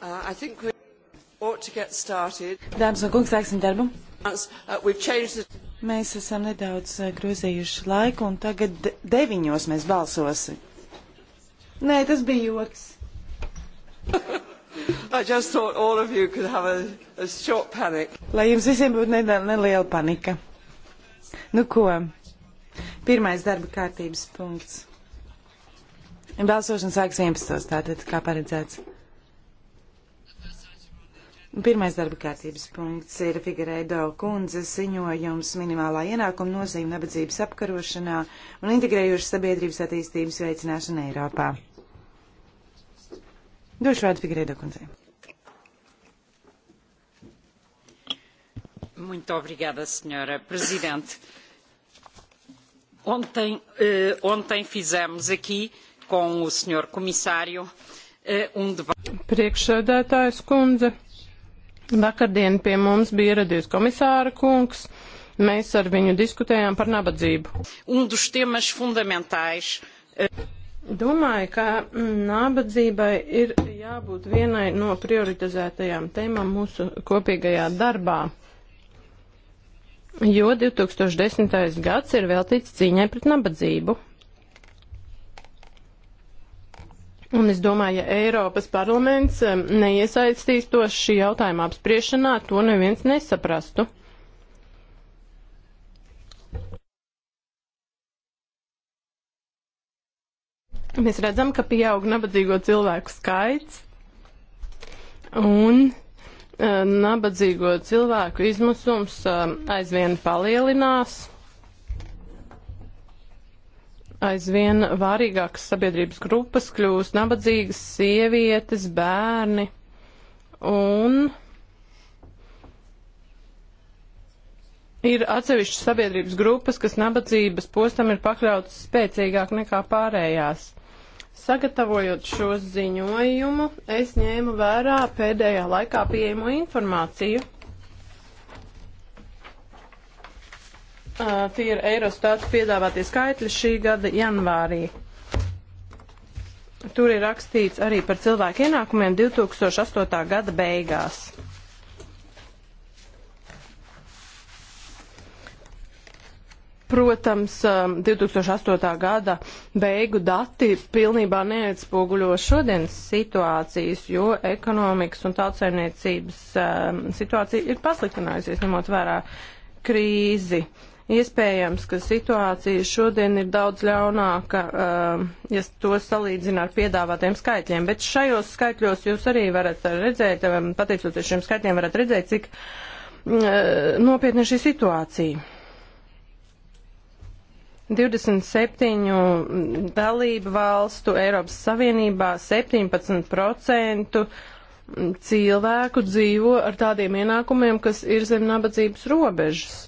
Uh, Dāmas un kungs, sāksim darbu. Uh, mēs esam nedaudz uh, grozījuši laiku, un tagad deviņos mēs balsosim. Nē, tas bija joks. a, a Lai jums visiem būtu ne, neliela panika. Nu ko, pirmais darba kārtības punkts. Balsošana sāks 11. tātad kā paredzēts. Pirmais darba kārtības punkts ir Figueiredo kundzes ziņojums minimālā ienākuma nozīme nabadzības apkarošanā un integrējušas sabiedrības attīstības veicināšana Eiropā. Došu vārdu Figueiredo kundzei. Muito obrigada, senhora presidente. Ontem, eh, ontem fizemos aqui com o senhor comissário eh, um debate. Priekšsēdētājs kundze Vakardien pie mums bija ieradies komisāra kungs. Mēs ar viņu diskutējām par nabadzību. Un um uz tiemas fundamentāls. Eh, Domāju, ka mm, nabadzībai ir jābūt vienai no prioritizētajām tēmām mūsu kopīgajā darbā. Jo 2010. gads ir veltīts cīņai pret nabadzību. Un es domāju, ja Eiropas parlaments neiesaistīs to šī jautājuma apspriešanā, to neviens nesaprastu. Mēs redzam, ka pieaug nabadzīgo cilvēku skaits un nabadzīgo cilvēku izmisums aizvien palielinās. Aizvien vārīgākas sabiedrības grupas kļūst nabadzīgas sievietes, bērni un ir atsevišķas sabiedrības grupas, kas nabadzības postam ir pakļautas spēcīgāk nekā pārējās. Sagatavojot šo ziņojumu, es ņēmu vērā pēdējā laikā pieejamo informāciju Uh, tie ir Eirostats piedāvātie skaitļi šī gada janvārī. Tur ir rakstīts arī par cilvēku ienākumiem 2008. gada beigās. Protams, 2008. Um, gada beigu dati pilnībā neatspoguļo šodienas situācijas, jo ekonomikas un tautsaimniecības um, situācija ir pasliktinājusies, ņemot vērā krīzi. Uh, Iespējams, ka situācija šodien ir daudz ļaunāka, um, ja to salīdzina ar piedāvātiem skaitļiem, bet šajos skaitļos jūs arī varat redzēt, um, pateicoties šiem skaitļiem, varat redzēt, cik uh, nopietna šī situācija. 27 dalību valstu Eiropas Savienībā 17% cilvēku dzīvo ar tādiem ienākumiem, kas ir zem nabadzības robežas.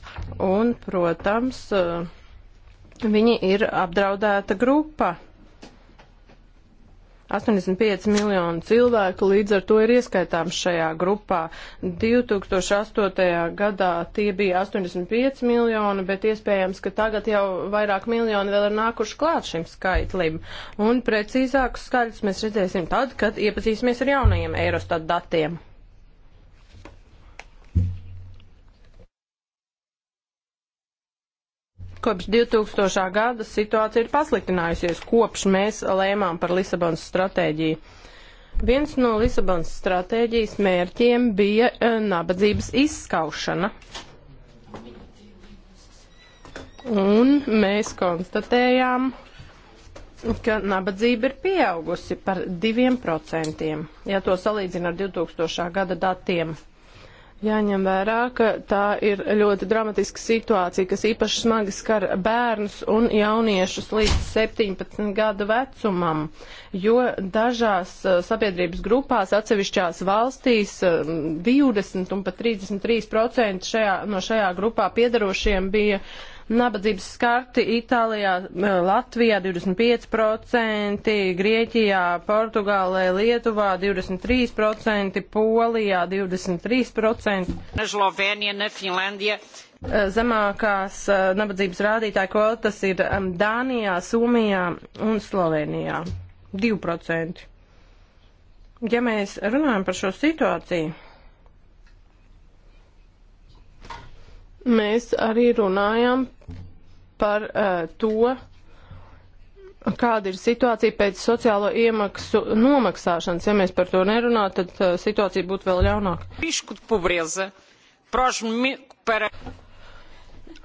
Un, protams, eh, viņi ir apdraudēta grupa. 85 miljonu cilvēku līdz ar to ir ieskaitāms šajā grupā. 2008. gadā tie bija 85 miljoni, bet iespējams, ka tagad jau vairāk miljoni vēl ir nākuši klāt šim skaitlim. Un precīzākus skaļus mēs redzēsim tad, kad iepazīsimies ar jaunajiem Eurostat datiem. Kopš 2000. gada situācija ir pasliktinājusies, kopš mēs lēmām par Lisabonas stratēģiju. Viens no Lisabonas stratēģijas mērķiem bija eh, nabadzības izskaušana. Un mēs konstatējām, ka nabadzība ir pieaugusi par 2%, ja to salīdzina ar 2000. gada datiem. Jāņem vērā, ka tā ir ļoti dramatiska situācija, kas īpaši smagi skar bērnus un jauniešus līdz 17 gadu vecumam, jo dažās eh, sabiedrības grupās atsevišķās valstīs 20 eh, un pat 33% šajā, no šajā grupā piedarošiem bija nabadzības skarti Itālijā, eh, Latvijā 25%, Grieķijā, Portugālē, Lietuvā 23%, Polijā 23%. Slovenija, ne Finlandija. Eh, zemākās eh, nabadzības rādītāja kvotas ir Dānijā, Somijā un Slovenijā - 2%. Ja mēs runājam par šo situāciju, mēs arī runājam par uh, to, Kāda ir situācija pēc sociālo iemaksu nomaksāšanas? Ja mēs par to nerunātu, tad uh, situācija būtu vēl ļaunāka.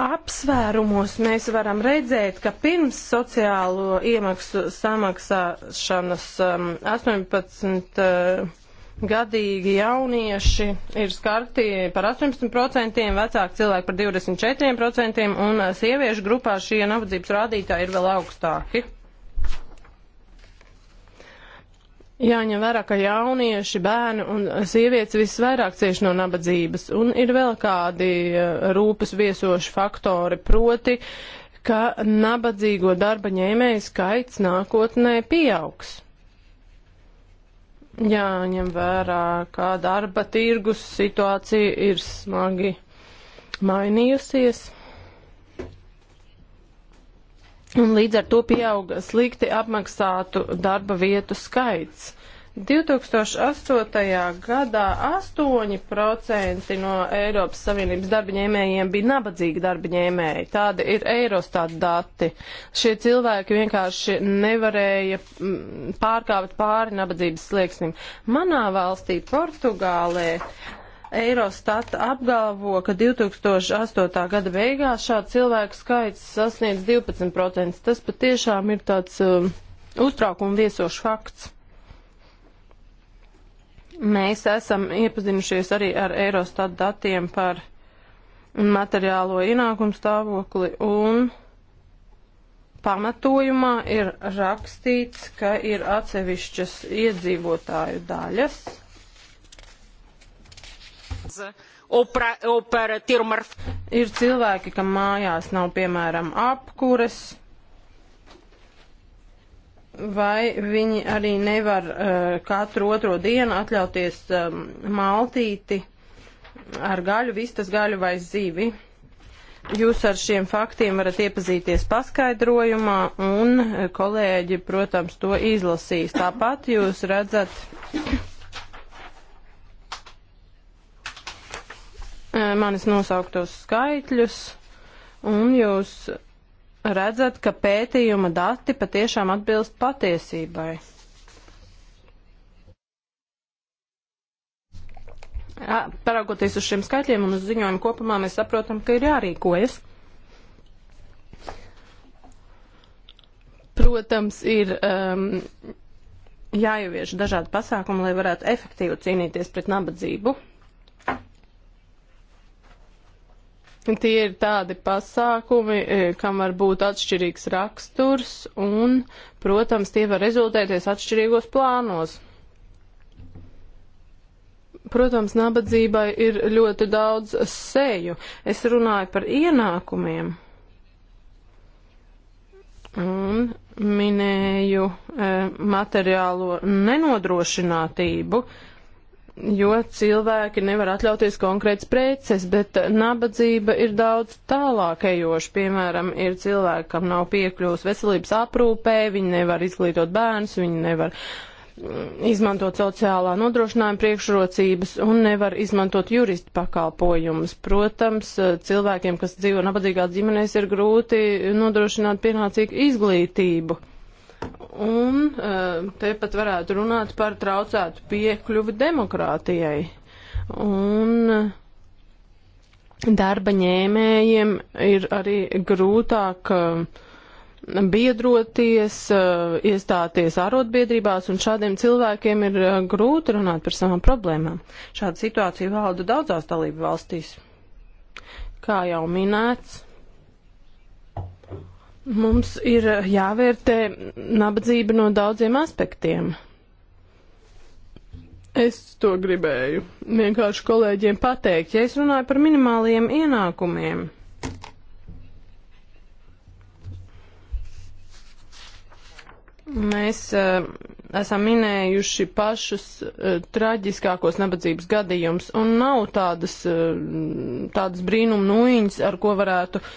Apsvērumos mēs varam redzēt, ka pirms sociālo iemaksu samaksāšanas um, 18. Uh, eh, gadīgi jaunieši ir skarti par 18%, vecāki cilvēki par 24% un sieviešu grupā šie nabadzības rādītāji ir vēl augstāki. Jāņem vērā, ka jaunieši, bērni un sievietes visvairāk cieši no nabadzības, un ir vēl kādi eh, rūpes viesoši faktori, proti, ka nabadzīgo darba ņēmēju skaits nākotnē pieaugs jāņem vērā, kā darba tirgus situācija ir smagi mainījusies. Un līdz ar to pieauga slikti apmaksātu darba vietu skaits. 2008. gadā 8% no Eiropas Savienības darbaņēmējiem bija nabadzīgi darbaņēmēji. Tādi ir Eirostat dati. Šie cilvēki vienkārši nevarēja mm, pārkāpt pāri nabadzības slieksnim. Manā valstī, Portugālē, Eirostat apgalvo, ka 2008. gada beigās šādu cilvēku skaits sasniedz 12%. Tas patiešām ir tāds uh, uztraukuma viesošs fakts. Mēs esam iepazinušies arī ar Eurostat datiem par materiālo ienākumu stāvokli un pamatojumā ir rakstīts, ka ir atsevišķas iedzīvotāju daļas. Ir cilvēki, kam mājās nav, piemēram, apkures vai viņi arī nevar uh, katru otro dienu atļauties um, maltīti ar gaļu, vistas gaļu vai zivi. Jūs ar šiem faktiem varat iepazīties paskaidrojumā, un kolēģi, protams, to izlasīs. Tāpat jūs redzat uh, manis nosauktos skaitļus, un jūs redzat, ka pētījuma dati patiešām atbilst patiesībai. Paraugoties uz šiem skaitļiem un uz ziņojumu kopumā, mēs saprotam, ka ir jārīkojas. Protams, ir um, jāievieš dažādi pasākumi, lai varētu efektīvi cīnīties pret nabadzību. Tie ir tādi pasākumi, e, kam var būt atšķirīgs raksturs un, protams, tie var rezultēties atšķirīgos plānos. Protams, nabadzībai ir ļoti daudz seju. Es runāju par ienākumiem un minēju e, materiālo nenodrošinātību. E, jo cilvēki nevar atļauties konkrēts preces, bet nabadzība ir daudz tālākajoša. Piemēram, ir cilvēki, kam nav piekļuvis veselības aprūpē, viņi nevar izglītot bērnus, viņi nevar mm, izmantot sociālā nodrošinājuma priekšrocības un nevar izmantot juristu pakalpojumus. Protams, cilvēkiem, kas dzīvo nabadzīgā ģimenēs, ir grūti nodrošināt pienācīgu izglītību. Un eh, tepat varētu runāt par traucētu piekļuvi demokrātijai. Un eh, darba ņēmējiem ir arī grūtāk eh, biedroties, iestāties arotbiedrībās, un šādiem cilvēkiem ir grūti runāt par savām problēmām. Šāda situācija valda daudzās dalību valstīs. Kā jau minēts, Mums ir jāvērtē nabadzība no daudziem aspektiem. Es to gribēju vienkārši kolēģiem pateikt, ja es runāju par minimāliem ienākumiem. Mēs uh, esam minējuši pašus uh, traģiskākos nabadzības gadījumus, un nav tādas, uh, tādas brīnuma nūjiņas, ar ko varētu uh,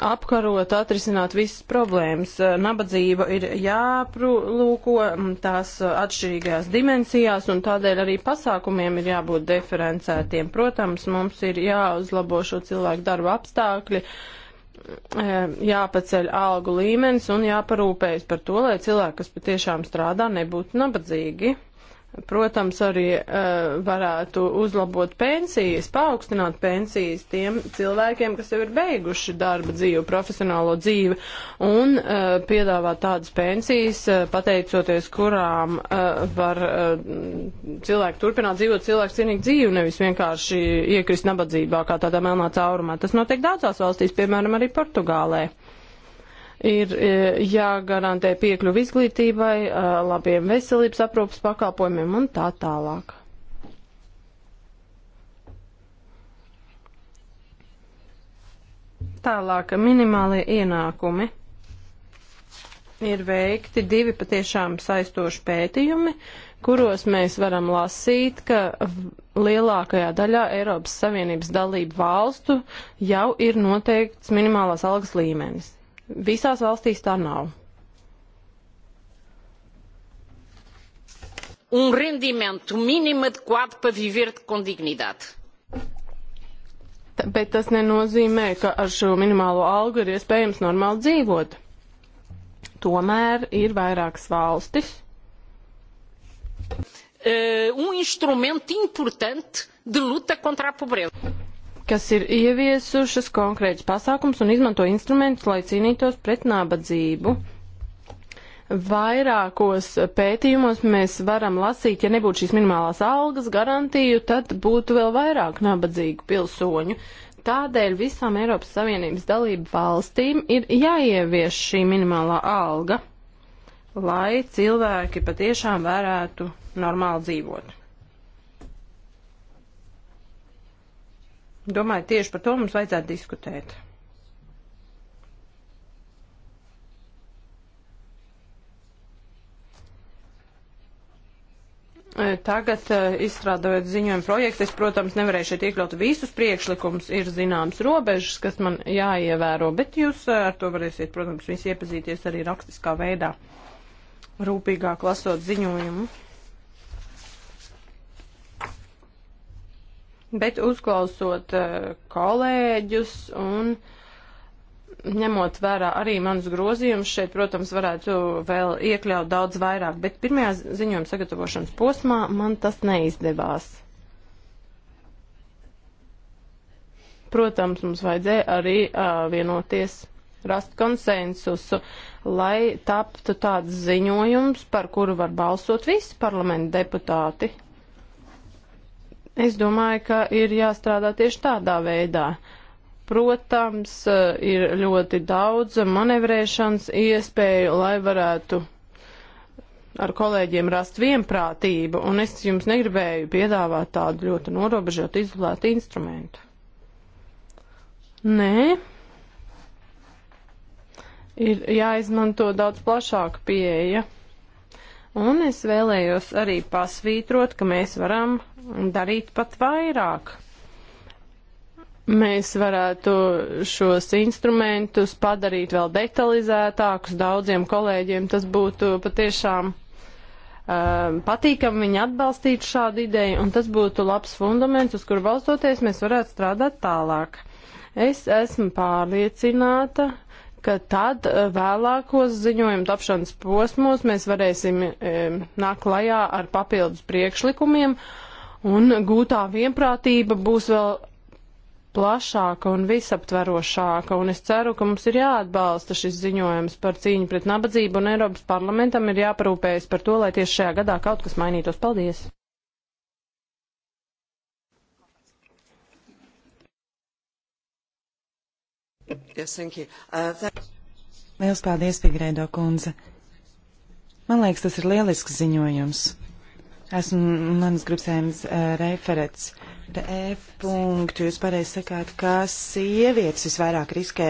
apkarot, atrisināt visas problēmas. Eh, nabadzība ir jāprūko mm, tās eh, atšķirīgajās dimensijās, un tādēļ arī pasākumiem ir jābūt diferencētiem. Protams, mums ir jāuzlabo šo cilvēku darba apstākļi, eh, jāpaceļ algu līmenis un jāparūpējas par to, lai cilvēki, kas patiešām strādā, nebūtu nabadzīgi. Protams, arī uh, varētu uzlabot pensijas, paaugstināt pensijas tiem cilvēkiem, kas jau ir beiguši darba dzīvi, profesionālo dzīvi, un uh, piedāvāt tādas pensijas, uh, pateicoties kurām uh, var uh, cilvēki turpināt dzīvot cilvēku cienīgu dzīvi, nevis vienkārši iekrist nabadzībā kā tādā melnā caurumā. Tas notiek daudzās valstīs, piemēram, arī Portugālē. Uh, ir e, jāgarantē piekļuvi izglītībai, e, labiem veselības aprūpas pakalpojumiem un tā tālāk. Tālāk minimālie ienākumi ir veikti divi patiešām saistoši pētījumi, kuros mēs varam lasīt, ka lielākajā daļā Eiropas Savienības dalību valstu jau ir noteikts minimālās algas līmenis. Visās valstīs tā nav. Um rendimento mínimo adequado para viver com dignidade. Bet tas nenozīmē, ka ar šo minimālo algu ir iespējams normāli dzīvot. Tomēr ir vairākas valstis. Uh, um instrumento importante de luta contra a pobreza kas ir ieviesušas konkrēts pasākums un izmanto instrumentus, lai cīnītos pret nabadzību. Vairākos pētījumos mēs varam lasīt, ja nebūtu šīs minimālās algas garantiju, tad būtu vēl vairāk nabadzīgu pilsoņu. Tādēļ visām Eiropas Savienības dalību valstīm ir jāievieš šī minimālā alga, lai cilvēki patiešām varētu normāli dzīvot. Domāju, tieši par to mums vajadzētu diskutēt. E, tagad, e, izstrādājot ziņojumu projektu, es, protams, nevarēšu šeit iekļaut visus priekšlikumus, ir zināms robežas, kas man jāievēro, bet jūs e, ar to varēsiet, protams, visi iepazīties arī rakstiskā veidā, rūpīgāk lasot ziņojumu. bet uzklausot eh, kolēģus un ņemot vērā arī manus grozījumus, šeit, protams, varētu vēl iekļaut daudz vairāk, bet pirmajā ziņojuma sagatavošanas posmā man tas neizdevās. Protams, mums vajadzēja arī uh, vienoties, rast konsensusu, lai taptu tāds ziņojums, par kuru var balsot visi parlamenta deputāti. Es domāju, ka ir jāstrādā tieši tādā veidā. Protams, eh, ir ļoti daudz manevrēšanas iespēju, lai varētu ar kolēģiem rast vienprātību, un es jums negribēju piedāvāt tādu ļoti norobežotu izolētu instrumentu. Nē, ir jāizmanto daudz plašāka pieeja. Un es vēlējos arī pasvītrot, ka mēs varam darīt pat vairāk. Mēs varētu šos instrumentus padarīt vēl detalizētākus daudziem kolēģiem. Tas būtu patiešām um, patīkami viņi atbalstītu šādu ideju, un tas būtu labs fundaments, uz kur balstoties mēs varētu strādāt tālāk. Es esmu pārliecināta, ka tad eh, vēlākos ziņojumu tapšanas posmos mēs varēsim e, nākt klajā ar papildus priekšlikumiem, un gūtā vienprātība būs vēl plašāka un visaptverošāka, un es ceru, ka mums ir jāatbalsta šis ziņojums par cīņu pret nabadzību, un Eiropas parlamentam ir jāparūpējas par to, lai tieši šajā gadā kaut kas mainītos. Paldies! Yes, thank you. Uh, thank... Liels paldies, Pigrēdo kundze. Man liekas, tas ir lielisks ziņojums. Esmu manas grupsējums uh, referents. F punktu jūs pareizi sakāt, ka sievietes visvairāk riskē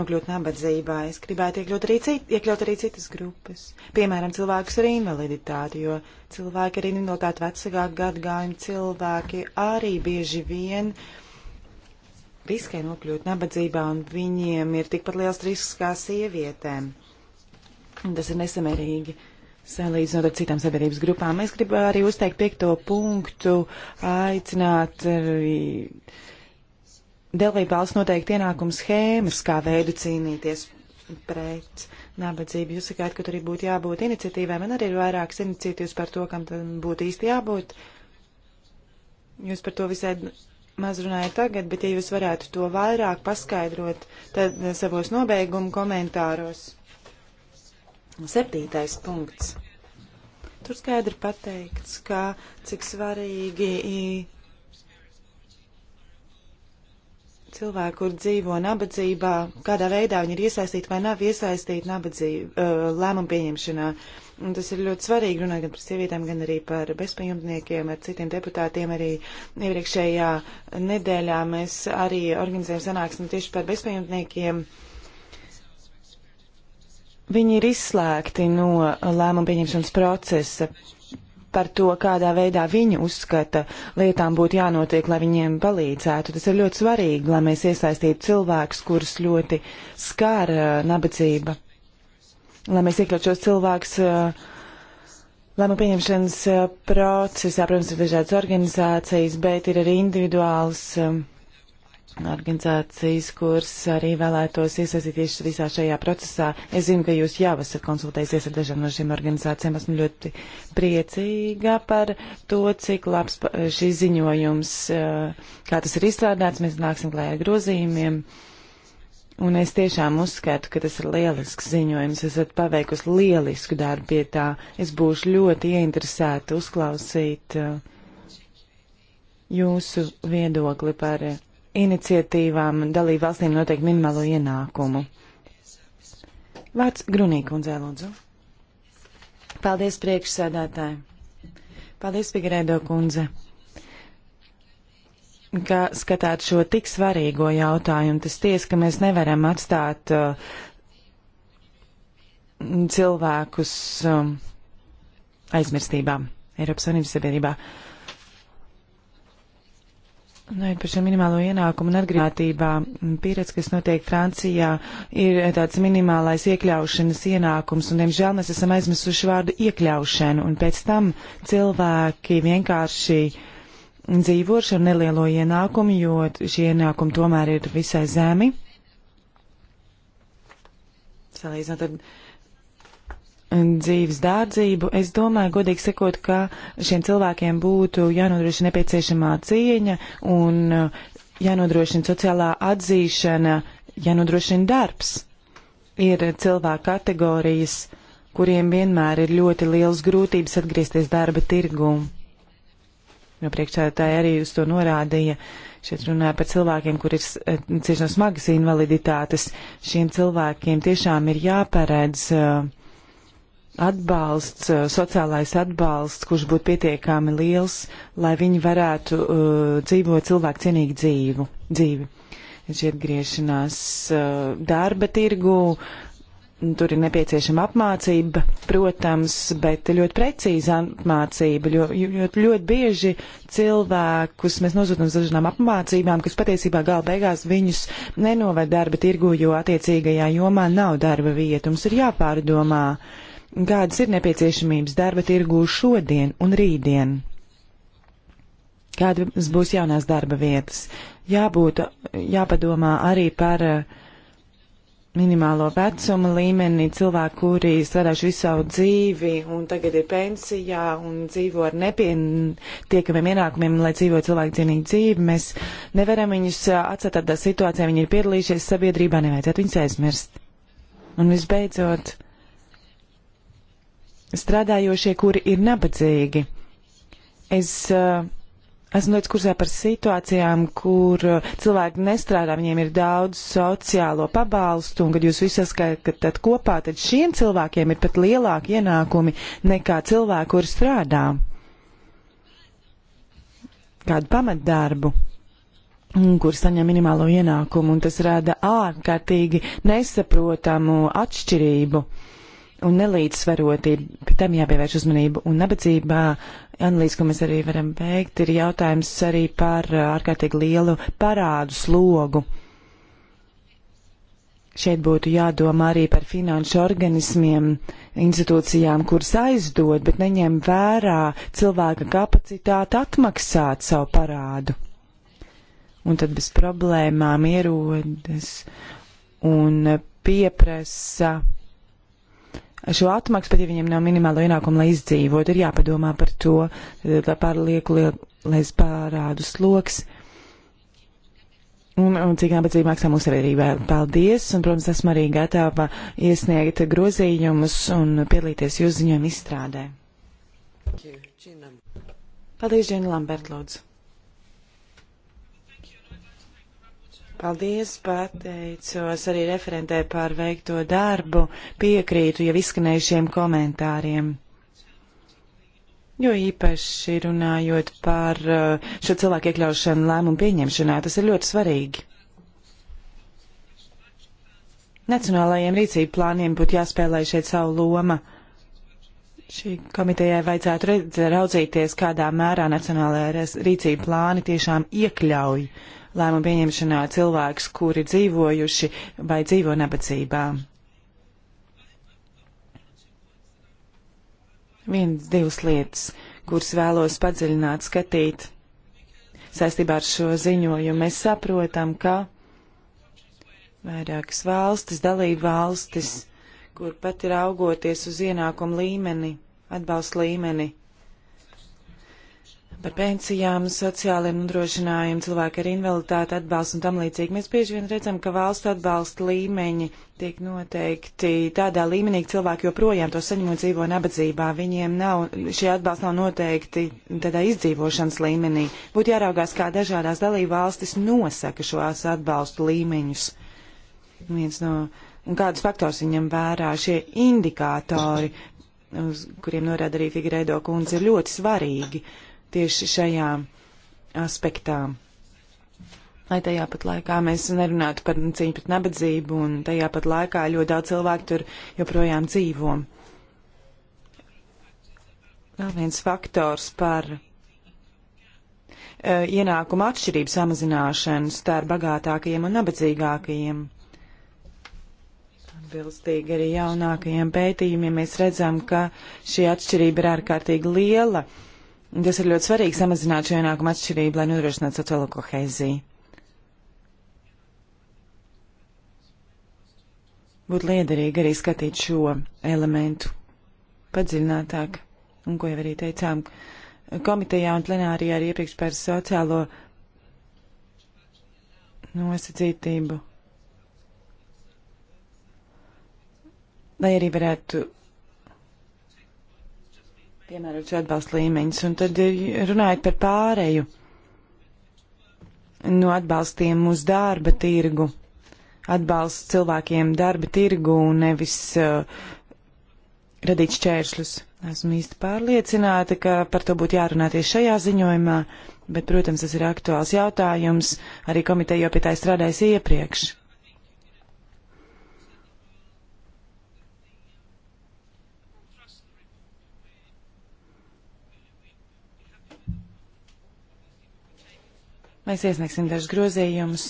nokļūt nabadzībā. Es gribētu iekļaut arī, cit, iekļaut arī citas grupas. Piemēram, cilvēkus ar invaliditāti, jo cilvēki ar invaliditāti vecākā gadgājuma cilvēki arī bieži vien uh, riskē nokļūt nabadzībā, un viņiem ir tikpat liels risks kā sievietēm. Un tas ir nesamērīgi. Salīdzinot ar citām sabiedrības grupām, es gribu arī uzteikt piekto punktu, aicināt arī dalību valsts noteikti ienākumu schēmas, kā veidu cīnīties pret nabadzību. Jūs sakāt, ka tur arī būtu jābūt iniciatīvai. Man arī ir vairākas iniciatīvas par to, kam tam būtu īsti jābūt. Jūs par to visai maz runāju tagad, bet ja jūs varētu to vairāk paskaidrot, tad eh, savos nobeigumu komentāros. Septītais punkts. Tur skaidri pateikts, ka cik svarīgi cilvēki, kur dzīvo nabadzībā, kādā veidā viņi ir iesaistīti vai nav iesaistīti nabadzību eh, lēmumu pieņemšanā. Uh, Un tas ir ļoti svarīgi runāt gan par sievietēm, gan arī par bezpajumtniekiem, ar citiem deputātiem. Arī iepriekšējā nedēļā mēs arī organizējam sanāksmi tieši par bezpajumtniekiem. Viņi ir izslēgti no lēmumu pieņemšanas procesa par to, kādā veidā viņi uzskata lietām būtu jānotiek, lai viņiem palīdzētu. Tas ir ļoti svarīgi, lai mēs iesaistītu cilvēkus, kurus ļoti skāra eh, nabadzība lai mēs iekļautu šos cilvēkus eh, lēmumu pieņemšanas eh, procesā. Protams, ir dažādas organizācijas, bet ir arī individuāls eh, organizācijas, kuras arī vēlētos iesaistīties visā šajā procesā. Es zinu, ka jūs jau esat konsultējusies ar dažām no šīm organizācijām. Esmu ļoti priecīga par to, cik labs šis ziņojums, kā tas ir izstrādāts. Mēs nāksim klājā ar grozījumiem. Uh, Un es tiešām uzskatu, ka tas ir lielisks ziņojums. Esat paveikusi lielisku darbu pie tā. Es būšu ļoti ieinteresēta uzklausīt uh, jūsu viedokli par uh, iniciatīvām dalību valstīm noteikti minimālo ienākumu. Vārds Grunīka un Zēlūdzu. Paldies priekšsēdētāji. Paldies, Pigrēdo kundze ka skatāt šo tik svarīgo jautājumu. Tas ties, ka mēs nevaram atstāt uh, cilvēkus um, aizmirstībā Eiropas Savienības sabiedrībā. Nu, par šo minimālo ienākumu un atgrīvotībā pieredze, kas notiek Francijā, ir tāds minimālais iekļaušanas ienākums, un, diemžēl, mēs esam aizmirsuši vārdu iekļaušanu, un pēc tam cilvēki vienkārši uh, dzīvoši ar nelielo ienākumu, jo šie ienākumi tomēr ir visai zemi. Salīdzinot ar dzīves dārdzību, es domāju, godīgi sakot, ka šiem cilvēkiem būtu jānodrošina nepieciešamā cieņa un uh, jānodrošina sociālā atzīšana, jānodrošina darbs. Ir cilvēku kategorijas, kuriem vienmēr ir ļoti liels grūtības atgriezties darba tirgumu jo priekšsēdētāji arī uz to norādīja. Šeit runāja par cilvēkiem, kur ir eh, cieši no smagas invaliditātes. Šiem cilvēkiem tiešām ir jāparedz eh, atbalsts, eh, sociālais atbalsts, kurš būtu pietiekami liels, lai viņi varētu uh, dzīvot cilvēku cienīgu dzīvu, dzīvi. Šī atgriešanās uh, darba tirgu, uh, Tur ir nepieciešama apmācība, protams, bet ļoti precīza apmācība, jo ļoti, ļoti bieži cilvēkus mēs nosūtām uz dažādām apmācībām, kas patiesībā gala beigās viņus nenoved darba tirgu, jo attiecīgajā jomā nav darba vietu. Mums ir jāpārdomā, kādas ir nepieciešamības darba tirgu šodien un rītdien kādas būs jaunās darba vietas. Jābūt, jāpadomā arī par uh, minimālo vecumu līmeni cilvēki, kuri strādājuši visu savu dzīvi un tagad ir pensijā un dzīvo ar nepietiekamiem ienākumiem, lai dzīvo cilvēku cienīgu dzīvi. Mēs nevaram viņus atstāt tādā situācijā, viņi ir piedalījušies sabiedrībā, nevajadzētu viņus aizmirst. Un visbeidzot, strādājošie, kuri ir nabadzīgi. Es uh, Esmu ļoti kursā par situācijām, kur uh, cilvēki nestrādā, viņiem ir daudz sociālo pabalstu, un kad jūs visu saskatāt kopā, tad šiem cilvēkiem ir pat lielāki ienākumi nekā cilvēku, kur strādā. Kādu pamatdarbu, kur saņem minimālo ienākumu, un tas rada ārkārtīgi nesaprotamu atšķirību. Uh, un nelīdzsvarotība, pie tam jāpievērš uzmanība. Un nabadzībā analīze, ko mēs arī varam veikt, ir jautājums arī par uh, ārkārtīgi lielu parādu slogu. Šeit būtu jādomā arī par finanšu organismiem, institūcijām, kuras aizdod, bet neņem vērā cilvēka kapacitāti atmaksāt savu parādu. Un tad bez problēmām ierodas un pieprasa šo atmaksu, pat ja viņiem nav minimālo ienākumu, lai izdzīvot, ir jāpadomā par to, lai pārlieku lielais pārādu sloks. Un, un cik nabadzība maksā mūsu sabiedrībai. Paldies, un, protams, esmu arī gatava iesniegt grozījumus un piedalīties jūsu ziņojumu izstrādē. Paldies, Džina Lambert, lūdzu. Paldies, pateicos arī referentē par veikto darbu, piekrītu jau izskanējušiem komentāriem. Jo īpaši runājot par uh, šo cilvēku iekļaušanu lēmumu pieņemšanā, tas ir ļoti svarīgi. Nacionālajiem rīcību plāniem būtu jāspēlē šeit savu loma. Šī komitejai vajadzētu redz, raudzīties, kādā mērā nacionālajā rīcību plāni tiešām iekļauj uh, lēmumu pieņemšanā cilvēkus, kuri dzīvojuši vai dzīvo nabadzībā. Viens, divas lietas, kuras vēlos padziļināt, skatīt saistībā ar šo ziņojumu. Mēs saprotam, ka vairākas valstis, dalība valstis, kur pat ir augoties uz ienākumu līmeni, atbalsta līmeni, par pensijām, sociāliem nodrošinājumiem, cilvēku ar invaliditāti atbalstu un tam līdzīgi. Mēs bieži vien redzam, ka valsts atbalsta līmeņi tiek noteikti tādā līmenī, ka cilvēki joprojām to saņemot dzīvo nabadzībā. Viņiem nav, šie atbalsti nav noteikti tādā izdzīvošanas līmenī. Būtu jāraugās, kā dažādās dalība valstis nosaka šos atbalstu līmeņus. Viens no. Un kādus faktors viņam vērā šie indikātori, uz kuriem norāda arī Figueiredo kundze, ir ļoti svarīgi. Uh, tieši šajā aspektā. Lai tajā pat laikā mēs nerunātu par cīņu pret nabadzību, un tajā pat laikā ļoti daudz cilvēku tur joprojām dzīvo. Vēl viens faktors par uh, eh, ienākumu atšķirību samazināšanu starp bagātākajiem un nabadzīgākajiem. Atbilstīgi arī jaunākajiem pētījumiem mēs redzam, ka šī atšķirība ir ārkārtīgi liela. Uh, Tas ir ļoti svarīgi samazināt šo ienākumu atšķirību, lai nodrošinātu sociālo kohēziju. Būtu liederīgi arī skatīt šo elementu padziļinātāk, un ko jau arī teicām komitejā un plenārijā arī iepriekš par sociālo nosacītību. Lai arī varētu piemērot šo atbalstu līmeņus. Un tad eh, runājot par pārēju no atbalstiem uz darba tirgu, atbalsts cilvēkiem darba tirgu un nevis uh, radīt šķēršļus. Esmu īsti pārliecināta, ka par to būtu jārunā tieši šajā ziņojumā, bet, protams, tas ir aktuāls jautājums. Arī komiteja jau pie tā strādājas iepriekš. Mēs iesniegsim dažus grozījumus.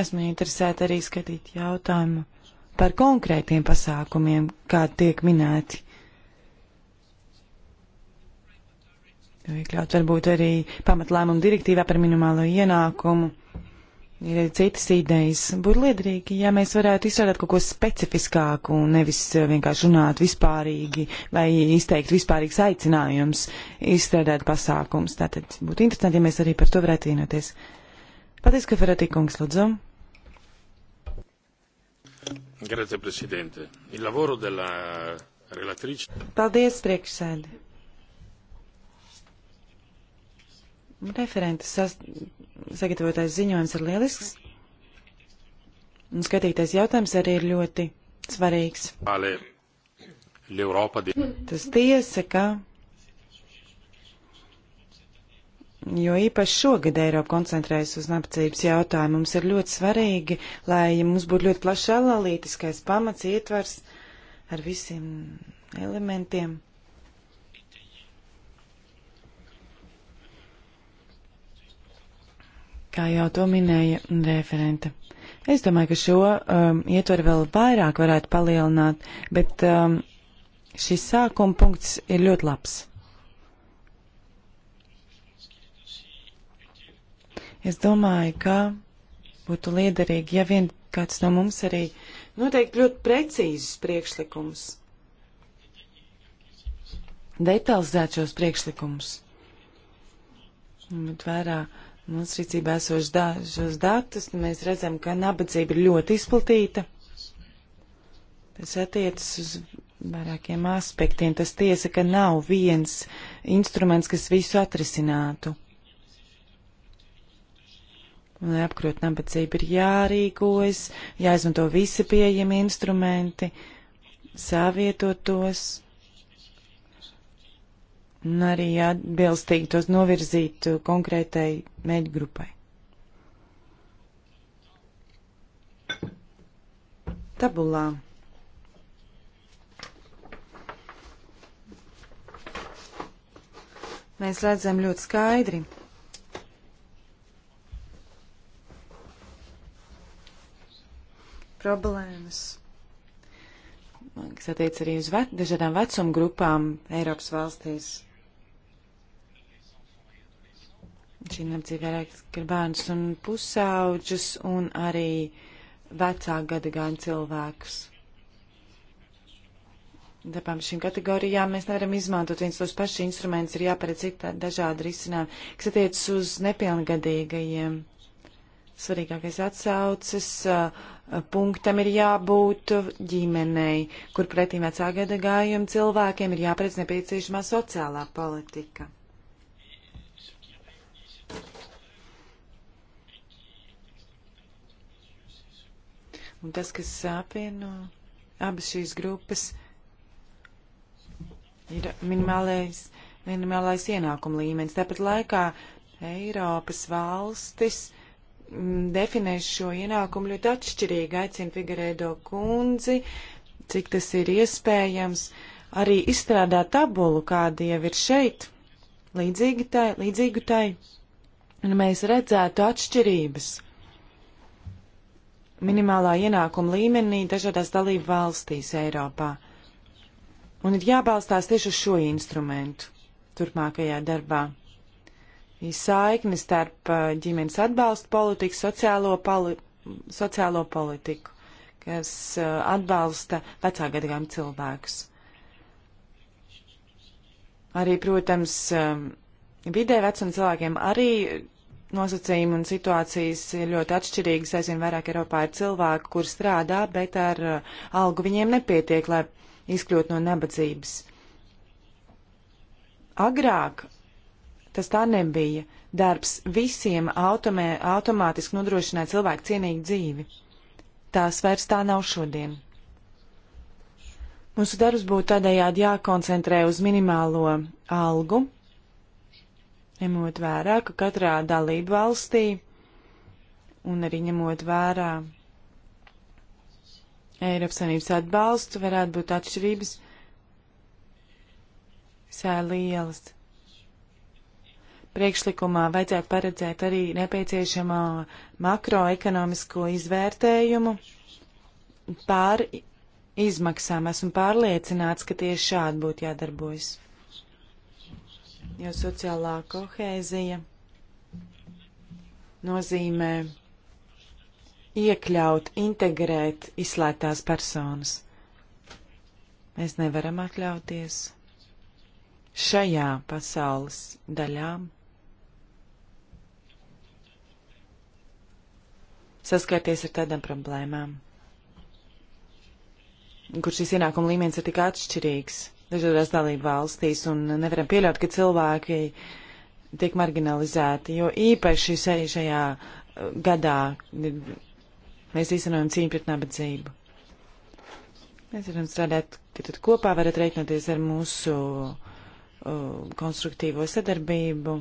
Esmu interesēta arī skatīt jautājumu par konkrētiem pasākumiem, kādi tiek minēti. Iekļaut varbūt arī pamatlēmumu direktīvā par minimālo ienākumu ir arī citas idejas. Būtu liederīgi, ja mēs varētu izstrādāt kaut ko specifiskāku un nevis eh, vienkārši runāt vispārīgi vai izteikt vispārīgs aicinājums izstrādāt pasākums. Tātad būtu interesanti, ja mēs arī par to varētu vienoties. Paldies, ka Ferati kungs, lūdzu. Grazie, Presidente. Il lavoro della relatrice. Paldies, priekšsēdi. Referentes sagatavotais ziņojums ir lielisks. Un skatītais jautājums arī ir ļoti svarīgs. Tas tiesa, ka Jo īpaši šogad Eiropa koncentrējas uz nabadzības jautājumu. Mums ir ļoti svarīgi, lai mums būtu ļoti plašs analītiskais pamats, ietvars ar visiem elementiem. kā jau to minēja referente. Es domāju, ka šo um, ietvaru vēl vairāk varētu palielināt, bet um, šis sākuma punkts ir ļoti labs. Es domāju, ka būtu liederīgi, ja vien kāds no mums arī noteikti ļoti precīzus priekšlikumus, detalizēt šos priekšlikumus, bet vairāk Mums rīcībā esošos da datus mēs redzam, ka nabadzība ir ļoti izplatīta. Tas attiecas uz vairākiem aspektiem. Tas tiesa, ka nav viens instruments, kas visu atrisinātu. Un, lai apkrot nabadzību, ir jārīkojas, jāizmanto visi pieejami instrumenti, savietot tos un arī atbilstīgi tos novirzīt konkrētai mēģi grupai. Tabulā. Mēs redzam ļoti skaidri, problēmas, kas attiec arī uz ve dažādām vecuma grupām Eiropas valstīs. šī nabadzība vairāk skar bērnus un pusauģus un arī vecāku gadagājumu cilvēkus. Dabām šīm kategorijām mēs nevaram izmantot viens tos pašus instrumentus, ir jāparedz cita dažāda risinājuma, kas attiecas uz nepilngadīgajiem. Svarīgākais atsauces punktam ir jābūt ģimenei, kur pretī vecā gadagājuma cilvēkiem ir jāparedz nepieciešamā sociālā politika. Un tas, kas apvieno abas šīs grupas, ir minimālais, minimālais ienākuma līmenis. Tāpat laikā Eiropas valstis mm, definē šo ienākumu ļoti atšķirīgi. Aicinu Figueredo kundzi, cik tas ir iespējams, arī izstrādāt tabulu, kāda jau ir šeit, līdzīgi tai, līdzīgu tai, un mēs redzētu atšķirības minimālā ienākuma līmenī dažādās dalību valstīs Eiropā. Un ir jābalstās tieši uz šo instrumentu turpmākajā darbā. Ir saikne starp uh, ģimenes atbalstu politiku, sociālo, poli sociālo politiku, kas uh, atbalsta vecākajiem cilvēkus. Arī, protams, um, vidē vecuma cilvēkiem arī nosacījumi un situācijas ir ļoti atšķirīgas. Aizvien vairāk Eiropā ir cilvēki, kur strādā, bet ar uh, algu viņiem nepietiek, lai izkļūtu no nabadzības. Agrāk tas tā nebija. Darbs visiem automē, automātiski nodrošināja cilvēku cienīgu dzīvi. Tās vairs tā nav šodien. Mūsu darbs būtu tādējādi jākoncentrē uz minimālo algu, ņemot vērā, ka katrā dalību valstī un arī ņemot vērā Eiropas Savienības atbalstu varētu būt atšķirības visai lielas. Priekšlikumā vajadzētu paredzēt arī nepieciešamo makroekonomisko izvērtējumu pār izmaksām. Esmu pārliecināts, ka tieši šādi būtu jādarbojas jo sociālā kohēzija nozīmē iekļaut, integrēt izslēgtās personas. Mēs nevaram atļauties šajā pasaules daļā saskarties ar tādām problēmām, kur šis ienākuma līmenis ir tik atšķirīgs dažādās dalību valstīs, un nevaram pieļaut, ka cilvēki tiek marginalizēti, jo īpaši šajā uh, gadā mēs īstenojam cīņu pret nabadzību. Mēs varam strādāt, ka tad kopā varat reiķināties ar mūsu uh, konstruktīvo sadarbību.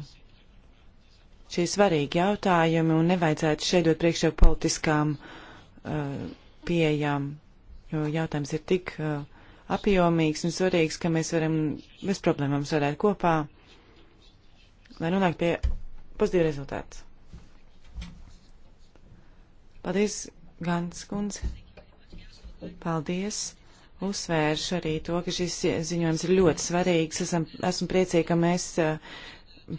Šie svarīgi jautājumi un nevajadzētu šeit dot priekšā politiskām uh, pieejām, jo jautājums ir tik uh, apjomīgs un svarīgs, ka mēs varam bez problēmām strādāt kopā, lai nonāktu pie pozitīva rezultāta. Paldies, Gans kundze. Paldies. Uzsvēršu arī to, ka šis ziņojums ir ļoti svarīgs. Esam, esmu priecīga, ka mēs uh,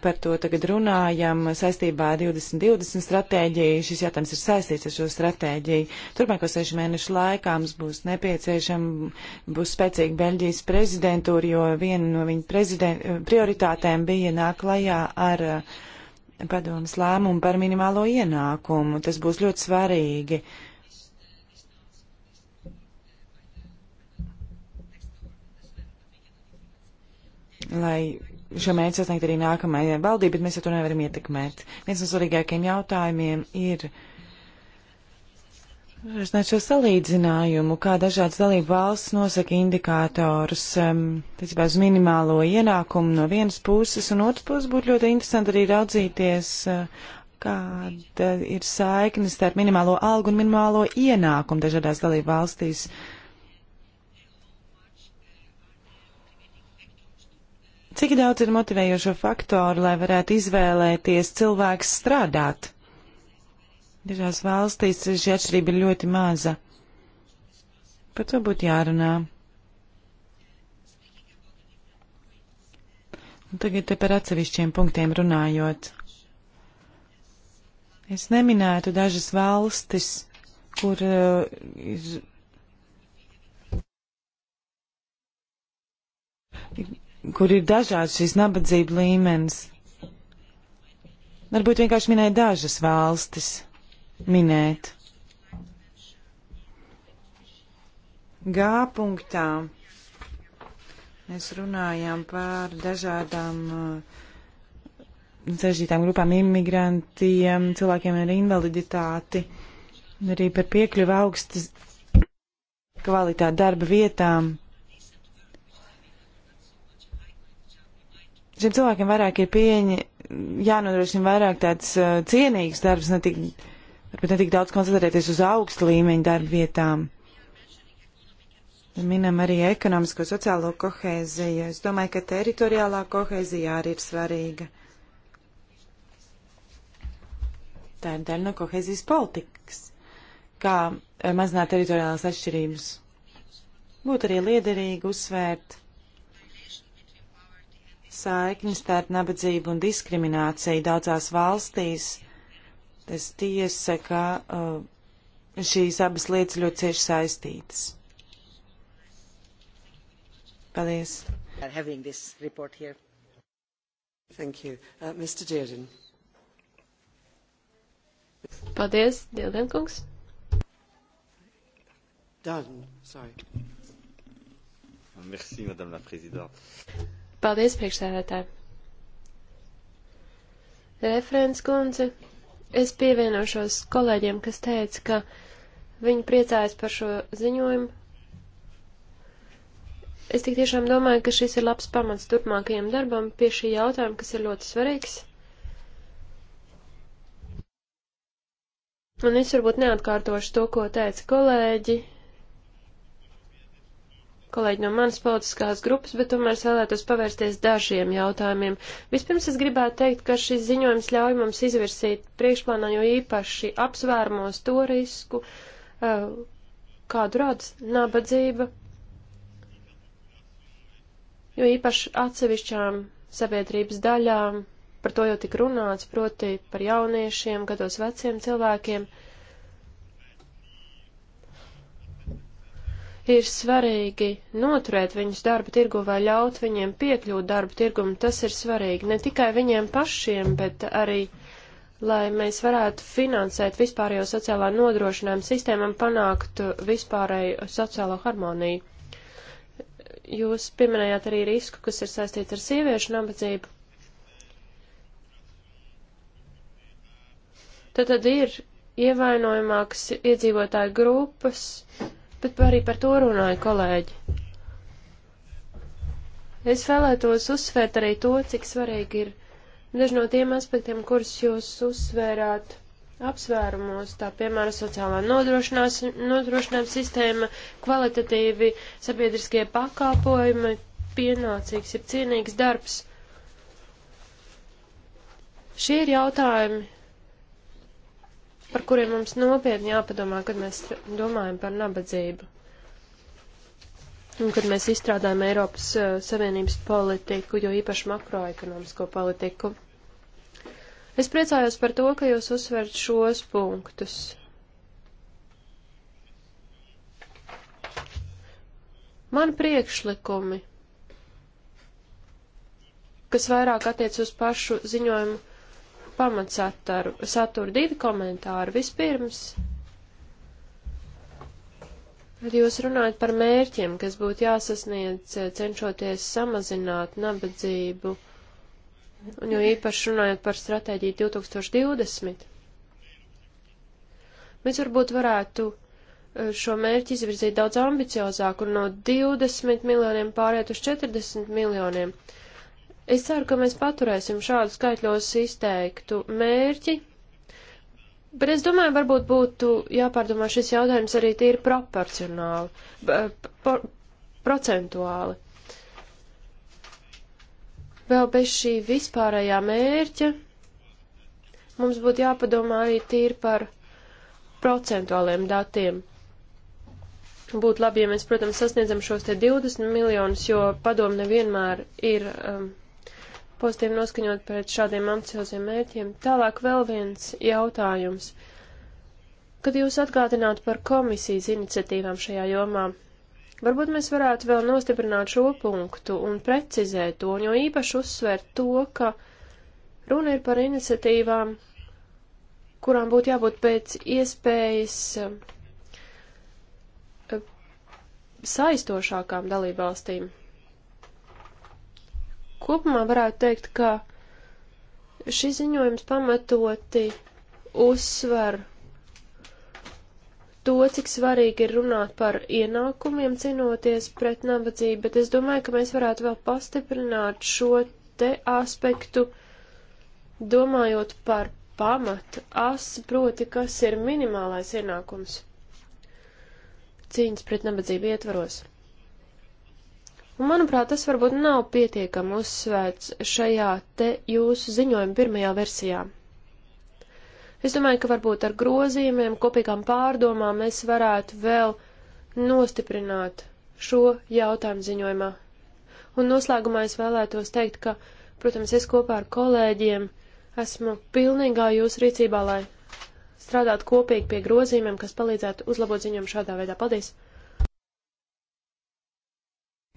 par to tagad runājam saistībā ar 2020 stratēģiju. Šis jautājums ir saistīts ar šo stratēģiju. Turpmāko sešu mēnešu laikā mums būs nepieciešama, būs spēcīga Beļģijas prezidentūra, jo viena no viņa prioritātēm bija nāk klajā ar eh, padomas lēmumu par minimālo ienākumu. Tas būs ļoti svarīgi. Lai šo mērķi sasniegt arī nākamajai valdībai, bet mēs jau to nevaram ietekmēt. Viens no svarīgākajiem jautājumiem ir. Es nešu salīdzinājumu, kā dažādas dalību valsts nosaka indikātorus, um, ticībā uz minimālo ienākumu no vienas puses, un otras puses būtu ļoti interesanti arī raudzīties, uh, kāda ir saikne starp minimālo algu un minimālo ienākumu dažādās dalību valstīs. Uh, Cik daudz ir motivējošo faktoru, lai varētu izvēlēties cilvēks strādāt? Dažās valstīs šī atšķirība ir ļoti maza. Par to būtu jārunā. Un tagad par atsevišķiem punktiem runājot. Es neminētu dažas valstis, kur uh, ir kur ir dažāds šīs nabadzība līmenis. Varbūt vienkārši minēja dažas valstis minēt. G punktā mēs runājām par dažādām uh, sarežģītām grupām, imigrantiem, cilvēkiem ar invaliditāti, arī par piekļuvu augstas kvalitāti darba vietām. šiem cilvēkiem vairāk ir pieņi, jānodrošina vairāk tāds uh, cienīgs darbs, ne tik, varbūt ne tik daudz koncentrēties uz augstu līmeņu darba vietām. Minam arī ekonomisko sociālo kohēziju. Es domāju, ka teritoriālā kohēzija arī ir svarīga. Tā ir daļa no kohēzijas politikas. Kā uh, mazināt teritoriālās atšķirības? Būtu arī liederīgi uzsvērt saikni starp nabadzību un diskrimināciju daudzās valstīs. Tas tiesa, ka uh, šīs abas lietas ļoti cieši saistītas. Paldies. Having this report here. Thank you. Uh, Mr. Dearden. Paldies, Dildenkungs. Darden, sorry. Merci, Madame la Présidente. Paldies, priekšsēdētāji. Referents kundze, es pievienošos kolēģiem, kas teica, ka viņi priecājas par šo ziņojumu. Es tik tiešām domāju, ka šis ir labs pamats turpmākajam darbam pie šī jautājuma, kas ir ļoti svarīgs. Un es varbūt neatkārtošu to, ko teica kolēģi, kolēģi no manas politiskās grupas, bet tomēr es vēlētos pavērsties dažiem jautājumiem. Vispirms es gribētu teikt, ka šis ziņojums ļauj mums izvirsīt priekšplānā jo īpaši apsvērmos to risku, eh, kādu rāds nabadzība, jo īpaši atsevišķām sabiedrības daļām, par to jau tik runāts, proti par jauniešiem, gados veciem cilvēkiem. Uh, ir svarīgi noturēt viņus darba tirgu vai ļaut viņiem piekļūt darba tirgumu. Tas ir svarīgi ne tikai viņiem pašiem, bet arī, lai mēs varētu finansēt vispārējo sociālā nodrošinājuma sistēmu un panākt vispārēju sociālo harmoniju. Jūs pieminējāt arī risku, kas ir saistīts ar sieviešu nabadzību. Tad, tad ir ievainojamākas iedzīvotāju grupas, bet arī par to runāja kolēģi. Es vēlētos uzsvērt arī to, cik svarīgi ir daži no tiem aspektiem, kurus jūs uzsvērāt apsvērumos, tā piemēram sociālā nodrošinājuma sistēma, kvalitatīvi sabiedriskie pakalpojumi, pienācīgs ir cienīgs darbs. Šie ir jautājumi, par kuriem mums nopietni jāpadomā, kad mēs domājam par nabadzību. Un kad mēs izstrādājam Eiropas uh, Savienības politiku, jo īpaši makroekonomisko politiku. Es priecājos par to, ka jūs uzsverat šos punktus. Man priekšlikumi, kas vairāk attiec uz pašu ziņojumu pamatsaturu. Saturu divi komentāri. Vispirms, kad jūs runājat par mērķiem, kas būtu jāsasniedz eh, cenšoties samazināt nabadzību, un jo īpaši runājot par stratēģiju 2020, mēs varbūt varētu eh, šo mērķi izvirzīt daudz ambiciozāk un no 20 miljoniem pāriet uz 40 miljoniem. Uh, Es ceru, ka mēs paturēsim šādu skaitļos izteiktu mērķi, bet es domāju, varbūt būtu jāpārdomā šis jautājums arī tīri proporcionāli, po, procentuāli. Vēl bez šī vispārējā mērķa mums būtu jāpadomā arī tīri par procentuāliem datiem būtu labi, ja mēs, protams, sasniedzam šos te 20 miljonus, jo padomu nevienmēr ir um, pozitīvi noskaņot pret šādiem ambicioziem mērķiem. Tālāk vēl viens jautājums. Kad jūs atgādinātu par komisijas iniciatīvām šajā jomā, varbūt mēs varētu vēl nostiprināt šo punktu un precizēt to, un jo īpaši uzsvērt to, ka runa ir par iniciatīvām, kurām būtu jābūt pēc iespējas eh, saistošākām dalībvalstīm. Kopumā varētu teikt, ka šis ziņojums pamatoti uzsver to, cik svarīgi ir runāt par ienākumiem cīnoties pret nabadzību, bet es domāju, ka mēs varētu vēl pastiprināt šo te aspektu, domājot par pamatu asi, proti, kas ir minimālais ienākums cīņas pret nabadzību ietvaros. Un, manuprāt, tas varbūt nav pietiekami uzsvērts šajā te jūsu ziņojuma pirmajā versijā. Es domāju, ka varbūt ar grozījumiem, kopīgām pārdomām mēs varētu vēl nostiprināt šo jautājumu ziņojumā. Un noslēgumā es vēlētos teikt, ka, protams, es kopā ar kolēģiem esmu pilnīgā jūsu rīcībā, lai strādātu kopīgi pie grozījumiem, kas palīdzētu uzlabot ziņojumu šādā veidā. Paldies!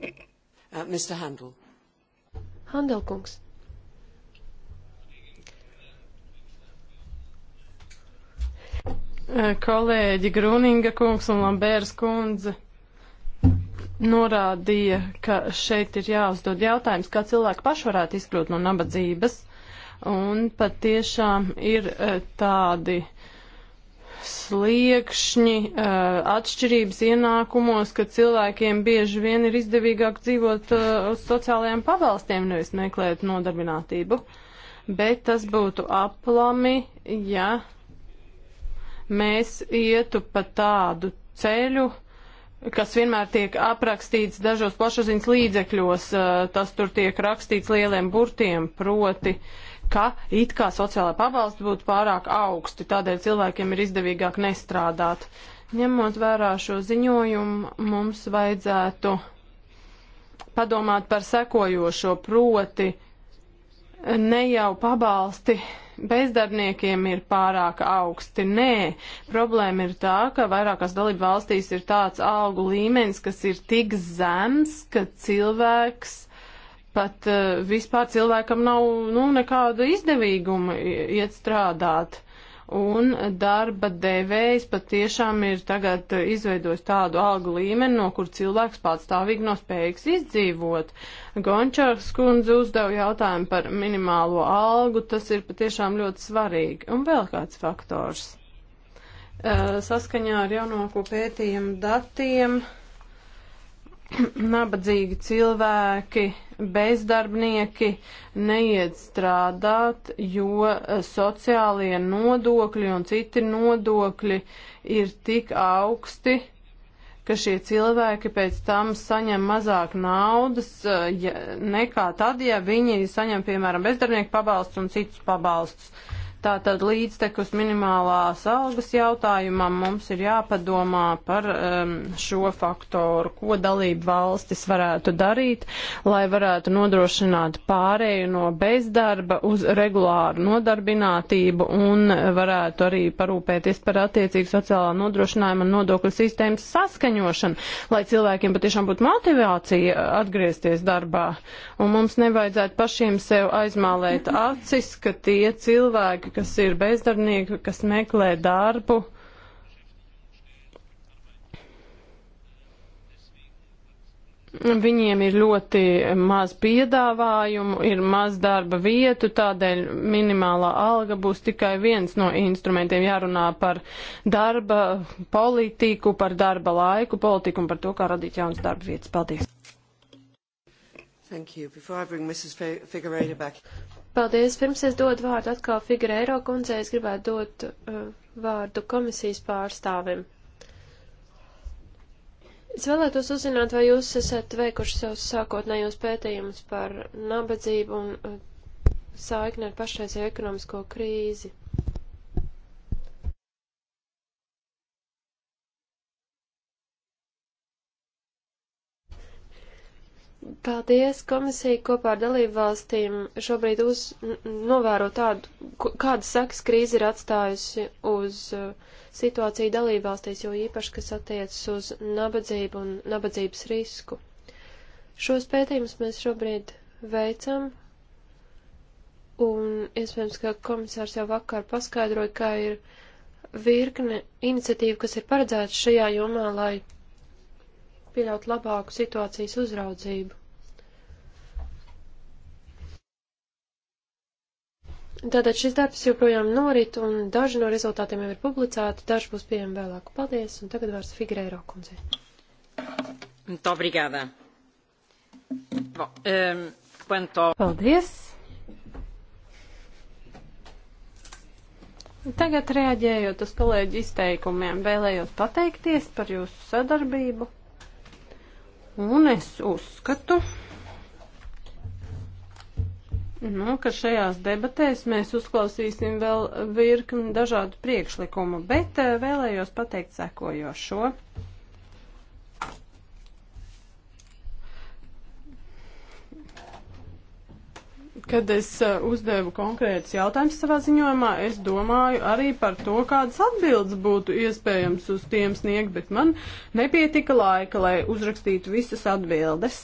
Thank you. Uh, Mr. Handel. Handelkungs. Uh, kolēģi Grūninga kungs un Lambērs kundze norādīja, ka šeit ir jāuzdod jautājums, kā cilvēki paši varētu izkļūt no nabadzības. Un pat tiešām ir uh, tādi uh, sliekšņi, atšķirības ienākumos, ka cilvēkiem bieži vien ir izdevīgāk dzīvot uz sociālajiem pabalstiem, nevis meklēt nodarbinātību. Bet tas būtu aplami, ja mēs ietu pa tādu ceļu, kas vienmēr tiek aprakstīts dažos plašsaziņas līdzekļos, tas tur tiek rakstīts lieliem burtiem, proti uh, ka it kā sociālai pabalsti būtu pārāk augsti, tādēļ cilvēkiem ir izdevīgāk nestrādāt. Ņemot vērā šo ziņojumu, mums vajadzētu padomāt par sekojošo proti ne jau pabalsti bezdarbniekiem ir pārāk augsti. Nē, problēma ir tā, ka vairākās dalību valstīs ir tāds algu līmenis, kas ir tik zems, ka cilvēks pat uh, vispār cilvēkam nav nu, nekāda izdevīguma iet strādāt. Un darba devējs patiešām ir tagad izveidojis tādu algu līmeni, no kur cilvēks patstāvīgi nav spējīgs izdzīvot. Gončārs kundze uzdeva jautājumu par minimālo algu, tas ir patiešām ļoti svarīgi. Un vēl kāds faktors. Uh, saskaņā ar jaunāko pētījumu datiem. Uh, nabadzīgi cilvēki, bezdarbnieki neiet strādāt, jo eh, sociālie nodokļi un citi nodokļi ir tik augsti, ka šie cilvēki pēc tam saņem mazāk naudas eh, ja, nekā tad, ja viņi saņem, piemēram, bezdarbnieku pabalstus un citus pabalstus. Uh, Tātad līdztekus minimālās algas jautājumam mums ir jāpadomā par um, šo faktoru, ko dalību valstis varētu darīt, lai varētu nodrošināt pārēju no bezdarba uz regulāru nodarbinātību un varētu arī parūpēties par attiecīgu sociālā nodrošinājuma un nodokļu sistēmas saskaņošanu, lai cilvēkiem patiešām būtu motivācija atgriezties darbā. Un mums nevajadzētu pašiem sev aizmālēt acis, ka tie cilvēki, kas ir bezdarbnieki, kas meklē darbu. Viņiem ir ļoti maz piedāvājumu, ir maz darba vietu, tādēļ minimālā alga būs tikai viens no instrumentiem. Jārunā par darba politiku, par darba laiku politiku un par to, kā radīt jaunas darba vietas. Paldies! Thank you. Before I bring Mrs. Figueiredo back. Paldies. Pirms es dodu vārdu atkal Figureiro kundzei, es gribētu dot uh, vārdu komisijas pārstāvim. Es vēlētos uzzināt, vai jūs esat veikuši savus sākotnējos pētījumus par nabadzību un uh, saikni ar pašreizēju ekonomisko krīzi. Paldies, komisija kopā ar dalību valstīm šobrīd uz, novēro tādu, kāda saks krīze ir atstājusi uz uh, situāciju dalību valstīs, jo īpaši, kas attiecas uz nabadzību un nabadzības risku. Šos pētījumus mēs šobrīd veicam, un iespējams, ka komisārs jau vakar paskaidroja, kā ir virkne iniciatīvu, kas ir paredzētas šajā jomā, lai pieļaut labāku situācijas uzraudzību. Tātad šis darbs joprojām norit, un daži no rezultātiem jau ir publicēti, daži būs pieejami vēlāk. Paldies, un tagad vairs Figreiro kundzei. Obrigada. Ehm, Paldies. Tagad reaģējot uz kolēģi izteikumiem, vēlējos pateikties par jūsu sadarbību. Un es uzskatu, nu, ka šajās debatēs mēs uzklausīsim vēl virkni dažādu priekšlikumu, bet eh, vēlējos pateikt sekojošo. šo. kad es eh, uzdevu konkrētus jautājumus savā ziņojumā, es domāju arī par to, kādas atbildes būtu iespējams uz tiem sniegt, bet man nepietika laika, lai uzrakstītu visas atbildes.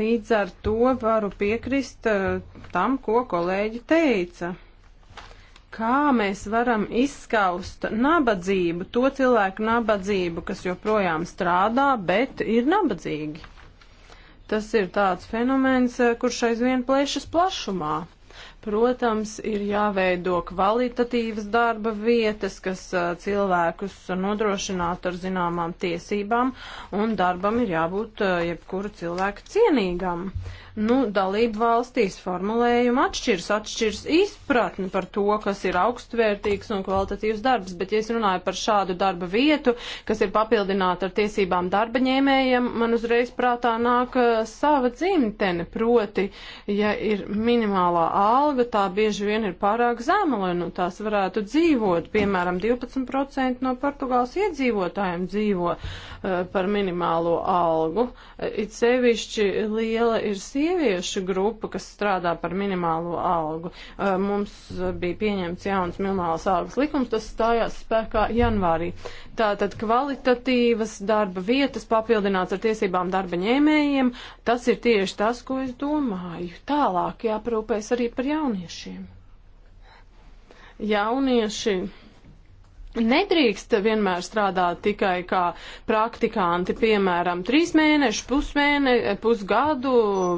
Līdz ar to varu piekrist eh, tam, ko kolēģi teica. Kā mēs varam izskaust nabadzību, to cilvēku nabadzību, kas joprojām strādā, bet ir nabadzīgi? Tas ir tāds fenomens, eh, kurš aizvien plešas plašumā. Protams, ir jāveido kvalitatīvas darba vietas, kas eh, cilvēkus nodrošinātu ar zināmām tiesībām, un darbam ir jābūt eh, jebkuru cilvēku cienīgam. Uh, Nu, dalību valstīs formulējumi atšķiras, atšķiras izpratni par to, kas ir augstvērtīgs un kvalitatīvs darbs, bet ja es runāju par šādu darba vietu, kas ir papildināta ar tiesībām darba ņēmējiem, man uzreiz prātā nāk uh, sava dzimtene, proti, ja ir minimālā alga, tā bieži vien ir pārāk zema, lai nu tās varētu dzīvot, piemēram, 12% no Portugāles iedzīvotājiem dzīvo Eh, par minimālo algu. Eh, it sevišķi liela ir sieviešu grupa, kas strādā par minimālo algu. Eh, mums bija pieņemts jauns minimālas algas likums, tas stājās spēkā janvārī. Tātad kvalitatīvas darba vietas papildināts ar tiesībām darba ņēmējiem, tas ir tieši tas, ko es domāju. Tālāk jāparūpēs arī par jauniešiem. Jaunieši Nedrīkst vienmēr strādāt tikai kā praktikanti, piemēram, trīs mēnešu, pusmēne, pusgadu,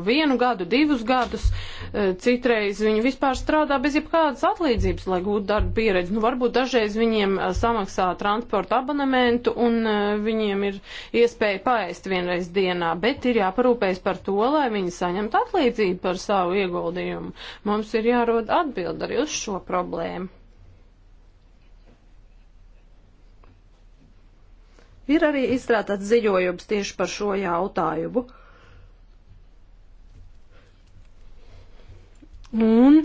vienu gadu, divus gadus. E, citreiz viņi vispār strādā bez jebkādas atlīdzības, lai gūtu darba pieredzi. Nu, varbūt dažreiz viņiem e, samaksā transporta abonementu un e, viņiem ir iespēja paēst vienreiz dienā, bet ir jāparūpējas par to, lai viņi saņemtu atlīdzību par savu ieguldījumu. Mums ir jārod atbild arī uz šo problēmu. Ir arī izstrādāts ziņojums tieši par šo jautājumu. Un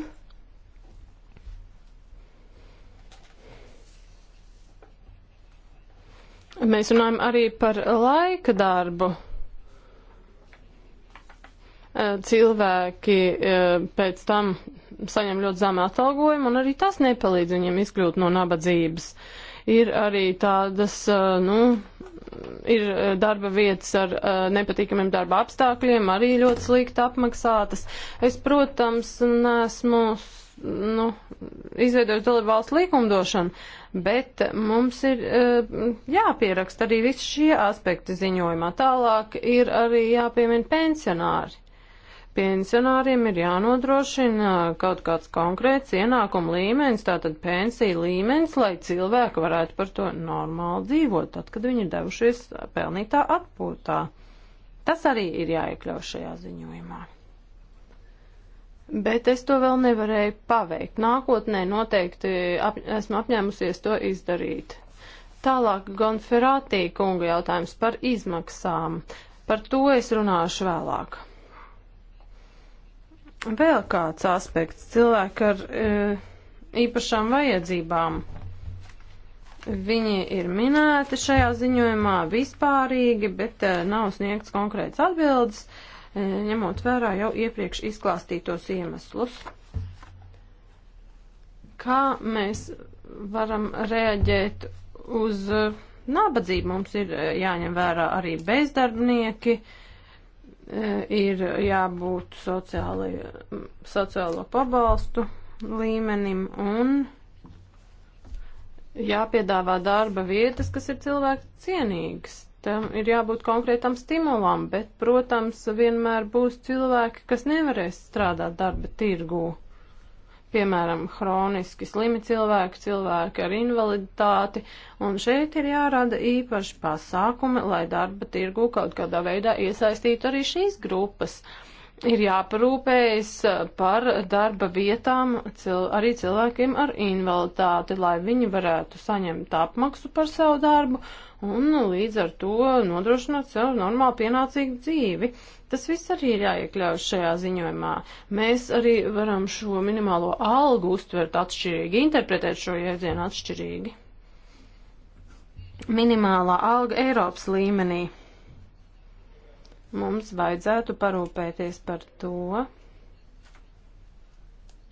mēs runājam arī par laika darbu cilvēki pēc tam saņem ļoti zemu atalgojumu, un arī tas nepalīdz viņiem izkļūt no nabadzības. Ir arī tādas, nu, ir eh, darba vietas ar uh, nepatīkamiem darba apstākļiem, arī ļoti slikti apmaksātas. Es, protams, nesmu nu, izveidojis dalību valsts likumdošanu, bet mums ir uh, eh, jāpieraksta arī visi šie aspekti ziņojumā. Tālāk ir arī jāpiemina pensionāri pensionāriem ir jānodrošina kaut kāds konkrēts ienākuma līmenis, tātad pensija līmenis, lai cilvēki varētu par to normāli dzīvot, tad, kad viņi ir devušies pelnītā atpūtā. Tas arī ir jāiekļauj šajā ziņojumā. Bet es to vēl nevarēju paveikt. Nākotnē noteikti ap, esmu apņēmusies to izdarīt. Tālāk Gonferātī kunga jautājums par izmaksām. Par to es runāšu vēlāk. Vēl kāds aspekts - cilvēki ar e, īpašām vajadzībām. Viņi ir minēti šajā ziņojumā vispārīgi, bet e, nav sniegts konkrēts atbildes, e, ņemot vērā jau iepriekš izklāstītos iemeslus. Kā mēs varam reaģēt uz e, nabadzību? Mums ir e, jāņem vērā arī bezdarbnieki. E, ir jābūt sociāli, sociālo pabalstu līmenim un jāpiedāvā darba vietas, kas ir cilvēku cienīgas. Tam ir jābūt konkrētam stimulam, bet, protams, vienmēr būs cilvēki, kas nevarēs strādāt darba tirgū piemēram, hroniski slimi cilvēki, cilvēki ar invaliditāti, un šeit ir jārada īpaši pasākumi, lai darba tirgu kaut kādā veidā iesaistītu arī šīs grupas. Ir jāparūpējas par darba vietām cil arī cilvēkiem ar invaliditāti, lai viņi varētu saņemt apmaksu par savu darbu un līdz ar to nodrošināt sev normālu pienācīgu dzīvi. Tas viss arī ir jāiekļauj šajā ziņojumā. Mēs arī varam šo minimālo algu uztvert atšķirīgi, interpretēt šo jēdzienu atšķirīgi. Minimālā alga Eiropas līmenī. Mums vajadzētu parūpēties par to,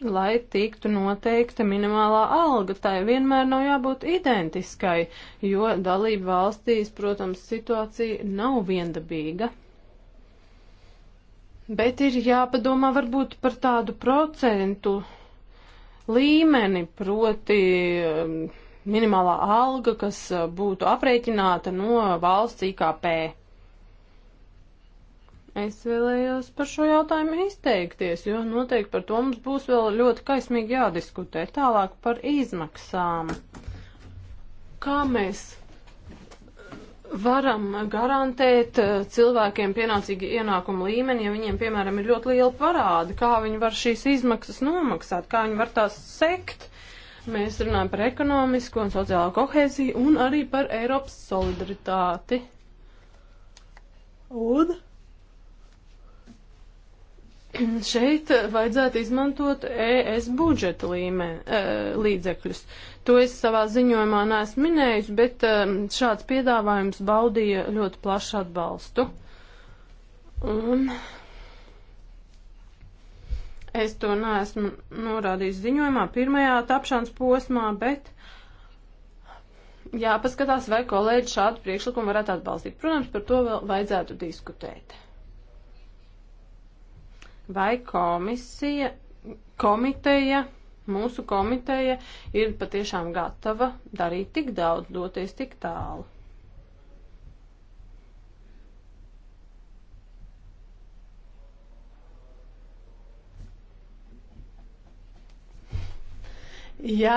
lai tiktu noteikta minimālā alga. Tā vienmēr nav jābūt identiskai, jo dalību valstīs, protams, situācija nav viendabīga. Bet ir jāpadomā varbūt par tādu procentu līmeni, proti um, minimālā alga, kas uh, būtu aprēķināta no valsts IKP. Es vēlējos par šo jautājumu izteikties, jo noteikti par to mums būs vēl ļoti kaismīgi jādiskutē. Tālāk par izmaksām. Kā mēs varam garantēt eh, cilvēkiem pienācīgi ienākumu līmeni, ja viņiem, piemēram, ir ļoti liela parāda, kā viņi var šīs izmaksas nomaksāt, kā viņi var tās sekt. Mēs runājam par ekonomisko un sociālo kohēziju un arī par Eiropas solidaritāti. Un? Šeit vajadzētu izmantot ES budžeta līme, e, līdzekļus. To es savā ziņojumā neesmu minējis, bet e, šāds piedāvājums baudīja ļoti plašu atbalstu. Un es to neesmu norādījis ziņojumā pirmajā tapšanas posmā, bet jāpaskatās, vai kolēģi šādu priekšlikumu varētu atbalstīt. Protams, par to vēl vajadzētu diskutēt vai komisija, komiteja, mūsu komiteja ir patiešām gatava darīt tik daudz, doties tik tālu. Ja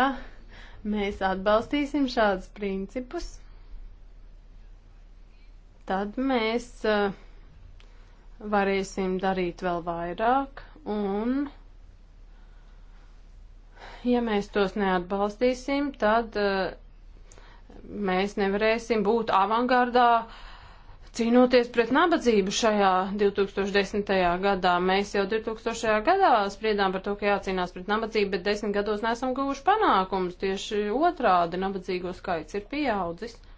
mēs atbalstīsim šādus principus, tad mēs uh, varēsim darīt vēl vairāk, un ja mēs tos neatbalstīsim, tad uh, mēs nevarēsim būt avangardā cīnoties pret nabadzību šajā 2010. gadā. Mēs jau 2000. gadā spriedām par to, ka jācīnās pret nabadzību, bet desmit gados nesam guvuši panākumus. Tieši otrādi nabadzīgo skaits ir pieaudzis. Uh,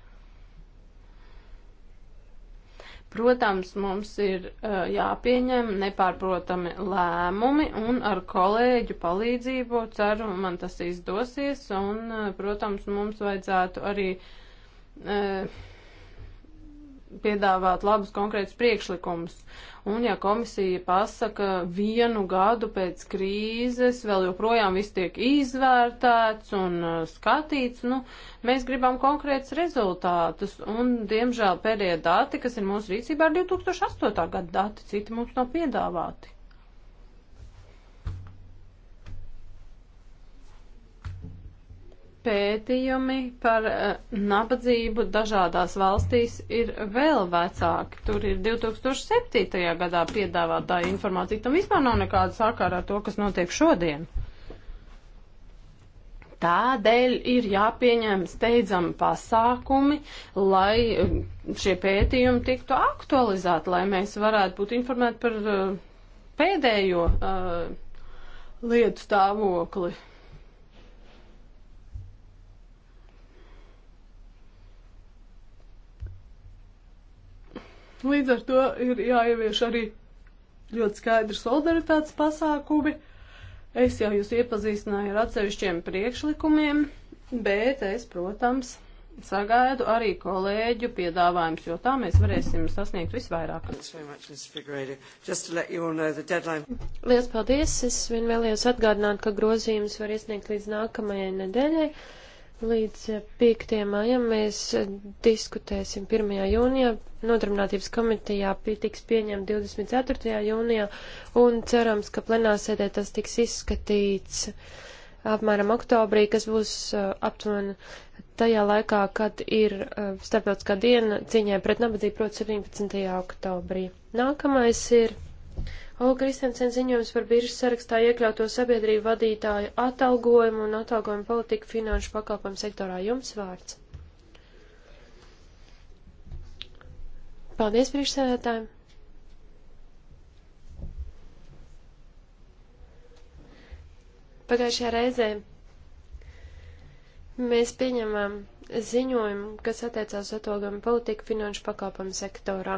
Protams, mums ir uh, jāpieņem nepārprotami lēmumi un ar kolēģu palīdzību ceru, man tas izdosies un, uh, protams, mums vajadzētu arī uh, piedāvāt labus konkrētus priekšlikumus. Un ja komisija pasaka vienu gadu pēc krīzes, vēl joprojām viss tiek izvērtēts un uh, skatīts, nu, mēs gribam konkrētus rezultātus. Un, diemžēl, pēdējie dati, kas ir mūsu rīcībā, ir 2008. gada dati, citi mums nav piedāvāti. pētījumi par eh, nabadzību dažādās valstīs ir vēl vecāki. Tur ir 2007. gadā piedāvātā informācija. Tam vispār nav nekāda sakāra ar to, kas notiek šodien. Tādēļ ir jāpieņem steidzami pasākumi, lai eh, šie pētījumi tiktu aktualizēti, lai mēs varētu būt informēti par eh, pēdējo uh, lietu stāvokli. Līdz ar to ir jāievieš arī ļoti skaidri solidaritātes pasākumi. Es jau jūs iepazīstināju ar atsevišķiem priekšlikumiem, bet es, protams, sagaidu arī kolēģu piedāvājums, jo tā mēs varēsim sasniegt visvairāk. Lielas paldies! Es vien vēlējos atgādināt, ka grozījums var iesniegt līdz nākamajai nedēļai. Līdz 5. maijam mēs diskutēsim 1. jūnijā. Nodarbinātības komitejā tiks pieņemta 24. jūnijā un cerams, ka plenāsēdē tas tiks izskatīts apmēram oktobrī, kas būs aptuveni tajā laikā, kad ir starptautiskā diena cīņai pret nabadzību, proti 17. oktobrī. Nākamais ir O, Kristensen ziņojums par biržas sarakstā iekļauto sabiedrību vadītāju atalgojumu un atalgojumu politiku finanšu pakalpojumu sektorā. Jums vārds. Paldies, priekšsēdētājiem! Pagājušajā reizē mēs pieņemām ziņojumu, kas attiecās atalgojumu politiku finanšu pakalpojumu sektorā.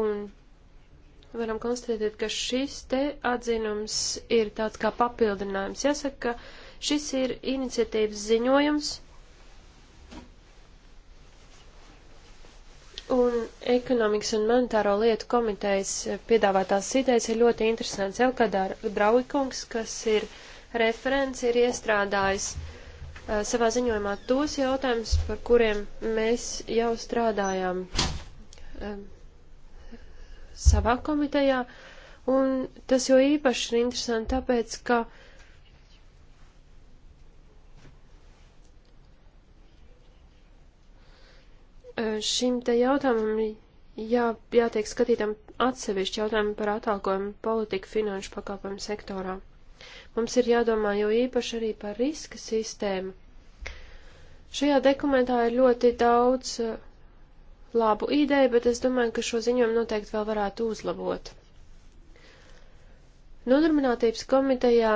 Un varam konstatēt, ka šis te atzinums ir tāds kā papildinājums. Jāsaka, ka šis ir iniciatīvas ziņojums. Un ekonomikas un monetāro lietu komitejas piedāvātās idejas ir ļoti interesants. Elka Drauikungs, kas ir referents, ir iestrādājis uh, savā ziņojumā tos jautājumus, par kuriem mēs jau strādājām. Um, savā komitejā, un tas jau īpaši ir interesanti tāpēc, ka šim te jautājumam jā, jātiek skatītam atsevišķi jautājumu par atalgojumu politiku finanšu pakalpojumu sektorā. Mums ir jādomā jau īpaši arī par riska sistēmu. Šajā dokumentā ir ļoti daudz uh, labu ideju, bet es domāju, ka šo ziņojumu noteikti vēl varētu uzlabot. Nodarbinātības komitejā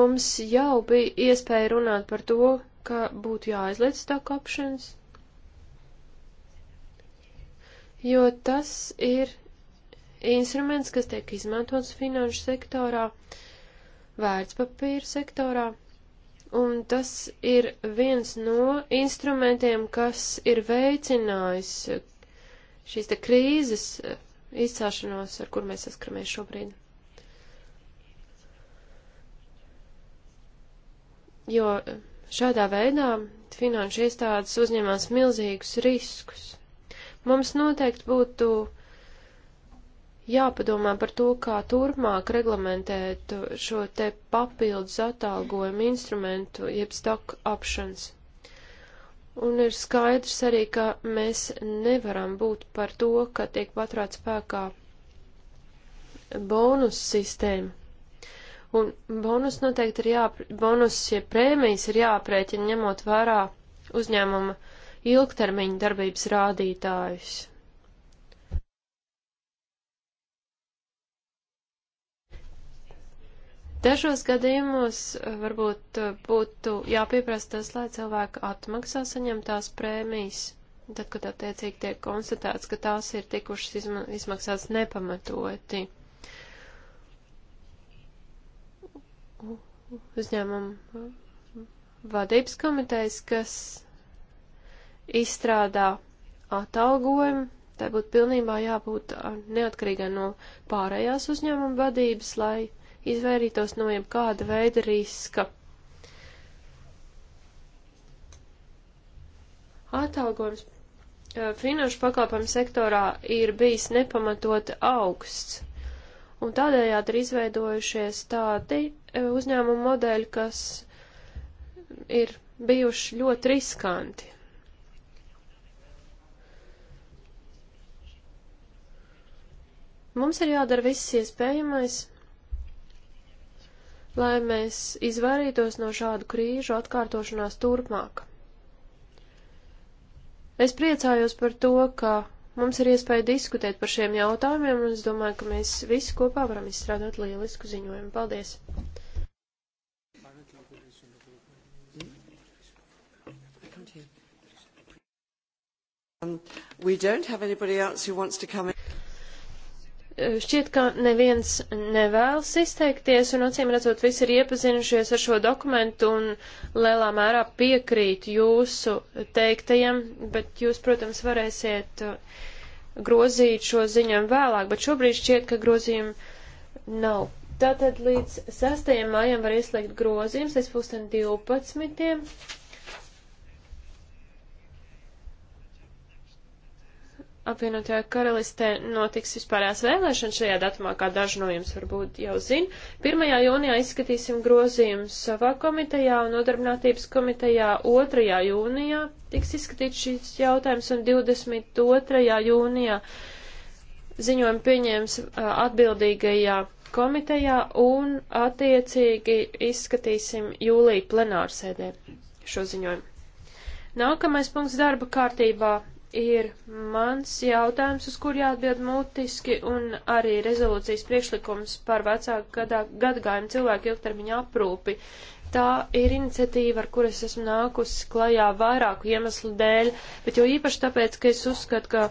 mums jau bija iespēja runāt par to, ka būtu jāaizliedz stock options, jo tas ir instruments, kas tiek izmantots finanšu sektorā, vērtspapīra sektorā un tas ir viens no instrumentiem, kas ir veicinājis šīs te krīzes eh, izcēšanos, ar kur mēs saskaramies šobrīd. Jo eh, šādā veidā finanšu iestādes uzņemās milzīgus riskus. Mums noteikti būtu jāpadomā par to, kā turpmāk reglamentēt šo te papildus atalgojumu instrumentu, jeb stock options. Un ir skaidrs arī, ka mēs nevaram būt par to, ka tiek paturēt spēkā bonus sistēma. Un bonus noteikti ir jāpr, bonus, ja prēmijas ir jāprēķina ņemot vērā uzņēmuma ilgtermiņa darbības rādītājus, Dažos gadījumos eh, varbūt eh, būtu jāpieprasa tas, lai cilvēki atmaksā saņemtās prēmijas, tad, kad attiecīgi tiek konstatēts, ka tās ir tikušas izma izmaksāts nepamatoti. Uzņēmuma eh, vadības komitejas, kas izstrādā atalgojumu, tai būtu pilnībā jābūt neatkarīgai no pārējās uzņēmuma vadības, lai izvairītos no jebkāda veida riska. Atalgojums eh, finanšu pakalpojumu sektorā ir bijis nepamatoti augsts, un tādējādi ir izveidojušies tādi eh, uzņēmumu modeļi, kas ir bijuši ļoti riskanti. Mums ir jādara viss iespējamais, lai mēs izvairītos no šādu krīžu atkārtošanās turpmāk. Es priecājos par to, ka mums ir iespēja diskutēt par šiem jautājumiem, un es domāju, ka mēs visi kopā varam izstrādāt lielisku ziņojumu. Paldies! Um, we don't have anybody else who wants to come in šķiet, ka neviens nevēlas izteikties, un acīm redzot, visi ir iepazinušies ar šo dokumentu un lielā mērā piekrīt jūsu teiktajam, bet jūs, protams, varēsiet uh, grozīt šo ziņojumu vēlāk, bet šobrīd šķiet, ka grozījumu nav. Tātad līdz 6. maijam var iesliegt grozījums, līdz pusdien 12. apvienotajā karalistē notiks vispārējās vēlēšanas šajā datumā, kā daži no jums varbūt jau zina. 1. jūnijā izskatīsim grozījumus savā komitejā un nodarbinātības komitejā. 2. jūnijā tiks izskatīts šis jautājums un 22. jūnijā ziņojumu pieņēms atbildīgajā komitejā un attiecīgi izskatīsim jūlija plenārsēdē šo ziņojumu. Nākamais punkts darba kārtībā ir mans jautājums, uz kur jāatbild mutiski, un arī rezolūcijas priekšlikums par vecāku gadā, gadgājumu cilvēku ilgtermiņa aprūpi. Tā ir iniciatīva, ar kuras esmu nākusi klajā vairāku iemeslu dēļ, bet jo īpaši tāpēc, ka es uzskatu, ka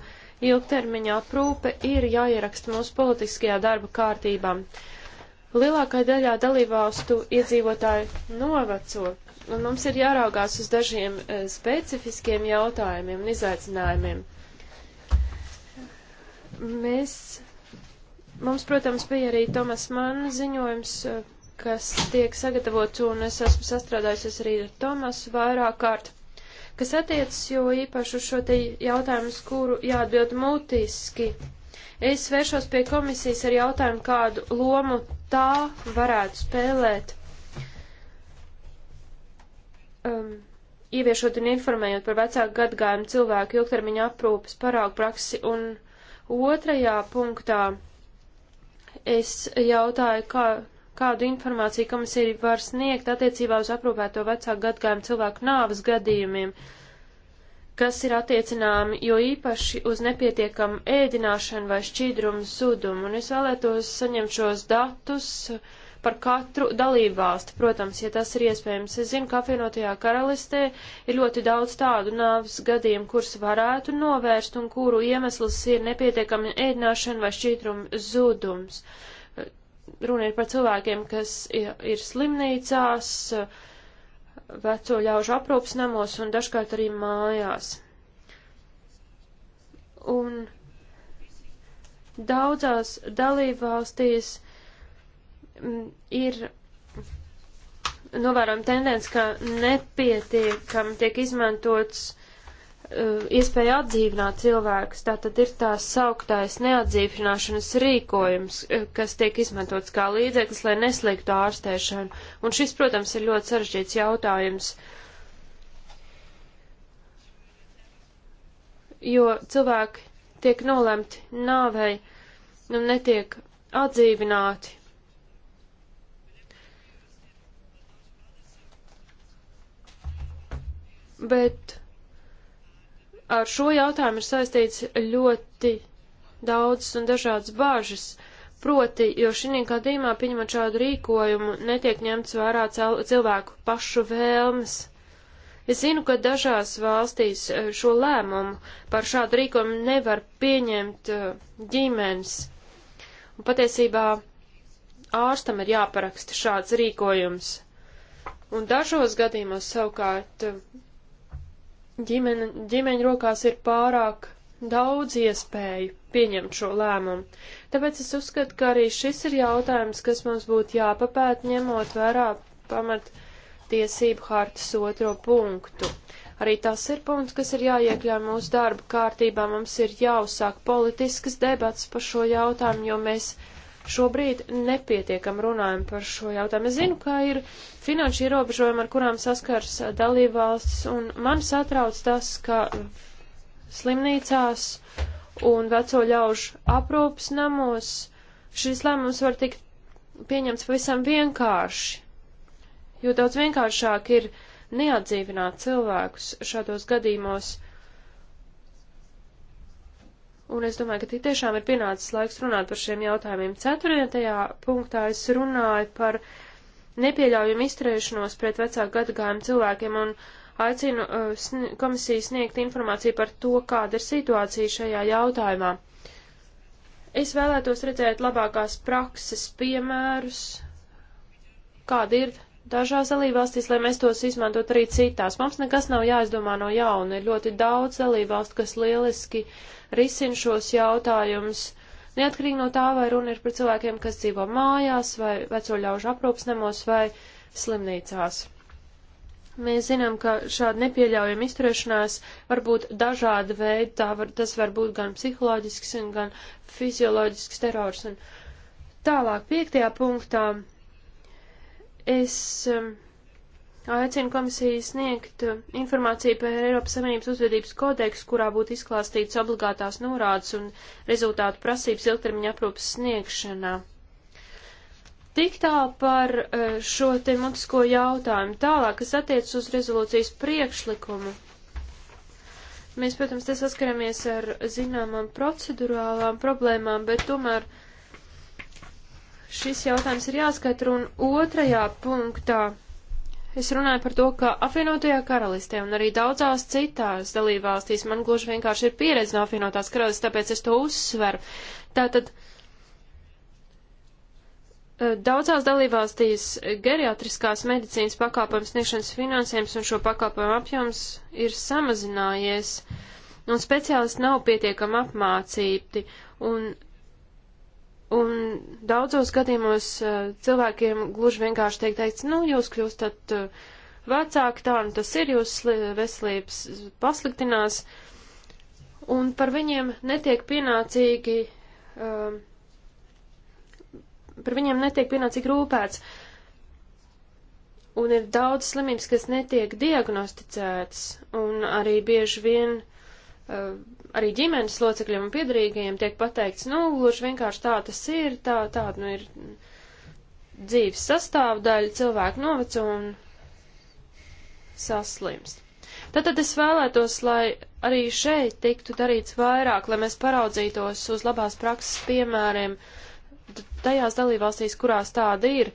ilgtermiņa aprūpe ir jāieraksta mūsu politiskajā darba kārtībā. Lielākai daļā dalībvalstu iedzīvotāji noveco, Un mums ir jāraugās uz dažiem e, specifiskiem jautājumiem un izaicinājumiem. Mēs, mums, protams, bija arī Tomas Manna ziņojums, e, kas tiek sagatavots, un es esmu sastrādājusies arī ar Tomasu vairāk kārt, kas attiecas jo īpaši uz šo te jautājumus, kuru jāatbild mutiski. Es vēršos pie komisijas ar jautājumu, kādu lomu tā varētu spēlēt um, ieviešot un informējot par vecāku gadgājumu cilvēku ilgtermiņa aprūpas paraugu praksi. Un otrajā punktā es jautāju, kā, kādu informāciju komisija var sniegt attiecībā uz aprūpēto vecāku gadgājumu cilvēku nāvas gadījumiem, kas ir attiecināmi jo īpaši uz nepietiekamu ēdināšanu vai šķīdrumu zudumu. Un es vēlētos saņemt šos datus. Uh, par katru dalībvalstu, protams, ja tas ir iespējams. Es zinu, ka apvienotajā karalistē ir ļoti daudz tādu nāvis gadījumu, kurus varētu novērst un kuru iemesls ir nepietiekama ēdināšana vai šķītruma zudums. Runa ir par cilvēkiem, kas ir slimnīcās, veco ļaužu aprūpas namos un dažkārt arī mājās. Un daudzās dalībvalstīs Mm, ir novērojama tendence, ka nepietiekami tiek izmantots uh, iespēja atdzīvināt cilvēkus. Tātad ir tās sauktais neatdzīvināšanas rīkojums, uh, kas tiek izmantots kā līdzeklis, lai nesliktu ārstēšanu. Un šis, protams, ir ļoti sarežģīts jautājums, jo cilvēki tiek nolemti nāvei un nu, netiek atdzīvināti bet ar šo jautājumu ir saistīts ļoti daudz un dažādas bāžas. Proti, jo šī gadījumā, pieņemot šādu rīkojumu, netiek ņemts vērā cilvēku pašu vēlmes. Es zinu, ka dažās valstīs e, šo lēmumu par šādu rīkojumu nevar pieņemt e, ģimenes. Un patiesībā ārstam ir jāparaksta šāds rīkojums. Un dažos gadījumos savukārt e, ģimene, ģimeņu rokās ir pārāk daudz iespēju pieņemt šo lēmumu. Tāpēc es uzskatu, ka arī šis ir jautājums, kas mums būtu jāpapēt, ņemot vērā pamat tiesību hartas otro punktu. Arī tas ir punkts, kas ir jāiekļauj mūsu darba kārtībā. Mums ir jāuzsāk politiskas debats par šo jautājumu, jo mēs Šobrīd nepietiekam runājam par šo jautājumu. Es zinu, ka ir finanšu ierobežojumi, ar kurām saskars dalībvalstis, un man satrauc tas, ka slimnīcās un veco ļaužu aprūpas namos šis lēmums var tikt pieņemts pavisam vienkārši, jo daudz vienkāršāk ir neatdzīvināt cilvēkus šādos gadījumos Un es domāju, ka tiešām ir pienācis laiks runāt par šiem jautājumiem. Ceturtajā punktā es runāju par nepieļaujumu izturēšanos pret vecāku gadagājumu cilvēkiem un aicinu uh, sn komisiju sniegt informāciju par to, kāda ir situācija šajā jautājumā. Es vēlētos redzēt labākās prakses piemērus, kāda ir dažās dalībvalstīs, lai mēs tos izmantot arī citās. Mums nekas nav jāizdomā no jauna. Ir ļoti daudz dalībvalstu, kas lieliski uh, risina šos jautājumus. Neatkarīgi no tā, vai runa ir par cilvēkiem, kas dzīvo mājās, vai veco ļaužu aprūpsnemos, vai slimnīcās. Mēs zinām, ka šāda nepieļaujama izturēšanās var būt dažāda veida, var, tas var būt gan psiholoģisks, gan fizioloģisks terors. Un tālāk, piektajā punktā, es um, aicina komisiju sniegt uh, informāciju par Eiropas Savienības uzvedības kodeksu, kurā būtu izklāstīts obligātās norādes un rezultātu prasības ilgtermiņa aprūpas sniegšanā. Tik tā par uh, šo te mutisko jautājumu. Tālāk, kas attiec uz rezolūcijas priekšlikumu. Mēs, protams, te saskaramies ar zināmām procedurālām problēmām, bet tomēr šis jautājums ir jāskatra un otrajā punktā Es runāju par to, ka apvienotajā karalistē un arī daudzās citās dalībvalstīs man gluži vienkārši ir pieredze no apvienotās karalistes, tāpēc es to uzsveru. Tātad eh, daudzās dalībvalstīs geriatriskās medicīnas pakāpojums sniegšanas finansējums un šo pakāpojumu apjoms ir samazinājies, un speciālisti nav pietiekami apmācīti, un Un daudzos gadījumos eh, cilvēkiem gluži vienkārši tiek teikts, nu, jūs kļūstat eh, vecāki, tā un tas ir, jūs veselības pasliktinās, un par viņiem netiek pienācīgi, um, par viņiem netiek pienācīgi rūpēts. Un ir daudz slimības, kas netiek diagnosticētas, un arī bieži vien um, arī ģimenes locekļiem un piedarīgajiem tiek pateikts, nu, gluži vienkārši tā tas ir, tā, tā, nu, ir dzīves sastāvdaļa, cilvēku noveco un saslimst. Tātad es vēlētos, lai arī šeit tiktu darīts vairāk, lai mēs paraudzītos uz labās prakses piemēriem tajās dalībvalstīs, kurās tāda ir,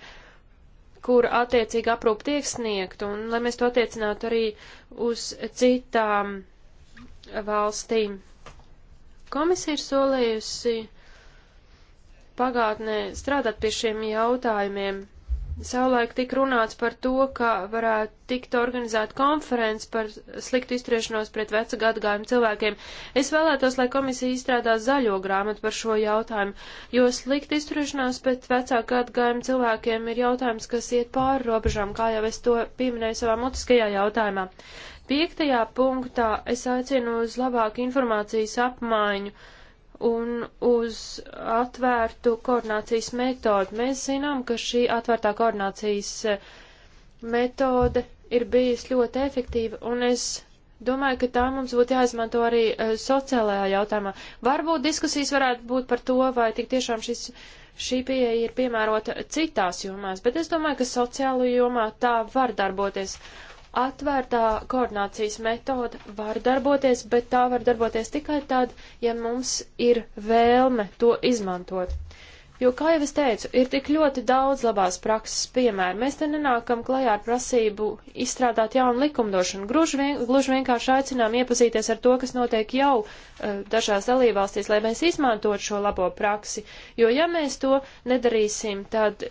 kur attiecīgi aprūp tiek sniegt, un lai mēs to attiecinātu arī uz citām valstīm. Komisija ir solījusi pagātnē strādāt pie šiem jautājumiem. Savulaik tika runāts par to, ka varētu tikt organizēta konferences par sliktu izturēšanos pret vecu gadgājumu cilvēkiem. Es vēlētos, lai komisija izstrādā zaļo grāmatu par šo jautājumu, jo slikta izturēšanās pret vecāku gadgājumu cilvēkiem ir jautājums, kas iet pāri robežām, kā jau es to pieminēju savā mutiskajā jautājumā. Piektajā punktā es aicinu uz labāku informācijas apmaiņu un uz atvērtu koordinācijas metodu. Mēs zinām, ka šī atvērtā koordinācijas eh, metode ir bijusi ļoti efektīva, un es domāju, ka tā mums būtu jāizmanto arī eh, sociālajā jautājumā. Varbūt diskusijas varētu būt par to, vai tik tiešām šis, šī pieeja ir piemērota citās jomās, bet es domāju, ka sociālo jomā tā var darboties. Atvērtā koordinācijas metode var darboties, bet tā var darboties tikai tad, ja mums ir vēlme to izmantot. Jo, kā jau es teicu, ir tik ļoti daudz labās prakses piemēru. Mēs te nenākam klajā ar prasību izstrādāt jaunu likumdošanu. Gluži, vien, gluži vienkārši aicinām iepazīties ar to, kas notiek jau uh, dažās dalībvalstīs, lai mēs izmantotu šo labo praksi. Jo, ja mēs to nedarīsim, tad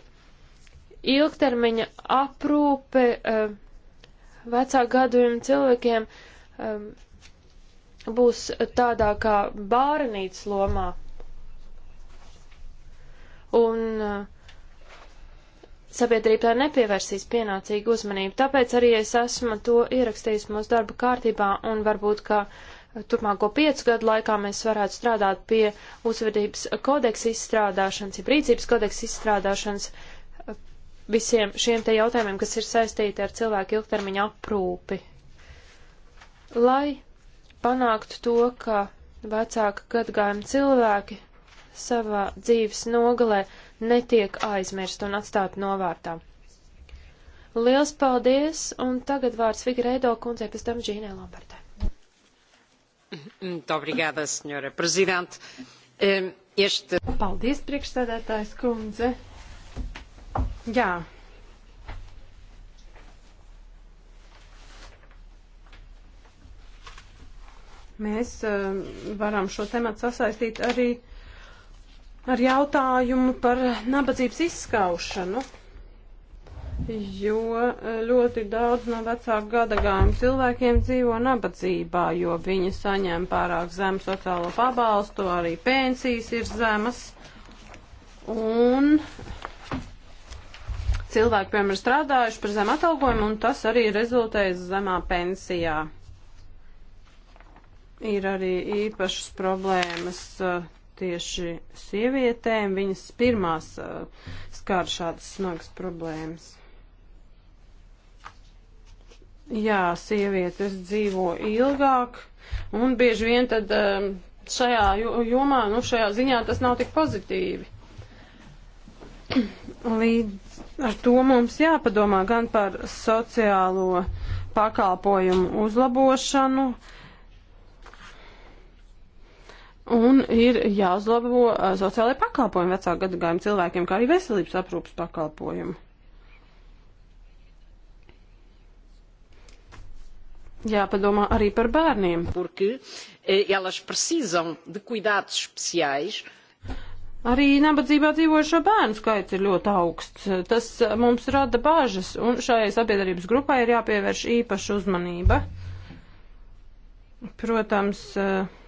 ilgtermiņa aprūpe uh, vecāku gadījumu cilvēkiem um, būs tādā kā bārenītes lomā. Un uh, sabiedrība tā nepievērsīs pienācīgu uzmanību. Tāpēc arī es esmu to ierakstījis mūsu darba kārtībā un varbūt, ka turpmāko piecu gadu laikā mēs varētu strādāt pie uzvedības kodeksa izstrādāšanas, ja rīcības kodeksa izstrādāšanas. Uh, visiem šiem te jautājumiem, kas ir saistīti ar cilvēku ilgtermiņa aprūpi. Lai panāktu to, ka vecāka gadgājuma cilvēki savā dzīves nogalē netiek aizmirst un atstāt novārtā. Liels paldies, un tagad vārds Figreido kundzei pēc tam Džīnē Lambertē. Obrigada, senjora prezident. Ehm, este... Paldies, priekšsēdētājs kundze. Jā. Mēs um, varam šo tematu sasaistīt arī ar jautājumu par nabadzības izskaušanu jo uh, ļoti daudz no vecāku gadagājumu cilvēkiem dzīvo nabadzībā, jo viņi saņem pārāk zemu sociālo pabalstu, arī pensijas ir zemas. Un cilvēki, piemēram, ir strādājuši par zem atalgojumu, un tas arī rezultējas zemā pensijā. Ir arī īpašas problēmas uh, tieši sievietēm. Viņas pirmās uh, skār šādas smagas problēmas. Jā, sievietes dzīvo ilgāk, un bieži vien tad um, šajā jomā, nu šajā ziņā tas nav tik pozitīvi. Līdz Ar to mums jāpadomā gan par sociālo pakalpojumu uzlabošanu, un ir jāuzlabo uh, sociālai pakalpojumi vecāku gadagājumu cilvēkiem, kā arī veselības aprūpas pakalpojumi. Jāpadomā arī par bērniem. Porque eh, elas precisam de cuidados especiais Arī nabadzībā dzīvojušo bērnu skaits ir ļoti augsts. Tas eh, mums rada bāžas, un šai sabiedrības grupai ir jāpievērš īpaša uzmanība. Protams, eh,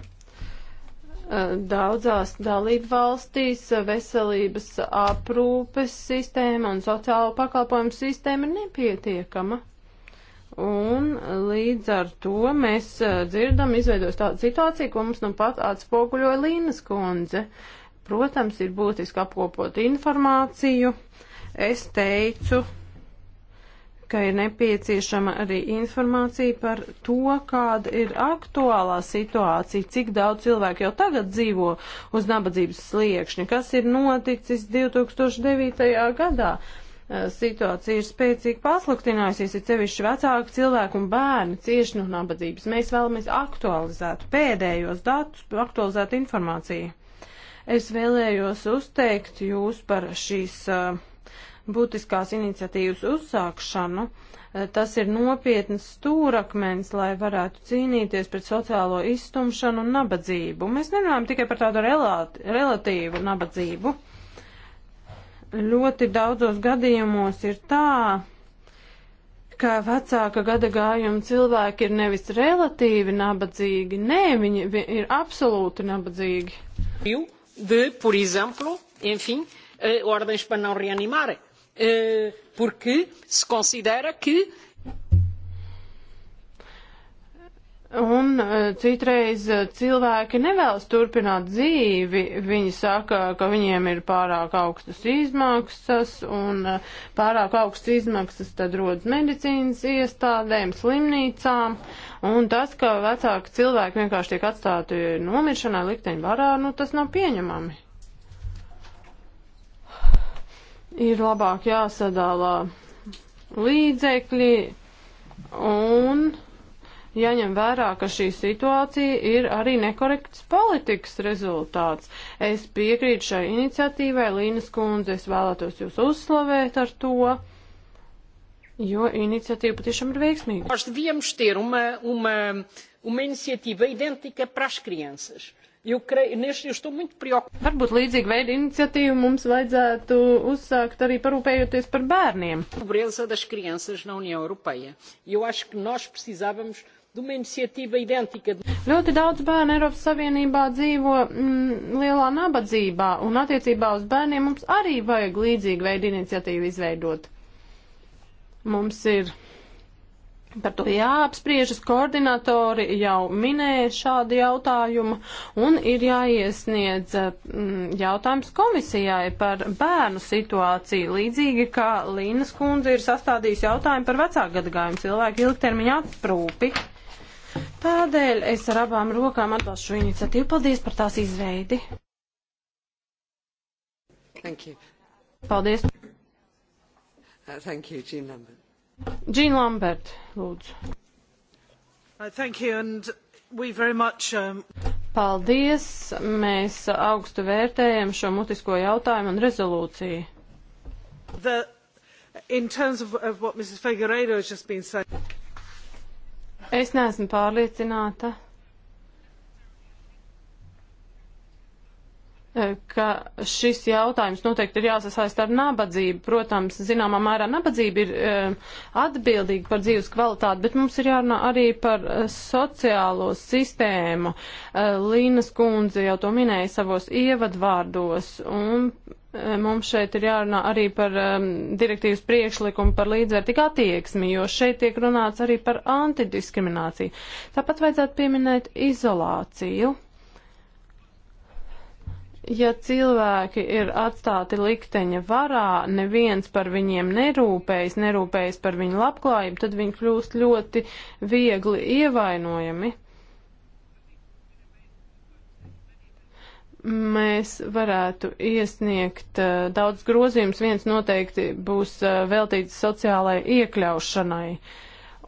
eh, daudzās dalību valstīs veselības aprūpes sistēma un sociālo pakalpojumu sistēma ir nepietiekama. Un līdz ar to mēs uh, dzirdam, izveidos tādu situāciju, ko mums nu pat atspoguļoja Līnas kundze. Protams, ir būtiski apkopot informāciju. Es teicu, ka ir nepieciešama arī informācija par to, kāda ir aktuālā situācija, cik daudz cilvēku jau tagad dzīvo uz nabadzības sliekšņa, kas ir noticis 2009. gadā. Eh, situācija ir spēcīgi pasliktinājusies, ir sevišķi vecāki cilvēki un bērni cieši no nabadzības. Mēs vēlamies aktualizēt pēdējos datus, aktualizēt informāciju. Es vēlējos uzteikt jūs par šīs eh, būtiskās iniciatīvas uzsākšanu. Eh, tas ir nopietns stūrakmens, lai varētu cīnīties pret sociālo izstumšanu un nabadzību. Mēs nerunājam tikai par tādu relāti, relatīvu nabadzību. Uh, ļoti daudzos gadījumos ir tā, ka vecāka gada gājuma cilvēki ir nevis relatīvi nabadzīgi, nē, viņi ir absolūti nabadzīgi. De, por exemplo, enfim, eh, ordens para não reanimar, eh, porque se considera que Un eh, citreiz eh, cilvēki nevēlas turpināt dzīvi. Viņi saka, ka viņiem ir pārāk augstas izmaksas, un eh, pārāk augstas izmaksas tad rodas medicīnas iestādēm, slimnīcām. Un tas, ka vecāki cilvēki vienkārši tiek atstāti nomiršanai likteņu varā, nu tas nav pieņemami. Ir labāk jāsadalā līdzekļi un Jaņem vērā, ka šī situācija ir arī nekorekts politikas rezultāts. Es piekrītu šai iniciatīvai, Līnas kundze, es vēlētos jūs uzslavēt ar to. Jo iniciatīva patiešām ir veiksmīga. Nós devíamos ter uma, uma, uma iniciativa idêntica para as crianças. Eu, creio, neste, eu estou muito preocupada. Varbūt līdzīga veida iniciatīvu mums vajadzētu uzsākt arī parūpējoties par bērniem. Pobreza das crianças na União Europeia. Eu acho que nós precisávamos de uma iniciativa idêntica. Ļoti daudz bērnu Eiropas Savienībā dzīvo mm, lielā nabadzībā, un attiecībā uz bērniem mums arī vajag līdzīgu veidu iniciatīvu izveidot. Mums ir par to jāapspriežas, koordinatori jau minēja šādu jautājumu, un ir jāiesniedz mm, jautājums komisijai par bērnu situāciju, līdzīgi kā Līnas kundze ir sastādījusi jautājumu par vecāku gadagājumu cilvēku ilgtermiņa aprūpi. Tādēļ es ar abām rokām atbalstu šo iniciatīvu. Paldies par tās izveidi. Thank you. Paldies. Uh, thank you, Jean Lambert. Jean Lambert, lūdzu. Uh, thank you and we very much. Um... Paldies. Mēs augstu vērtējam šo mutisko jautājumu un rezolūciju. The, in terms of, of what Mrs. Figueiredo has just been saying. Es neesmu pārliecināta, e, ka šis jautājums noteikti ir jāsasaist ar nabadzību. Protams, zināmā mērā nabadzība ir e, atbildīga par dzīves kvalitāti, bet mums ir jārunā arī par e, sociālo sistēmu. Līnas kundze jau to minēja savos ievadvārdos, un Eh, mums šeit ir jārunā arī par um, direktīvas priekšlikumu par līdzvērtīgu attieksmi, jo šeit tiek runāts arī par antidiskrimināciju. Tāpat vajadzētu pieminēt izolāciju. Ja cilvēki ir atstāti likteņa varā, neviens par viņiem nerūpējas, nerūpējas par viņu labklājību, tad viņi kļūst ļoti viegli ievainojami. mēs varētu iesniegt uh, daudz grozījums. Viens noteikti būs uh, veltīts sociālai iekļaušanai.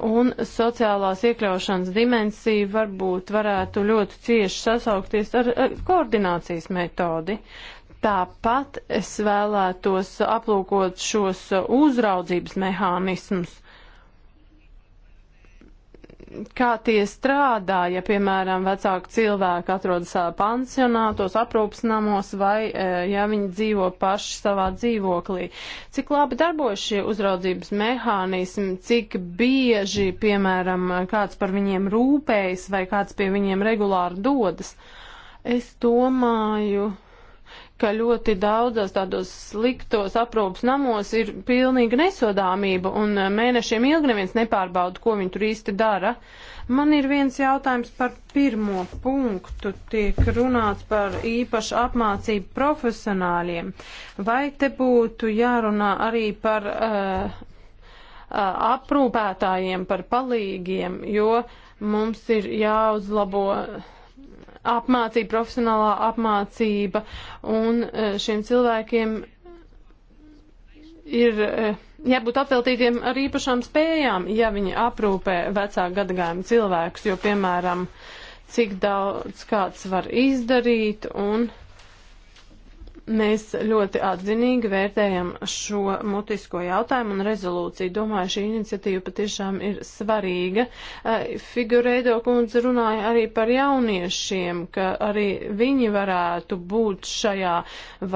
Un sociālās iekļaušanas dimensija varbūt varētu ļoti cieši sasaukties ar, ar koordinācijas metodi. Tāpat es vēlētos aplūkot šos eh, uzraudzības mehānismus kā tie strādā, ja, piemēram, vecāki cilvēki atrodas pansionātos, aprūpas namos vai, ja viņi dzīvo paši savā dzīvoklī. Cik labi darbojas šie uzraudzības mehānismi, cik bieži, piemēram, kāds par viņiem rūpējas vai kāds pie viņiem regulāri dodas. Es domāju, ka ļoti daudzos tādos sliktos aprūpas namos ir pilnīga nesodāmība un eh, mēnešiem ilgi neviens nepārbauda, ko viņi tur īsti dara. Man ir viens jautājums par pirmo punktu. Tiek runāts par īpašu apmācību profesionāļiem. Vai te būtu jārunā arī par uh, aprūpētājiem, par palīgiem, jo mums ir jāuzlabo. Uh, apmācība, profesionālā apmācība, un e, šiem cilvēkiem ir e, jābūt apveltītiem ar īpašām spējām, ja viņi aprūpē vecāku gadagājumu cilvēkus, jo, piemēram, cik daudz kāds var izdarīt un. Mēs ļoti atzinīgi vērtējam šo mutisko jautājumu un rezolūciju. Domāju, šī iniciatīva patiešām ir svarīga. Eh, Figureido kundze runāja arī par jauniešiem, ka arī viņi varētu būt šajā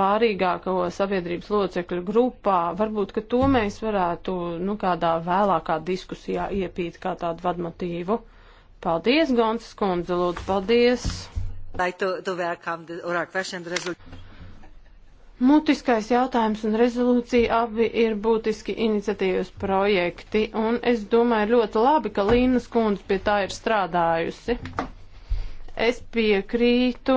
vārīgāko sabiedrības locekļu grupā. Varbūt, ka to mēs varētu nu, kādā vēlākā diskusijā iepīt kā tādu vadmotīvu. Paldies, Gonsas kundze, lūdzu, paldies! Like to, to welcome the oral question result. Mutiskais jautājums un rezolūcija abi ir būtiski iniciatīvas projekti, un es domāju ļoti labi, ka Līnas kundze pie tā ir strādājusi. Es piekrītu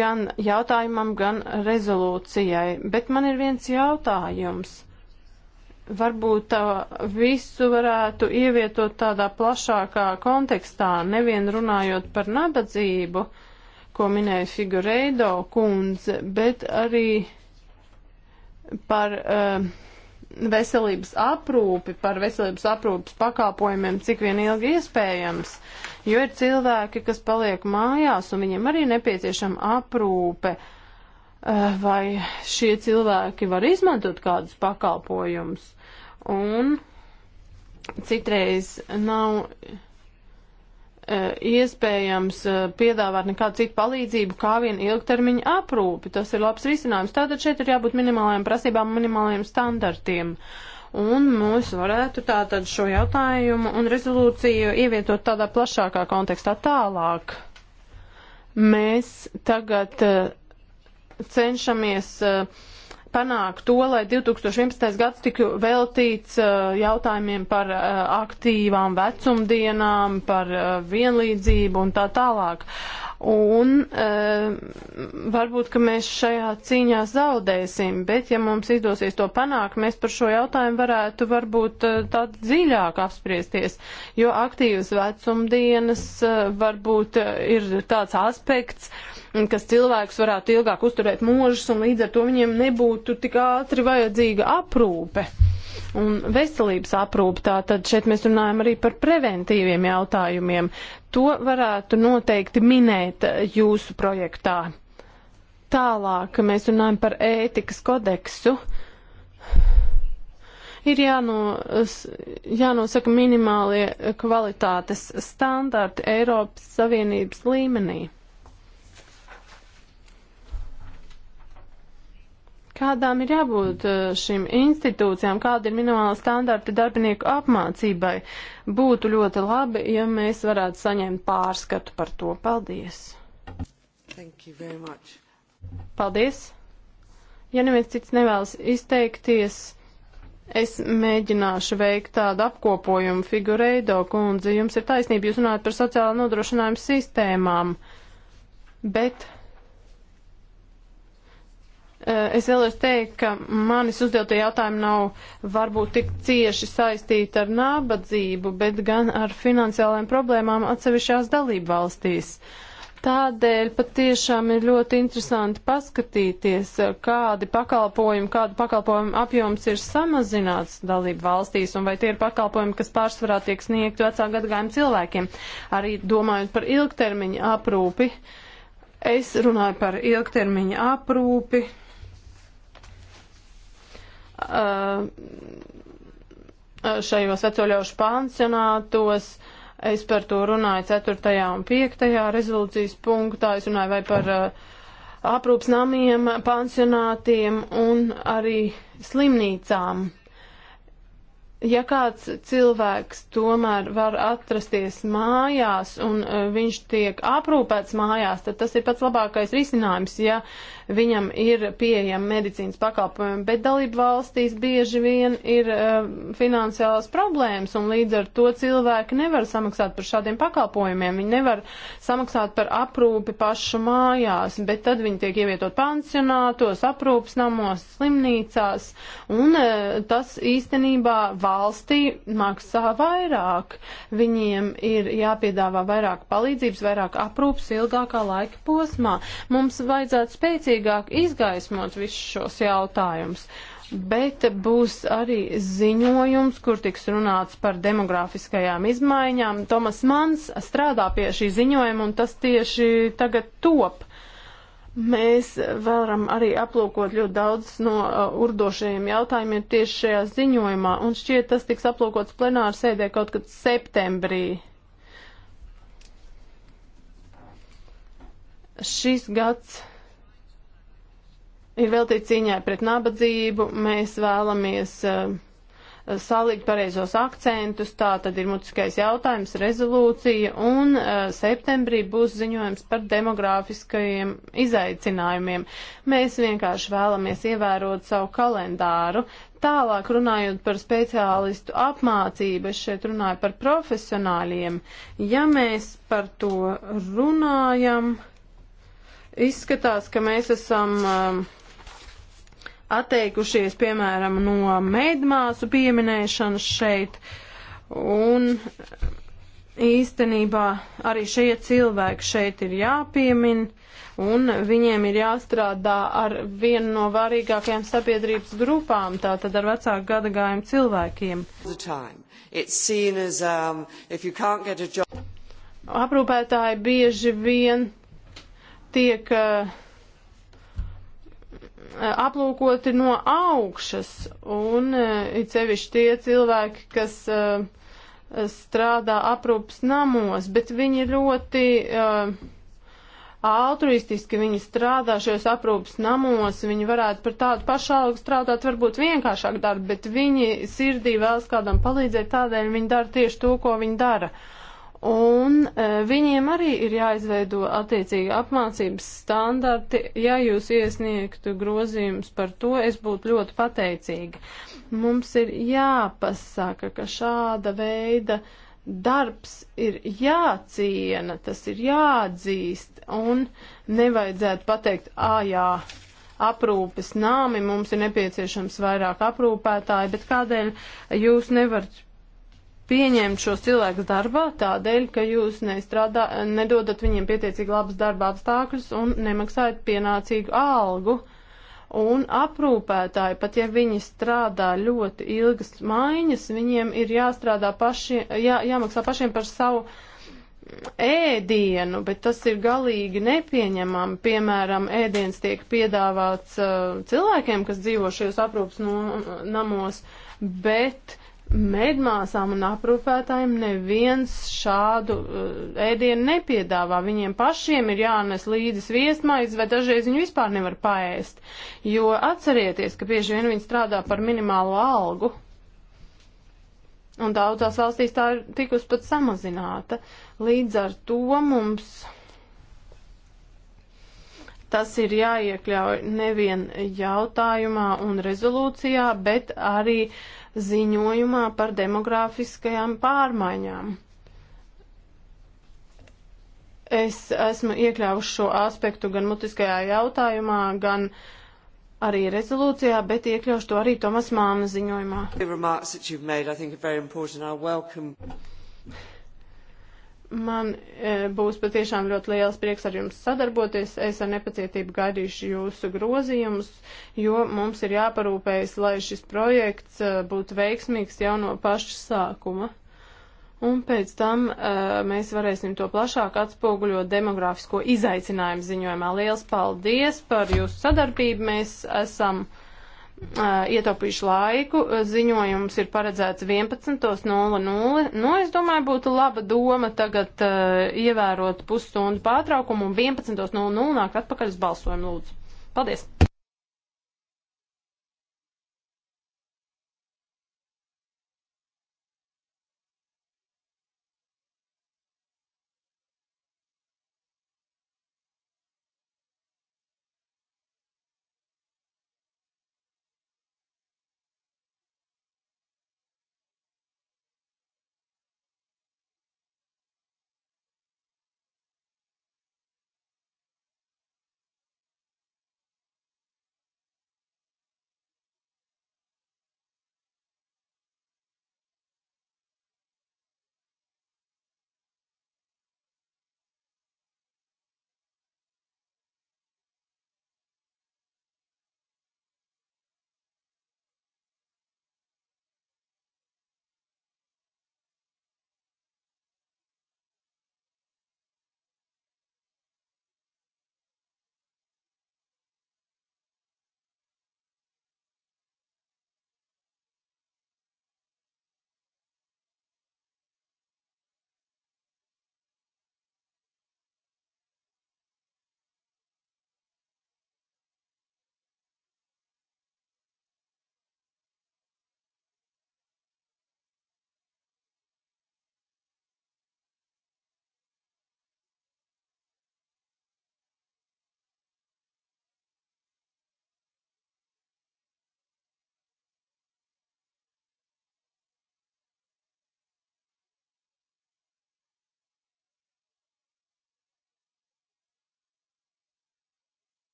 gan jautājumam, gan rezolūcijai, bet man ir viens jautājums varbūt visu varētu ievietot tādā plašākā kontekstā, nevien runājot par nabadzību, uh, ko minēja Figureido kundze, bet arī par uh, veselības aprūpi, par veselības aprūpas pakāpojumiem, cik vien ilgi iespējams. Jo ir cilvēki, kas paliek mājās un viņiem arī nepieciešama aprūpe. Uh, vai šie cilvēki var izmantot kādus pakalpojumus? Un citreiz nav E, iespējams e, piedāvāt nekādu citu palīdzību, kā vien ilgtermiņa aprūpi. Tas ir labs risinājums. Tātad šeit ir jābūt minimālajām prasībām, minimālajiem standartiem. Un mums varētu tātad šo jautājumu un rezolūciju ievietot tādā plašākā kontekstā tālāk. Mēs tagad e, cenšamies uh, panākt to, lai 2011. gads tiktu veltīts uh, jautājumiem par uh, aktīvām vecumdienām, par uh, vienlīdzību un tā tālāk. Un varbūt, ka mēs šajā cīņā zaudēsim, bet ja mums izdosies to panākt, mēs par šo jautājumu varētu varbūt tā dziļāk apspriesties, jo aktīvas vecumdienas varbūt ir tāds aspekts, kas cilvēkus varētu ilgāk uzturēt mūžus, un līdz ar to viņiem nebūtu tik ātri vajadzīga aprūpe un veselības aprūpe. Tātad šeit mēs runājam arī par preventīviem jautājumiem. To varētu noteikti minēt eh, jūsu projektā. Tālāk mēs runājam par ētikas kodeksu ir jāno, jānosaka minimālie kvalitātes standarti Eiropas Savienības līmenī. Kādām ir jābūt eh, šīm institūcijām, kāda ir minimāla standarta darbinieku apmācībai? Būtu ļoti labi, ja mēs varētu saņemt pārskatu par to. Paldies! Paldies! Ja neviens cits nevēlas izteikties. Es mēģināšu veikt tādu apkopojumu figureido kundzi. Jums ir taisnība, jūs runājat par sociālo nodrošinājumu sistēmām, bet Eh, es vēlos teikt, ka manis uzdotie jautājumi nav varbūt tik cieši saistīti ar nabadzību, bet gan ar finansiālajām problēmām atsevišķās dalību valstīs. Tādēļ patiešām ir ļoti interesanti paskatīties, eh, kādi pakalpojumi, kādu pakalpojumu apjoms ir samazināts dalību valstīs un vai tie ir pakalpojumi, kas pārsvarā tiek sniegti vecā gadagājuma cilvēkiem, arī domājot par ilgtermiņa aprūpi. Es runāju par ilgtermiņa aprūpi, Uh, uh, šajos veceļošu pansionātos. Es par to runāju 4. un 5. rezolūcijas punktā. Es runāju vai par uh, aprūps namiem, pansionātiem un arī slimnīcām. Ja kāds cilvēks tomēr var atrasties mājās un viņš tiek aprūpēts mājās, tad tas ir pats labākais risinājums. Ja viņam ir pieejama medicīnas pakalpojumi, bet dalību valstīs bieži vien ir uh, finansiālas problēmas, un līdz ar to cilvēki nevar samaksāt par šādiem pakalpojumiem. Viņi nevar samaksāt par aprūpi pašu mājās, bet tad viņi tiek ievietot pansionātos, aprūpas namos, slimnīcās, un uh, tas īstenībā valstī maksā vairāk. Viņiem ir jāpiedāvā vairāk palīdzības, vairāk aprūpas ilgākā laika posmā. Mums vajadzētu spēcīgi rūpīgāk izgaismot visus šos jautājumus. Bet būs arī ziņojums, kur tiks runāts par demografiskajām izmaiņām. Tomas Mans strādā pie šī ziņojuma, un tas tieši tagad top. Mēs varam arī aplūkot ļoti daudz no uh, urdošajiem jautājumiem tieši šajā ziņojumā, un šķiet tas tiks aplūkots plenāra sēdē kaut kad septembrī. Šis gads ir veltīts cīņai pret nabadzību. Mēs vēlamies uh, eh, salikt pareizos akcentus, tā tad ir mutiskais jautājums, rezolūcija, un uh, septembrī būs ziņojums par demogrāfiskajiem izaicinājumiem. Mēs vienkārši vēlamies ievērot savu kalendāru. Tālāk runājot par speciālistu apmācību, es šeit runāju par profesionāļiem. Ja mēs par to runājam, izskatās, ka mēs esam. Uh, atteikušies, piemēram, no medmāsu pieminēšanas šeit. Un īstenībā arī šie cilvēki šeit ir jāpiemin, un viņiem ir jāstrādā ar vienu no vārīgākajām sabiedrības grupām, tātad ar vecāku gadagājumu cilvēkiem. As, um, job... Aprūpētāji bieži vien tiek uh, aplūkoti no augšas, un eh, it sevišķi tie cilvēki, kas eh, strādā aprūpas namos, bet viņi ļoti eh, altruistiski viņi strādā šajos aprūpas namos, viņi varētu par tādu pašu algu strādāt, varbūt vienkāršāk darbu, bet viņi sirdī vēlas kādam palīdzēt, tādēļ viņi dara tieši to, ko viņi dara. Uh, Un e, viņiem arī ir jāizveido attiecīgi apmācības standarti. Ja jūs iesniegtu grozījums par to, es būtu ļoti pateicīga. Mums ir jāpasaka, ka šāda veida darbs ir jāciena, tas ir jāatzīst un nevajadzētu pateikt, ā jā, aprūpes nāmi, mums ir nepieciešams vairāk aprūpētāji, bet kādēļ jūs nevarat pieņemt šos cilvēkus darbā tādēļ, ka jūs nestrādā, nedodat viņiem pietiecīgi labas darba apstākļus un nemaksājat pienācīgu algu. Un aprūpētāji, pat ja viņi strādā ļoti ilgas maiņas, viņiem ir jāstrādā paši, jā, jāmaksā pašiem par savu ēdienu, bet tas ir galīgi nepieņemami. Piemēram, ēdiens tiek piedāvāts uh, cilvēkiem, kas dzīvo šajos aprūpas no, namos, bet Medmāsām un aprūpētājiem neviens šādu uh, ēdienu nepiedāvā. Viņiem pašiem ir jānes līdzi viesmaizes, vai dažreiz viņi vispār nevar paēst. Jo atcerieties, ka bieži vien viņi strādā par minimālo algu. Un daudzās valstīs tā ir tikus pat samazināta. Līdz ar to mums tas ir jāiekļauj nevien jautājumā un rezolūcijā, bet arī uh, ziņojumā par demografiskajām pārmaiņām. Es esmu iekļāvuši šo aspektu gan mutiskajā jautājumā, gan arī rezolūcijā, bet iekļaušu to arī Tomas Māna ziņojumā. Man e, būs patiešām ļoti liels prieks ar jums sadarboties. Es ar nepacietību gaidīšu jūsu grozījumus, jo mums ir jāparūpējas, lai šis projekts e, būtu veiksmīgs jau no paša sākuma. Un pēc tam e, mēs varēsim to plašāk atspoguļot demografisko izaicinājumu ziņojumā. Liels paldies par jūsu sadarbību. Mēs esam ietaupīšu laiku. Ziņojums ir paredzēts 11.00. Nu, es domāju, būtu laba doma tagad uh, ievērot pusstundu pārtraukumu un 11.00 nākt atpakaļ uz balsojumu lūdzu. Paldies!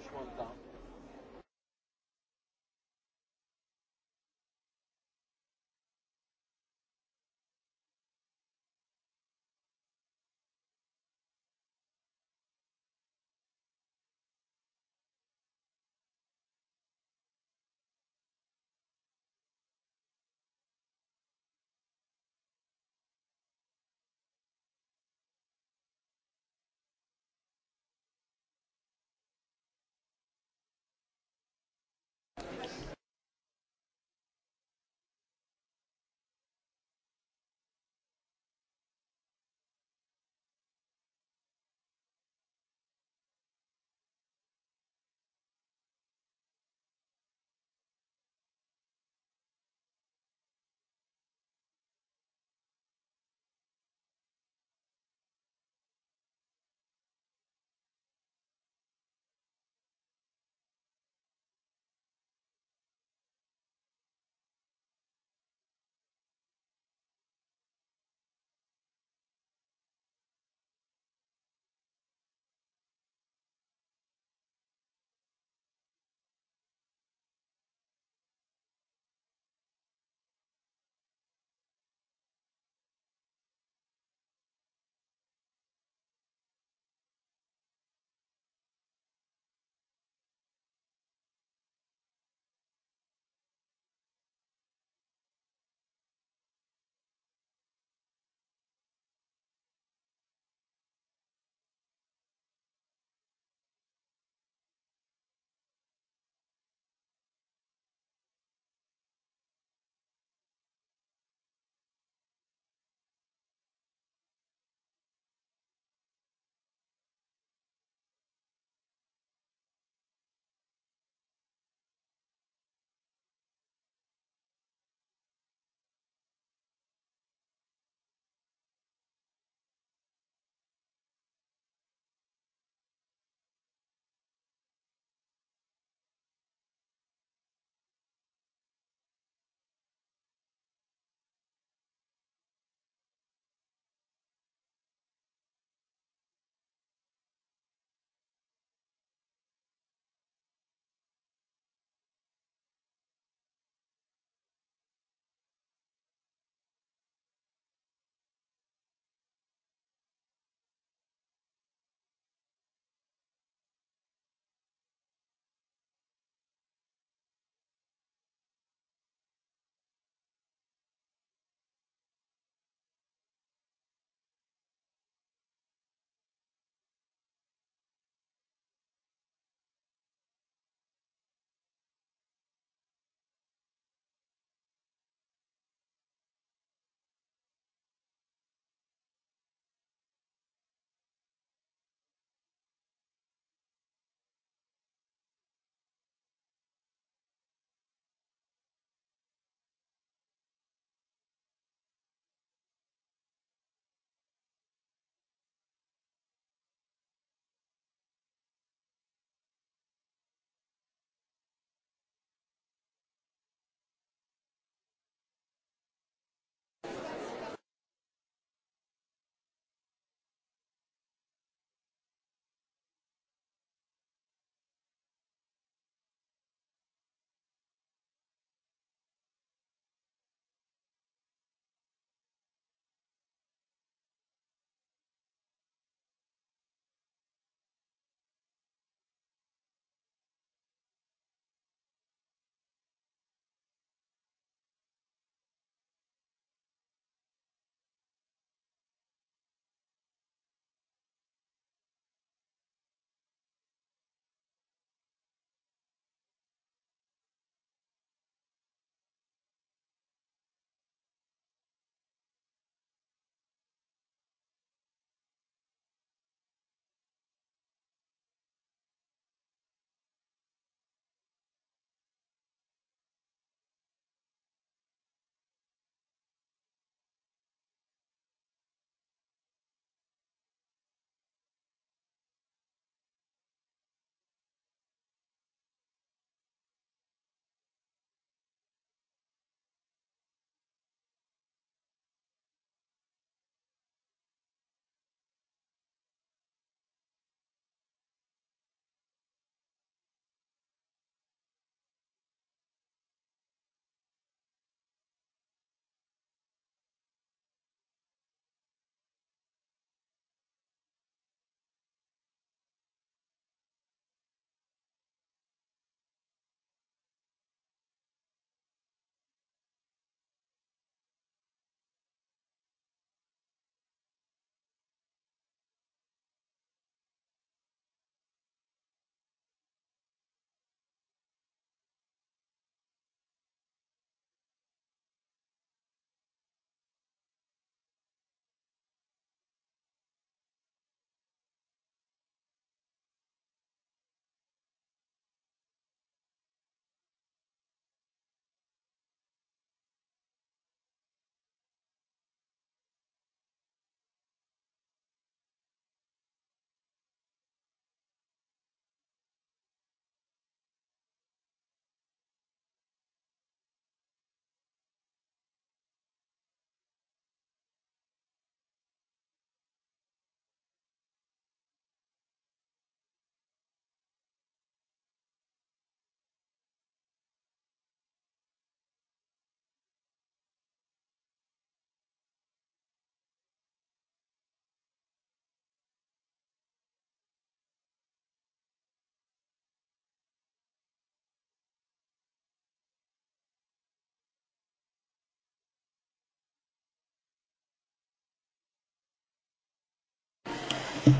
Franchement, le temps.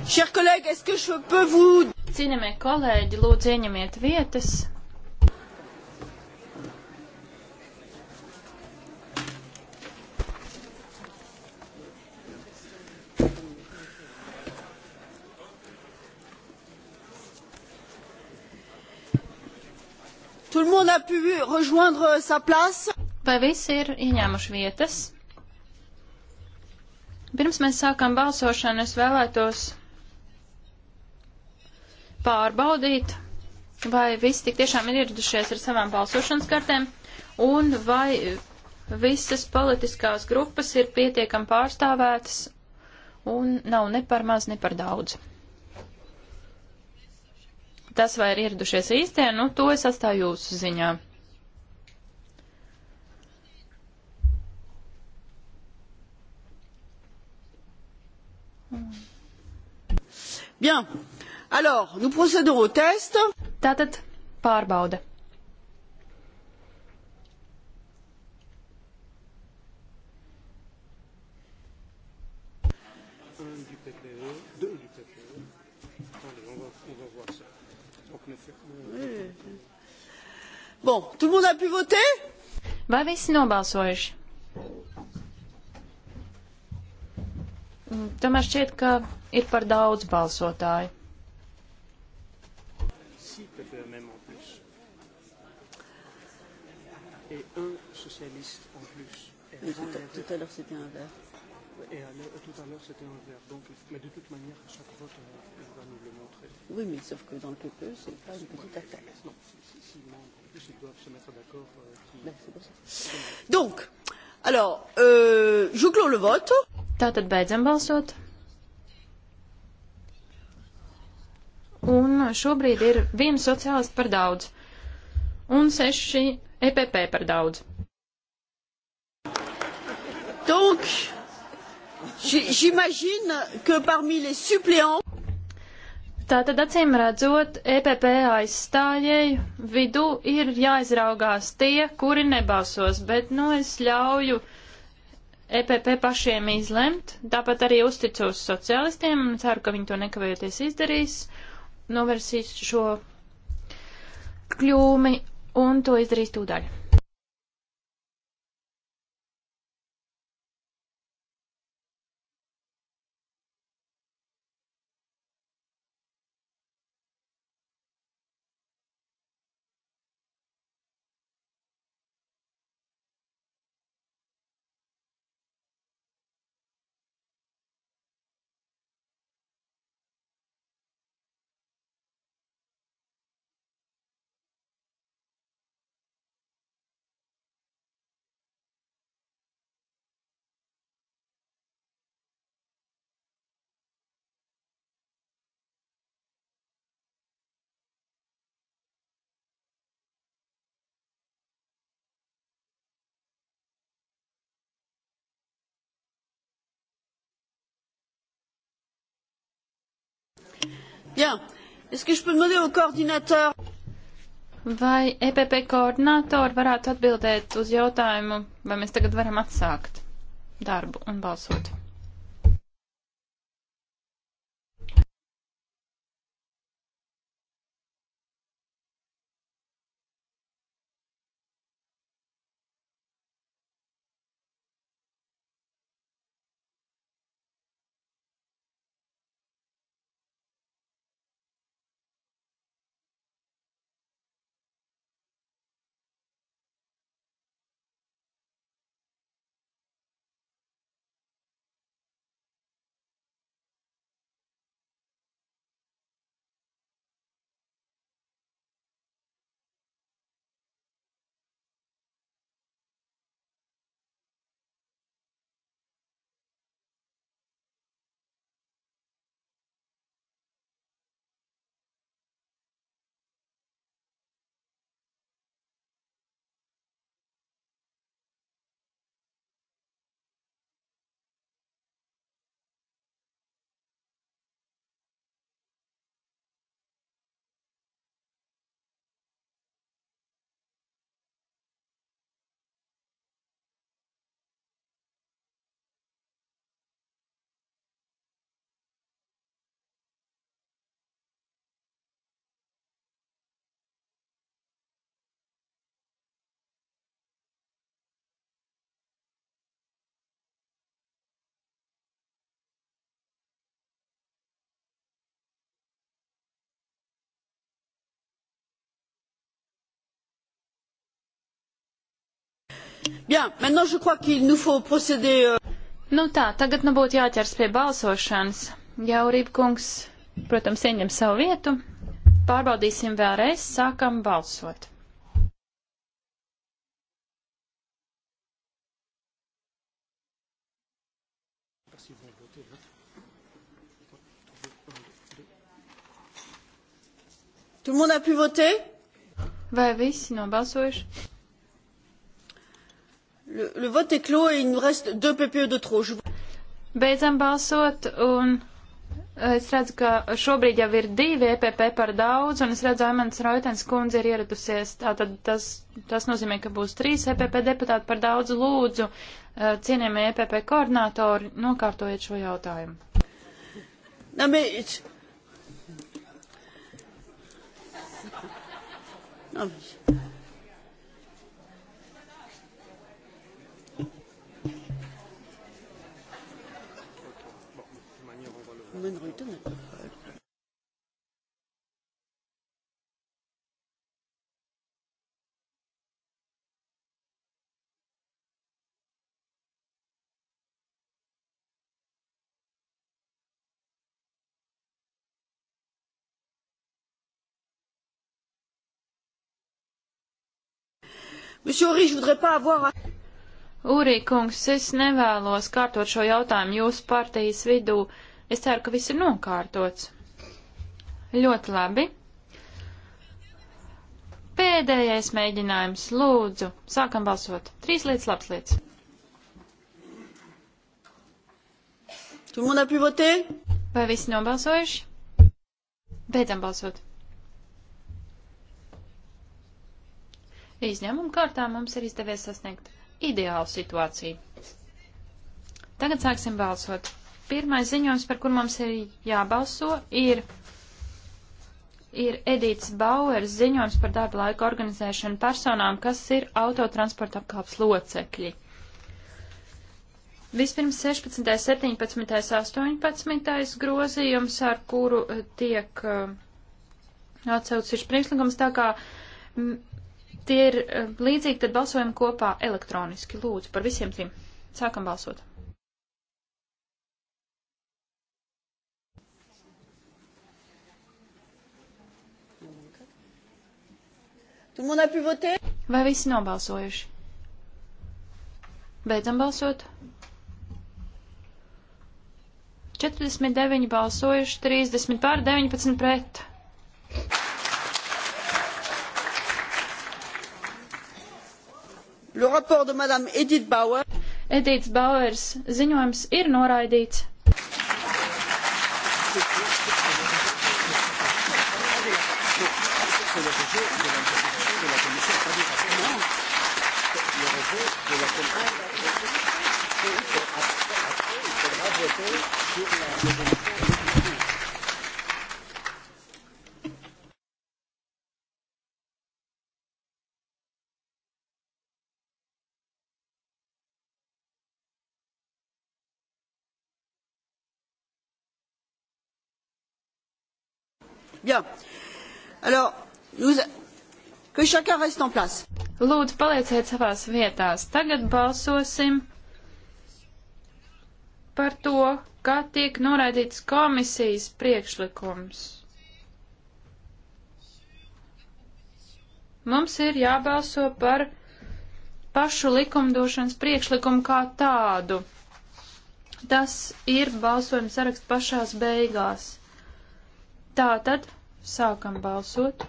Chers collègues, est-ce que je peux vous... Cienījamie kolēģi, lūdzu ieņemiet vietas. Tout le monde a pu rejoindre sa place. Vai visi ir ieņēmuši vietas? Pirms mēs sākam balsošanu, es vēlētos pārbaudīt, vai visi tik tiešām ir ieradušies ar savām balsošanas kartēm un vai visas politiskās grupas ir pietiekami pārstāvētas un nav ne par maz, ne par daudz. Tas vai ir ieradušies īstajā, nu to es atstāju jūsu ziņā. Bien. Alors, nous procédons au test. Tātad pārbauda. Bon, tout le monde a pu voter? Vai visi nobalsojuši? Tomēr šķiet, ka ir par daudz balsotāju. Et un socialiste en plus. Et tout, à, tout à l'heure, c'était un vert. Et à tout à l'heure, c'était un vert. Donc, mais de toute manière, chaque vote, euh, il va nous le montrer. Oui, mais sauf que dans le PPE, c'est pas une petite attaque. Non, si, si, non, en plus, ils doivent se mettre d'accord. Euh, qui... ben, Donc, alors, euh, je clôt le vote. Tātad beidzam balsot. Un šobrīd ir viena sociālista par daudz un seši EPP par daudz. Donc, j'imagine que parmi les suppléants. Tātad acīm redzot, EPP aizstājēju vidū ir jāizraugās tie, kuri nebalsos, bet nu es ļauju uh, EPP pašiem izlemt, tāpat arī uzticos sociālistiem un ceru, ka viņi to nekavējoties izdarīs, novērsīs šo kļūmi un to izdarīs tūdaļ. Jā, es gribu demander au koordinateur. Vai EPP koordinātori varētu atbildēt uz jautājumu, vai mēs tagad varam atsākt darbu un balsot? Bien, maintenant je crois qu'il nous faut procéder. Euh, nu tā, tagad nu būtu jāķers pie balsošanas. Jaurība kungs, protams, ieņem savu vietu. Pārbaudīsim vēlreiz, sākam balsot. Tout le monde a pu voter? Vai visi nobalsojuši? Le, le vote est clos et il nous reste deux PPE de trop. Je... Beidzam balsot un es redzu, ka šobrīd jau ir divi EPP par daudz un es redzu, Aimants Rautens kundze ir ieradusies. Tātad tas, tas nozīmē, ka būs trīs EPP deputāti par daudz. Lūdzu, eh, cienījamie EPP koordinātori, nokārtojiet šo jautājumu. Nā, bet... Nā, bet... kommen heute nicht mehr. Monsieur Horry, je voudrais pas avoir. Urī kungs, es nevēlos kārtot šo jautājumu jūsu partijas vidū. Uh, Es ceru, ka viss ir nokārtots. Ļoti labi. Pēdējais mēģinājums, lūdzu, sākam balsot. Trīs lietas, labs lietas. Vai visi nobalsojuši? Beidzam balsot. Izņēmuma kārtā mums ir izdevies sasniegt ideālu situāciju. Tagad sāksim balsot. Pirmais ziņojums, par kur mums ir jābalso, ir, ir Edīts Bauers ziņojums par darba laika organizēšanu personām, kas ir autotransporta apkāps locekļi. Vispirms 16., 17., 18. grozījums, ar kuru eh, tiek eh, atsaucis šis priekšlikums, tā kā tie ir eh, līdzīgi, tad balsojam kopā elektroniski. Lūdzu, par visiem trim. Sākam balsot. Vai visi nobalsojuši? Beidzam balsot. 49 balsojuši, 30 pār, 19 pret. Le rapport de Madame Edith Bauer. Edīts Bauers ziņojums ir noraidīts. Bien. Alors, nous... Que chacun reste en place. Lūdzu, palieciet savās vietās. Tagad balsosim par to, kā tiek noraidīts komisijas priekšlikums. Mums ir jābalso par pašu likumdošanas priekšlikumu kā tādu. Tas ir balsojums saraksts pašās beigās. Tātad sākam balsot.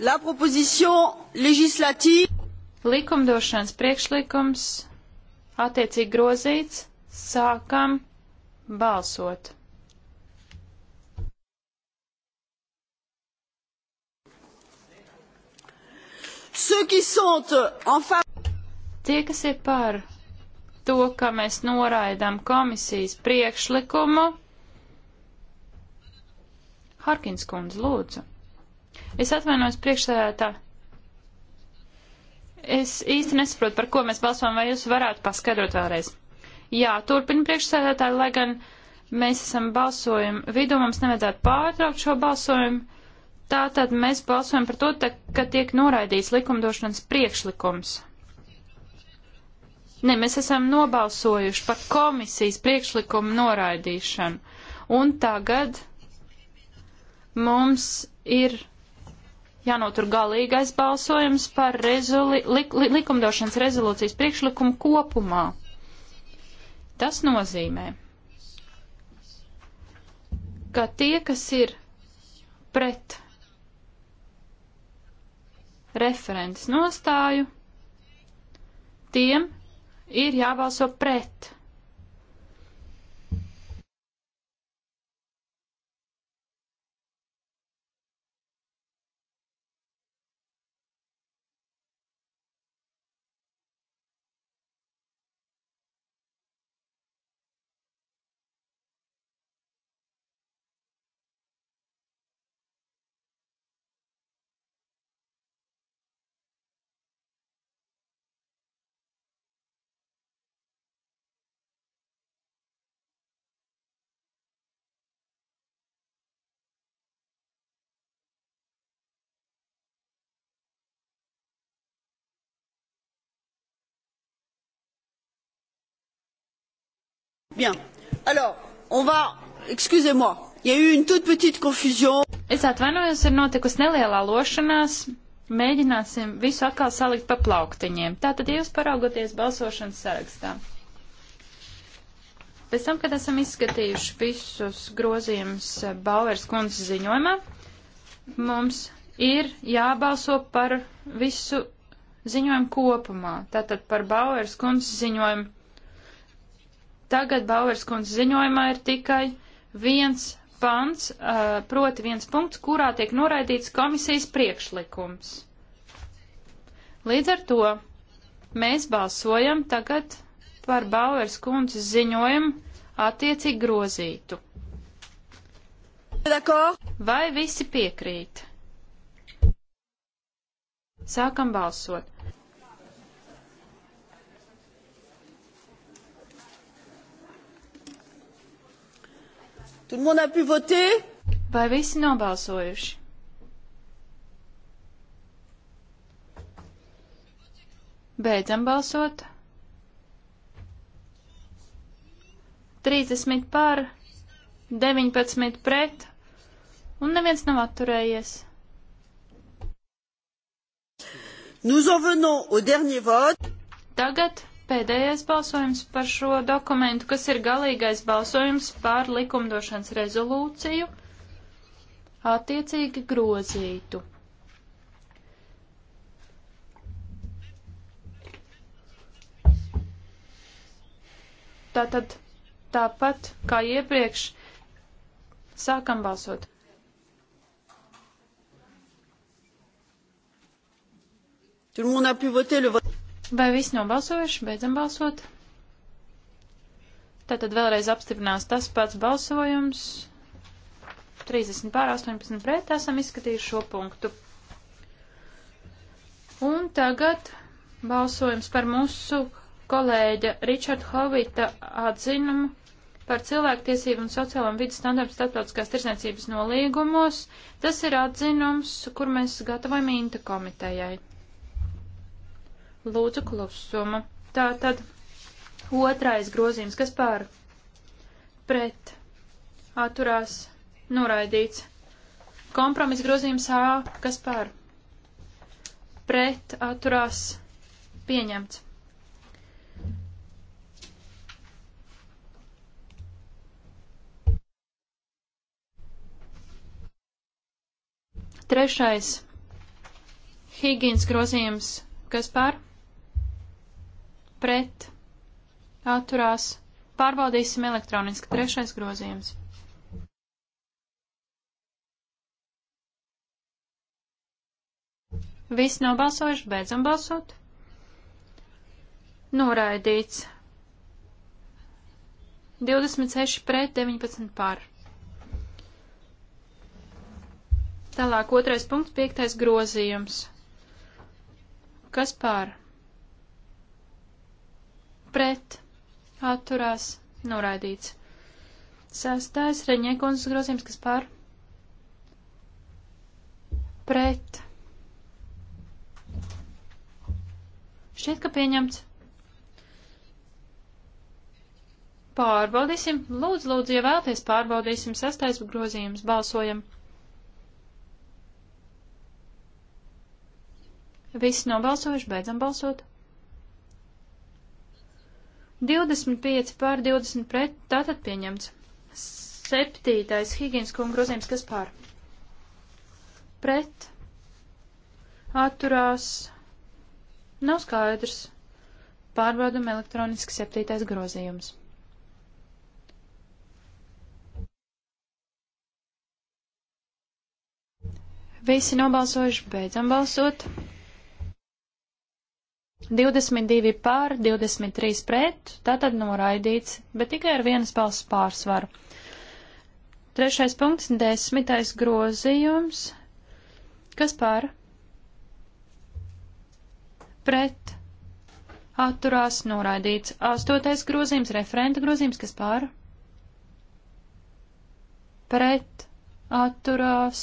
La proposition législative. Likumdošanas priekšlikums attiecīgi grozīts. Sākam balsot. Ceux qui sont en faveur. Tie, kas ir par to, ka mēs noraidām komisijas priekšlikumu. Harkins kundze, lūdzu. Es atvainojos priekšsēdētā. Es īsti nesaprotu, par ko mēs balsojam, vai jūs varētu paskaidrot vēlreiz. Jā, turpina priekšsēdētāji, lai gan mēs esam balsojumi vidū, mums nevajadzētu pārtraukt šo balsojumu. Tātad mēs balsojam par to, ka tiek noraidīts likumdošanas priekšlikums. Ne, mēs esam nobalsojuši par komisijas priekšlikumu noraidīšanu. Un tagad mums ir jānotur galīgais balsojums par rezoli, lik, li, likumdošanas rezolūcijas priekšlikumu kopumā. Tas nozīmē, ka tie, kas ir pret referents nostāju, tiem ir jābalso pret. Bien. Alors, on va, excusez moi, il y a eu une toute petite confusion. Es atvainojos, ir notikusi nelielā lošanās. Mēģināsim visu atkal salikt pa plauktiņiem. Tātad, ja jūs paraugoties balsošanas sarakstā. Pēc tam, kad esam izskatījuši visus grozījumus Bauers kundzes ziņojumā, mums ir jābalso par visu ziņojumu kopumā. Tātad par Bauers kundzes ziņojumu Tagad Bauers kundze ziņojumā ir tikai viens pants, uh, proti viens punkts, kurā tiek noraidīts komisijas priekšlikums. Līdz ar to mēs balsojam tagad par Bauers kundzes ziņojumu attiecīgi grozītu. Vai visi piekrīt? Sākam balsot. Tout le monde a pu voter? Vai visi nobalsojuši? Beidzam balsot. 30 par, 19 pret, un neviens nav atturējies. Nous en venons au dernier vote. Tagad pēdējais balsojums par šo dokumentu, kas ir galīgais balsojums par likumdošanas rezolūciju attiecīgi grozītu. Tātad tāpat kā iepriekš sākam balsot. Tout le monde a pu voter le vote. Vai viss nobalsojuši? Beidzam balsot. Tātad vēlreiz apstiprinās tas pats balsojums. 30 pār 18 pret esam izskatījuši šo punktu. Un tagad balsojums par mūsu kolēģa Ričarda Hovita atzinumu par cilvēktiesību un sociālam vidas standartu starptautiskās tirsniecības nolīgumos. Tas ir atzinums, kur mēs gatavojam Inta komitejai. Lūdzu klusumu. Tātad otrais grozījums, kas pār pret atturās noraidīts. Kompromis grozījums A, kas pār pret atturās pieņemts. Trešais Higgins grozījums, kas pār pret, atturās, pārbaudīsim elektroniski trešais grozījums. Visi nobalsojuši, beidzam balsot. Noraidīts. 26 pret 19 pār. Tālāk otrais punkts, piektais grozījums. Kas pār? pret, atturās, noraidīts. Sastais reņiekonas grozījums, kas pār, pret. Šķiet, ka pieņemts. Pārbaudīsim, lūdzu, lūdzu, ja vēlties pārbaudīsim sastais grozījums, balsojam. Visi nobalsojuši, beidzam balsot. 25 pār 20 pret, tātad pieņemts. Septītais Higgins kunga grozījums, kas pār? Pret. Atturās. Nav skaidrs. Pārbaudam elektroniski septītais grozījums. Visi nobalsojuši, beidzam balsot. 22 pār, 23 pret, tātad noraidīts, bet tikai ar vienas balss pārsvaru. Trešais punkts, desmitais grozījums. Kas pār? Pret. Atturās noraidīts. Astotais grozījums, referenta grozījums, kas pār? Pret. Atturās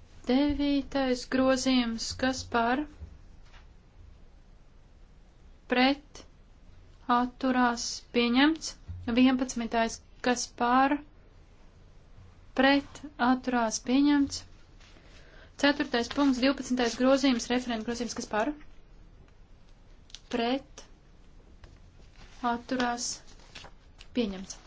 Devītais grozījums, kas par pret atturās pieņemts. Vienpadsmitais, kas par pret atturās pieņemts. Ceturtais punkts, 12. grozījums, referenta grozījums, kas par? Pret, atturās, pieņemts.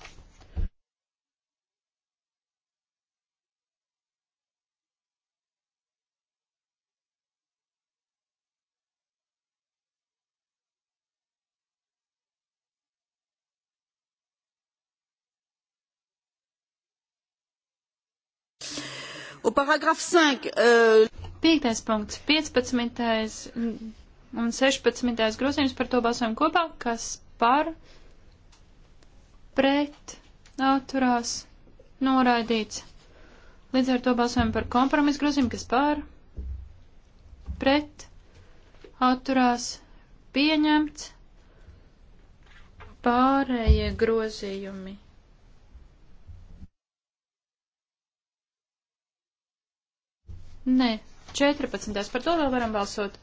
paragraf 5. Uh... 5. punkts, 15. un 16. grozījums par to balsojam kopā, kas par, pret, atturās, noraidīts. Līdz ar to balsojam par kompromisu grozījumu, kas par, pret, atturās, pieņemts, pārējie grozījumi Nē, 14. Par to vēl varam balsot.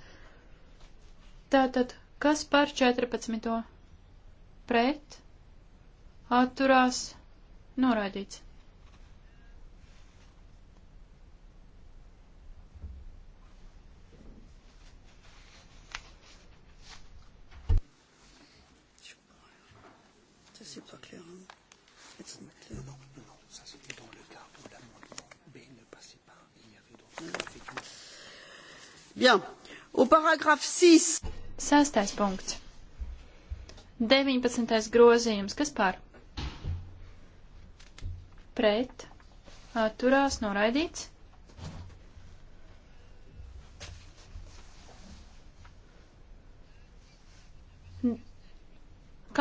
Tātad, kas par 14. pret atturās noraidīts? Bien. Au paragraphe 6. Sastais punkts. 19. grozījums. Kas par? Pret. Atturās noraidīts.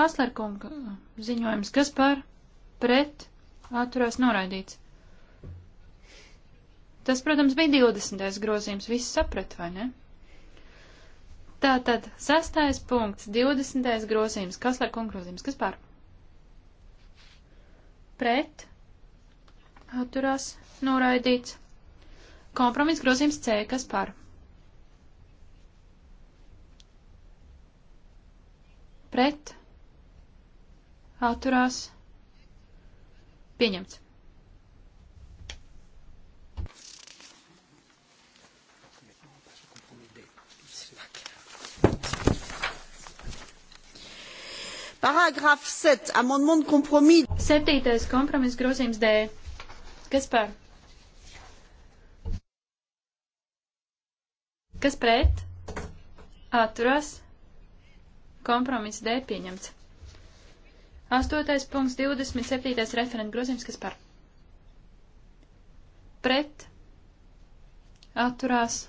Kaslerkunga ziņojums. Kas par? Pret. Atturās noraidīts. Tas, protams, bija 20. grozījums, viss saprat, vai ne? Tātad, sastais punkts, 20. grozījums, kas lai konkrozījums, kas pār? Pret, atturās, noraidīts. Kompromis grozījums C, kas pār? Pret, atturās, pieņemts. Paragrāf 7, amendment kompromis. Septītais kompromis grozījums D. Kas par? Kas pret? Atturas. Kompromis D pieņemts. Astotais punkts 27. referenta grozījums, kas par? Pret. Atturās.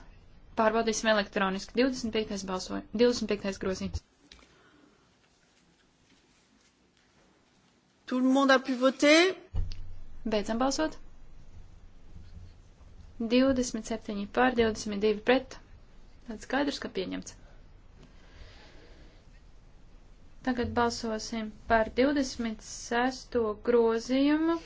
Pārbaudīsim elektroniski. 25. balsoja. 25. grozījums. Tout le monde a pu voter. Beidzam balsot. 27 pār 22 pret. Tad skaidrs, ka pieņemts. Tagad balsosim par 26. grozījumu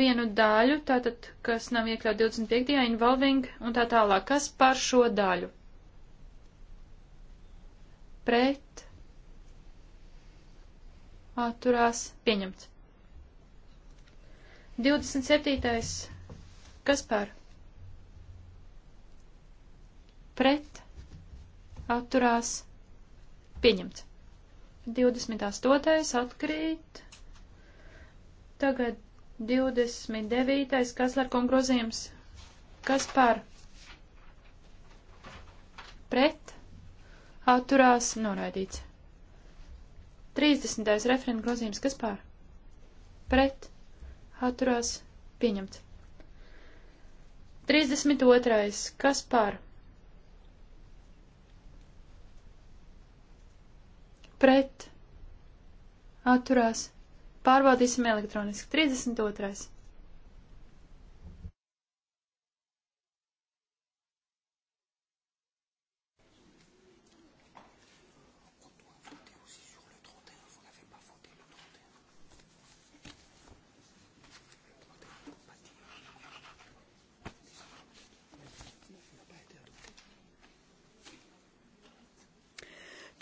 vienu daļu, tātad, kas nav iekļaut 25. involving un tā tālāk. Kas par šo daļu? Pret. Atturās. Pieņemts. 27. Kas par? Pret. Atturās. Pieņemts. 28. Atkrīt. Tagad 29. Kaslarkom grozījums. Kas par? Pret. Atturās. Noraidīts. 30. referenta grozījums. Kas par? Pret atturās pieņemts. 32. Kas par? Pret atturās. Pārbaudīsim elektroniski. 32.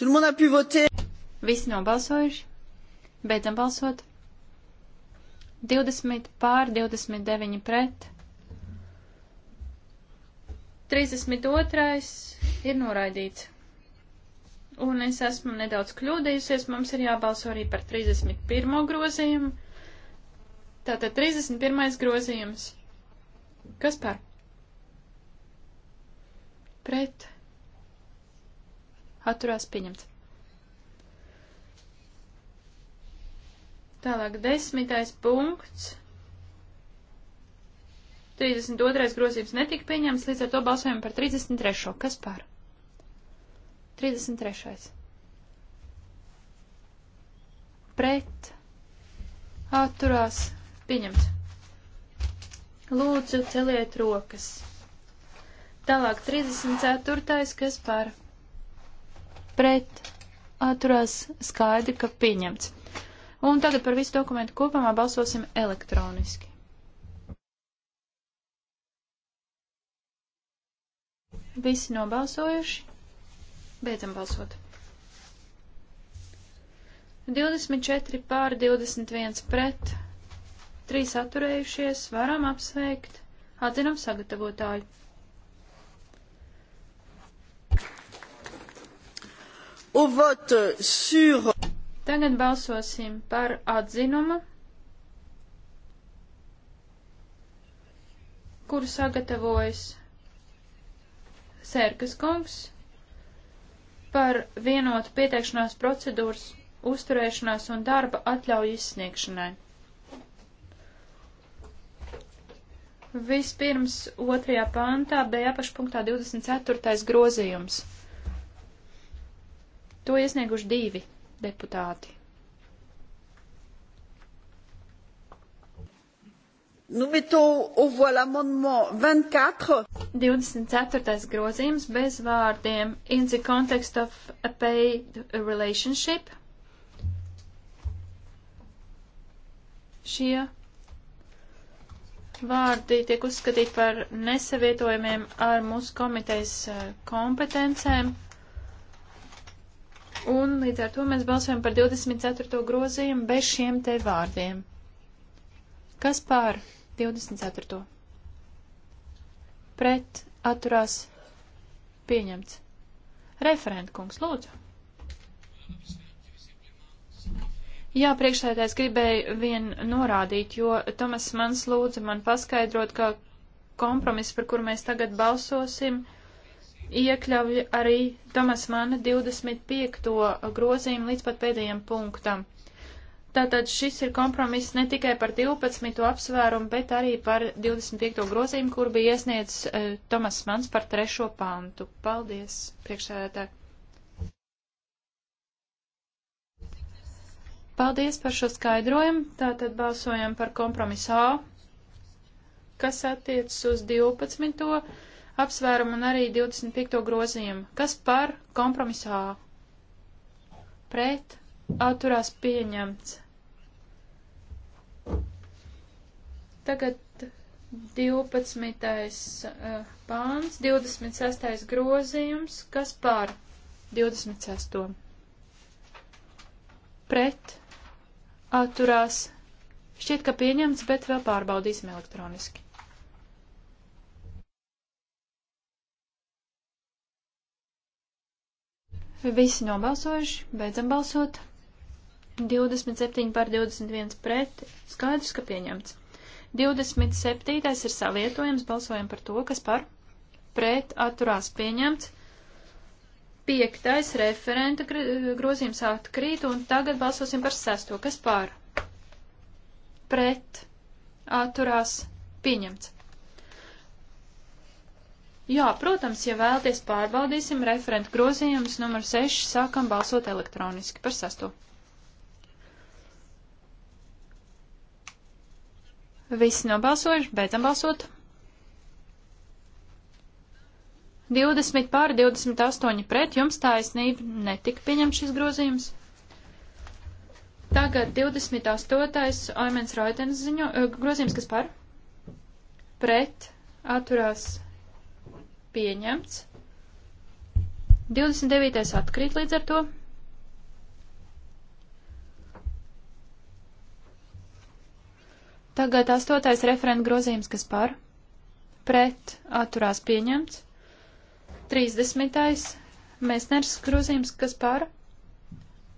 Tout le monde a pu voter. Visi nobalsojuši. Beidzam balsot. 20 pār, 29 pret. 32. ir noraidīts. Un es esmu nedaudz kļūdījusies, mums ir jābalso arī par 31. grozījumu. Tātad 31. grozījums. Kas par? Pret atturās pieņemts. Tālāk, desmitais punkts. 32. grozījums netika pieņemts, līdz ar to balsojam par 33. Kas par? 33. Pret. Atturās. Pieņemts. Lūdzu, celiet rokas. Tālāk, 34. Kas par? pret atturās skaidri, ka pieņemts. Un tagad par visu dokumentu kopumā balsosim elektroniski. Visi nobalsojuši. Beidzam balsot. 24 pār 21 pret, 3 atturējušies, varam apsveikt, atzinam sagatavotāju. au vote sur. Tagad balsosim par atzinumu, kuru sagatavojas Sērkas kungs par vienotu pieteikšanās procedūras uzturēšanās un darba atļauju izsniegšanai. Vispirms otrajā pāntā B apakšpunktā 24. grozījums. To iesnieguši divi deputāti. Nous mettons au voie l'amendement 24. 24. grozījums bez vārdiem in the context of a paid relationship. Šie vārdi tiek uzskatīti par nesavietojumiem ar mūsu komitejas eh, kompetencēm. Un līdz ar to mēs balsojam par 24. grozījumu bez šiem te vārdiem. Kas pār 24. Pret atturās pieņemts. Referent kungs, lūdzu. Jā, priekšsēdētājs gribēju vien norādīt, jo Tomas Mans lūdza man paskaidrot, ka kompromiss, par kuru mēs tagad balsosim, uh, iekļauj arī Tomas Mana 25. grozījumu līdz pat pēdējiem punktam. Tātad šis ir kompromiss ne tikai par 12. apsvērumu, bet arī par 25. grozījumu, kur bija iesniedzis uh, Tomas Mans par trešo pantu. Paldies, priekšsēdētāji. Paldies par šo skaidrojumu. Tātad balsojam par kompromisu A, kas attiecas uz 12 apsvērumu un arī 25. grozījumu. Kas par kompromisu A? Pret atturās pieņemts. Tagad 12. pāns, 26. grozījums, kas pār 26. Pret atturās. Šķiet, ka pieņemts, bet vēl pārbaudīsim elektroniski. Visi nobalsojuši, beidzam balsot. 27 par 21 pret, skaidrs, ka pieņemts. 27. ir savietojams, balsojam par to, kas par pret atturās pieņemts. Piektais referenta grozījums atkrīt, un tagad balsosim par sesto, kas par pret atturās pieņemts. Jā, protams, ja vēlties pārbaudīsim referentu grozījumus numur 6, sākam balsot elektroniski par sesto. Visi nobalsojuši, beidzam balsot. 20 pār 28 pret jums taisnība netika pieņemts šis grozījums. Tagad 28. Oimens Roitens ziņo, eh, grozījums, kas par? Pret atturās pieņemts. 29. atkrīt līdz ar to. Tagad 8. referenta grozījums, kas par, pret, atturās pieņemts. 30. Mēsners grozījums, kas par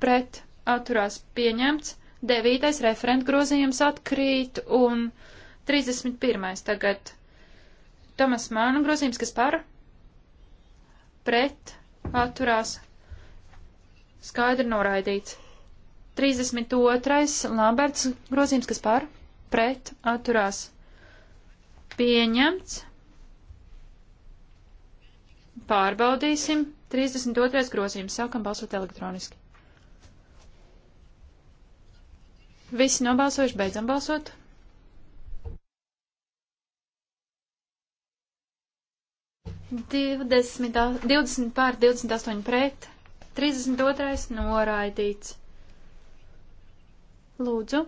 pret atturās pieņemts, 9. referent grozījums atkrīt un 31. tagad Tomas Mānu grozījums, kas par pret atturās skaidri noraidīts. 32. Lamberts grozījums, kas par pret atturās pieņemts. Pārbaudīsim. 32. grozījums. Sākam balsot elektroniski. Visi nobalsojuši, beidzam balsot. 20, 20 pār 28 pret, 32 noraidīts. Lūdzu,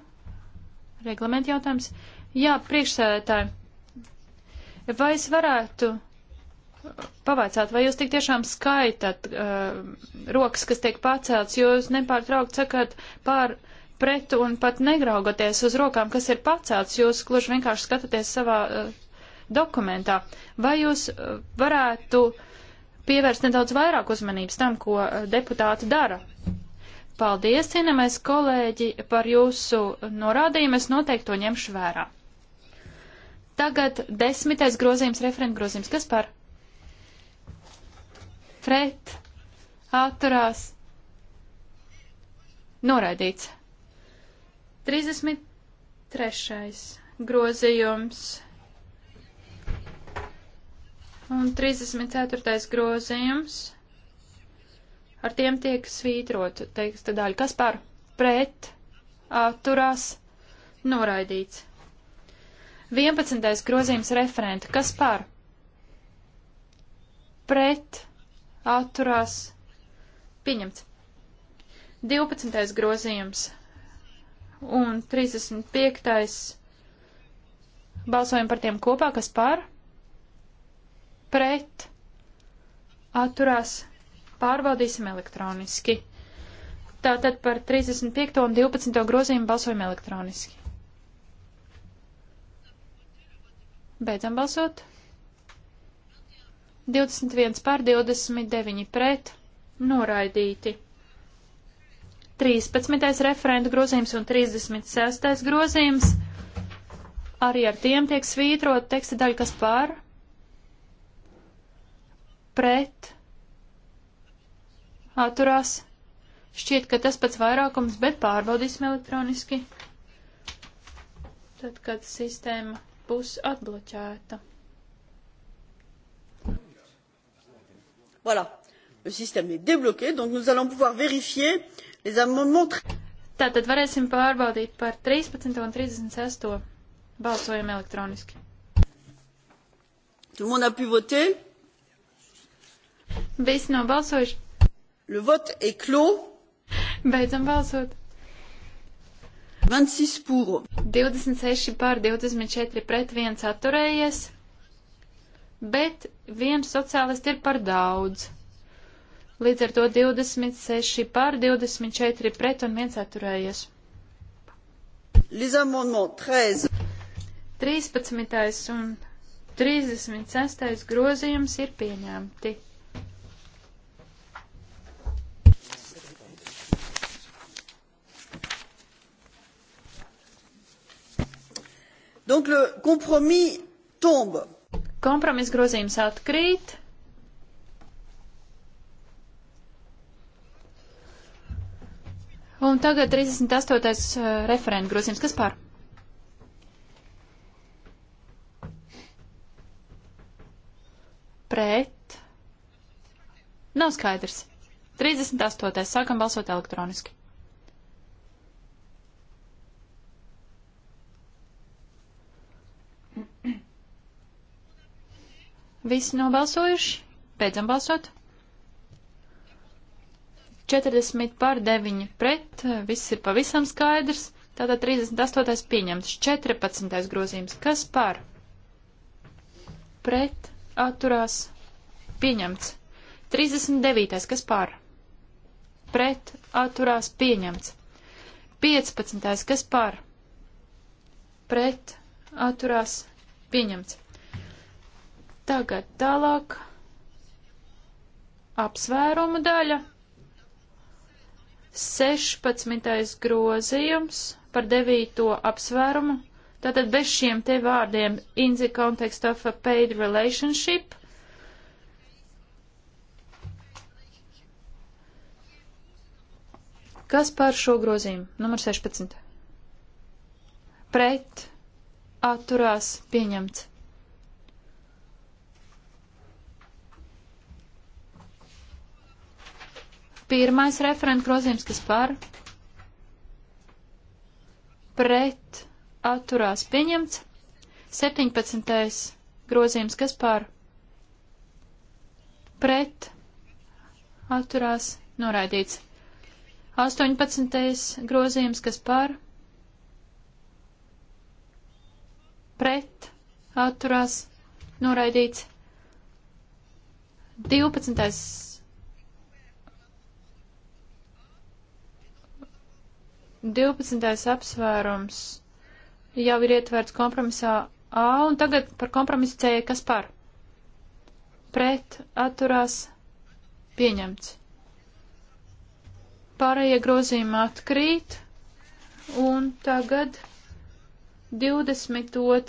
reglamenta jautājums. Jā, priekšsēdētāji, vai es varētu pavaicāt, vai jūs tik tiešām skaitat uh, rokas, kas tiek pacelts, jo jūs nepārtraukt sakat pār pret un pat negraugoties uz rokām, kas ir pacelts, jūs gluži vienkārši skatāties savā. Uh, dokumentā. Vai jūs uh, varētu pievērst nedaudz vairāk uzmanības tam, ko uh, deputāti dara? Paldies, cienamais kolēģi, par jūsu norādījumu. Es noteikti to ņemšu vērā. Tagad desmitais grozījums, referenta grozījums. Kas par? Pret, atturās, noraidīts. 33. grozījums Un 34. grozījums. Ar tiem tiek svītrot teksta daļa. Kas par pret atturās noraidīts. 11. grozījums referenta. Kas par pret atturās pieņemts. 12. grozījums un 35. Balsojam par tiem kopā, kas par pret, atturās, pārbaudīsim elektroniski. Tātad par 35. un 12. grozījumu balsojam elektroniski. Beidzam balsot. 21 pār 29 pret, noraidīti. 13. referentu grozījums un 36. grozījums. Arī ar tiem tiek svītrot teksta daļa, kas pār pret, atturās. Šķiet, ka tas pats vairākums, bet pārbaudīsim elektroniski, tad, kad sistēma būs atbloķēta. Voilà, le système est débloqué, donc nous allons pouvoir vérifier les amendements. Tātad varēsim pārbaudīt par 13 un 36. Balsojam elektroniski. Tout le monde a pu voter? Visi nobalsojuši. Le vote est clos. Beidzam balsot. 26 pour. 26 pār 24 pret 1 atturējies, bet viens sociālists ir par daudz. Līdz ar to 26 pār 24 pret un 1 atturējies. Les amendements 13. 13. un 36. grozījums ir pieņemti. Donc le compromis tombe. Kompromis grozījums atkrīt. Un tagad 38. Uh, referenta grozījums. Kas pār? Pret. Nav skaidrs. 38. sākam balsot elektroniski. Visi nobalsojuši? Beidzam balsot. 40 pār 9 pret, viss ir pavisam skaidrs. Tātad 38. pieņemts, 14. grozījums. Kas par? Pret, atturās, pieņemts. 39. kas par? Pret, atturās, pieņemts. 15. kas par? Pret, atturās, pieņemts. Tagad tālāk apsvērumu daļa. 16. grozījums par 9. apsvērumu. Tātad bez šiem te vārdiem in the context of a paid relationship. Kas par šo grozījumu? Numur 16. Pret atturās pieņemts. Pirmais referenta grozījums, kas par pret atturās pieņemts. 17. grozījums, kas par pret atturās noraidīts. 18. grozījums, kas par pret atturās noraidīts. 12. 12. apsvērums jau ir ietverts kompromisā A, un tagad par kompromisu C, kas par? Pret, atturās, pieņemts. Pārējie grozījumi atkrīt, un tagad 22.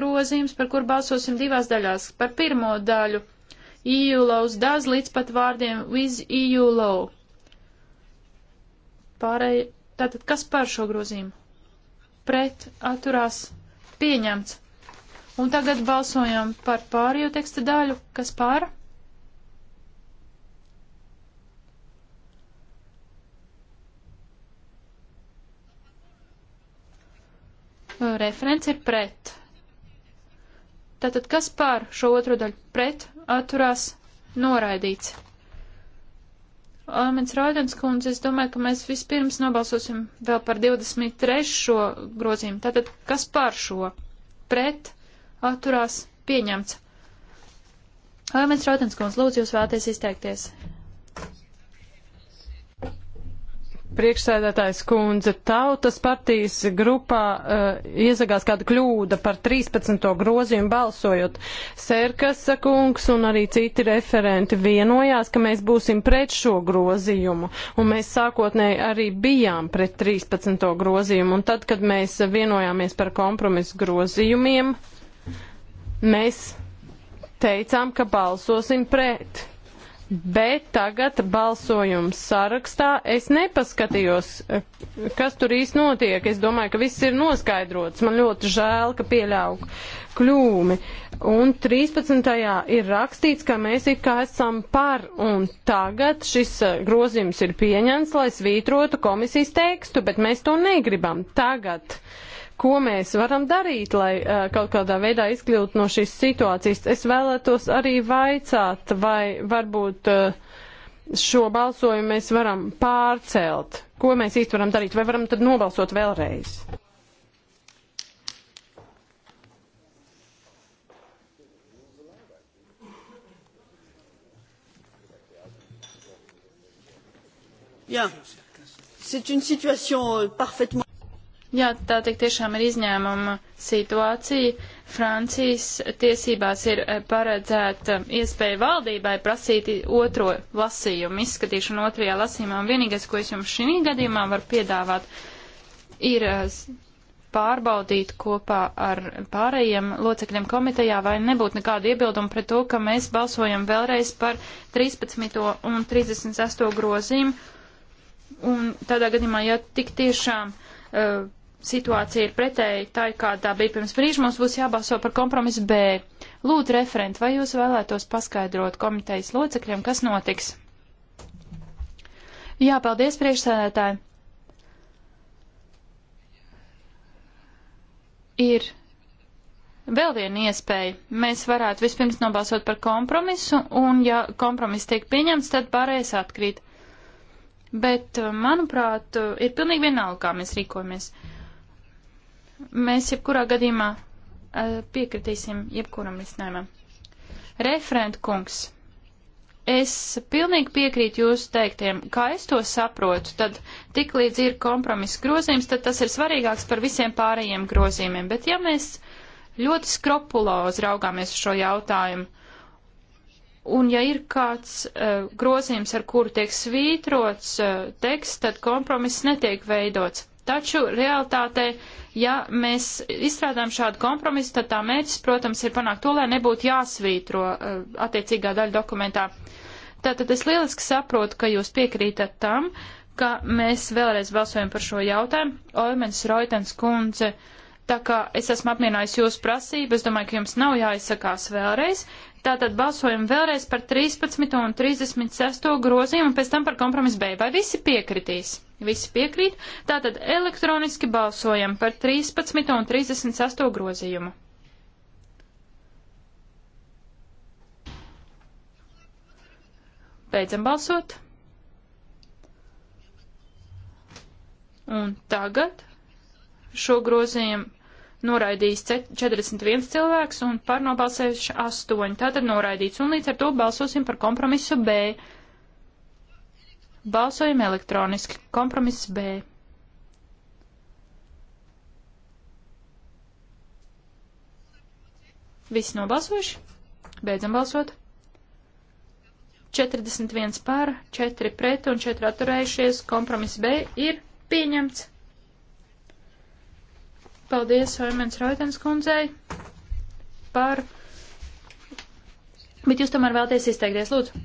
grozījums, par kur balsosim divās daļās. Par pirmo daļu EU laws does līdz pat vārdiem with EU law. Pārējie Tātad, kas par šo grozījumu? Pret atturās pieņemts. Un tagad balsojam par pārējo teksta daļu, kas pār. Referents ir pret. Tātad, kas pār šo otro daļu? Pret, atturās, noraidīts. Almens Rādens kundze, es domāju, ka mēs vispirms nobalsosim vēl par 23. grozījumu. Tātad, kas par šo? Pret, atturās, pieņemts. Almens Rādens kundze, lūdzu, jūs vēlaties izteikties. Priekšsēdētājs kundze, tautas partijas grupā uh, iezagās kāda kļūda par 13. grozījumu balsojot. Sērkasa kungs un arī citi referenti vienojās, ka mēs būsim pret šo grozījumu. Un mēs sākotnēji arī bijām pret 13. grozījumu. Un tad, kad mēs vienojāmies par kompromisu grozījumiem, mēs teicām, ka balsosim pret bet tagad balsojums sarakstā es nepaskatījos, eh, kas tur īsti notiek. Es domāju, ka viss ir noskaidrots. Man ļoti žēl, ka pieļauju kļūmi. Un 13. ir rakstīts, ka mēs it kā esam par, un tagad šis eh, grozījums ir pieņemts, lai svītrotu komisijas tekstu, bet mēs to negribam tagad. Uh, ko mēs varam darīt, lai uh, kaut kādā veidā izkļūtu no šīs situācijas. Es vēlētos arī vaicāt, vai varbūt uh, šo balsojumu mēs varam pārcelt. Ko mēs īsti varam darīt? Vai varam tad nobalsot vēlreiz? C'est une situation euh, parfaitement. Jā, tā tik tiešām ir izņēmuma situācija. Francijas tiesībās ir eh, paredzēta iespēja valdībai prasīt otro lasījumu, izskatīšanu otrajā lasījumā. Un vienīgais, ko es jums šī gadījumā varu piedāvāt, ir eh, pārbaudīt kopā ar pārējiem locekļiem komitejā, vai nebūtu nekādu iebildumu pret to, ka mēs balsojam vēlreiz par 13. un 38. grozīm. Un tādā gadījumā, ja tik tiešām uh, situācija ir pretēji tā, kādā bija pirms brīža, mums būs jābalso par kompromisu B. Lūdzu, referent, vai jūs vēlētos paskaidrot komitejas locekļiem, kas notiks? Jā, paldies priekšsēdētāji. Ir vēl viena iespēja. Mēs varētu vispirms nobalsot par kompromisu, un ja kompromiss tiek pieņemts, tad pārējais atkrīt. Bet, manuprāt, ir pilnīgi vienalga, kā mēs rīkojamies. Uh, Mēs jebkurā gadījumā eh, piekritīsim jebkuram risinājumam. Referent kungs, es pilnīgi piekrītu jūsu teiktiem, kā es to saprotu, tad tik līdz ir kompromiss grozījums, tad tas ir svarīgāks par visiem pārējiem grozījumiem. Bet ja mēs ļoti skropulozi raugāmies uz šo jautājumu, un ja ir kāds uh, grozījums, ar kuru tiek svītrots uh, teksts, tad kompromiss netiek veidots. Taču realitātei Ja mēs izstrādājam šādu kompromisu, tad tā mērķis, protams, ir panākt to, lai nebūtu jāsvītro eh, attiecīgā daļa dokumentā. Tātad es lieliski saprotu, ka jūs piekrītat tam, ka mēs vēlreiz balsojam par šo jautājumu. Oimens Roitens kundze, tā kā es esmu apmienājis jūsu prasību, es domāju, ka jums nav jāizsakās vēlreiz. Tātad balsojam vēlreiz par 13 un 36 grozījumu un pēc tam par kompromisu B. Vai visi piekritīs? Visi piekrīt. Tātad elektroniski balsojam par 13 un 38 grozījumu. Beidzam balsot. Un tagad šo grozījumu noraidījis 41 cilvēks un par nobalsējuši 8. Tātad noraidīts. Un līdz ar to balsosim par kompromisu B. Balsojam elektroniski. Kompromiss B. Visi nobalsojuši? Beidzam balsot. 41 pār, 4 pret un 4 atturējušies. Kompromiss B ir pieņemts. Paldies Oimens Roitens kundzei par. Bet jūs tomēr vēlties izteikties, lūdzu.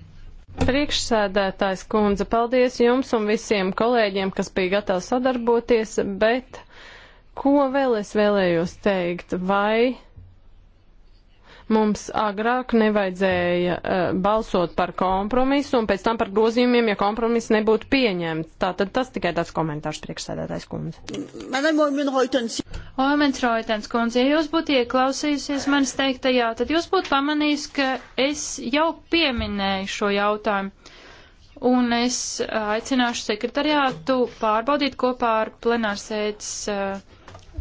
Priekšsēdētājs kundze, paldies jums un visiem kolēģiem, kas bija gatavi sadarboties, bet ko vēl es vēlējos teikt? Vai Mums agrāk nevajadzēja uh, balsot par kompromisu un pēc tam par grozījumiem, ja kompromiss nebūtu pieņemts. Tātad tas tikai tāds komentārs priekšsēdētājs kundze. Oimens Roitens kundze, ja jūs būtu ieklausījusies manis teiktajā, tad jūs būtu pamanījis, ka es jau pieminēju šo jautājumu un es aicināšu sekretariātu pārbaudīt kopā ar plenārsēdes uh,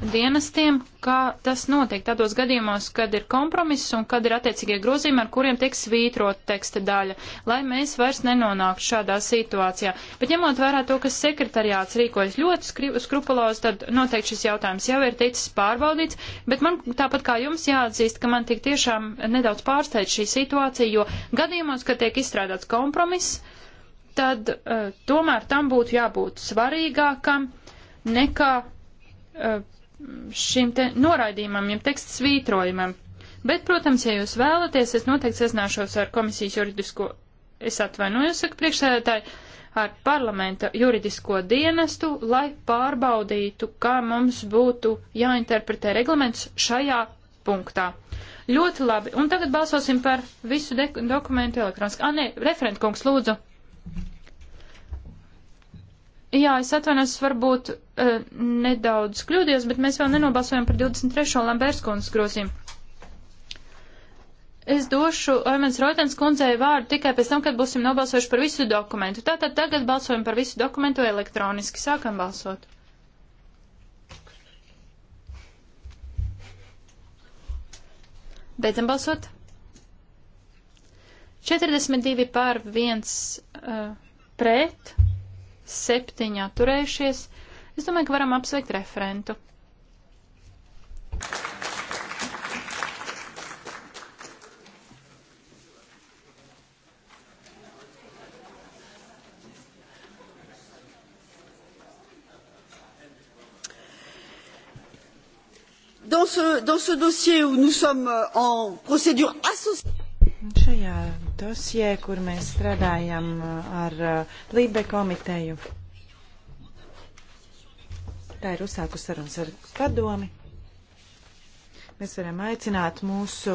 dienestiem, kā tas notiek tādos gadījumos, kad ir kompromiss un kad ir attiecīgie grozījumi, ar kuriem tiek svītrot teksta daļa, lai mēs vairs nenonāktu šādā situācijā. Bet ņemot vērā to, ka sekretariāts rīkojas ļoti skrupulos, tad noteikti šis jautājums jau ir ticis pārbaudīts, bet man tāpat kā jums jāatzīst, ka man tik tiešām nedaudz pārsteidz šī situācija, jo gadījumos, kad tiek izstrādāts kompromiss, tad uh, tomēr tam būtu jābūt svarīgākam nekā uh, šim te noraidījumam, jeb teksta svītrojumam. Bet, protams, ja jūs vēlaties, es noteikti sazināšos ar komisijas juridisko, es atvainojos, saka priekšsēdētāji, ar parlamenta juridisko dienestu, lai pārbaudītu, kā mums būtu jāinterpretē reglaments šajā punktā. Ļoti labi. Un tagad balsosim par visu dokumentu elektroniski. Ah, nē, referentkungs, lūdzu. Jā, es atvainos, varbūt uh, nedaudz kļūdījos, bet mēs vēl nenobalsojam par 23. Lambērskundas grozījumu. Es došu Oimens Roitens kundzei vārdu tikai pēc tam, kad būsim nobalsojuši par visu dokumentu. Tātad tagad balsojam par visu dokumentu elektroniski. Sākam balsot. Beidzam balsot. 42 pār 1 uh, pret septiņi atturējušies. Es domāju, ka varam apsveikt referentu. Dans ce, dans ce dossier où nous sommes en procédure associée dosjē, kur mēs strādājam uh, ar uh, Lībe komiteju. Tā ir uzsākus sarunas ar padomi. Mēs varam aicināt mūsu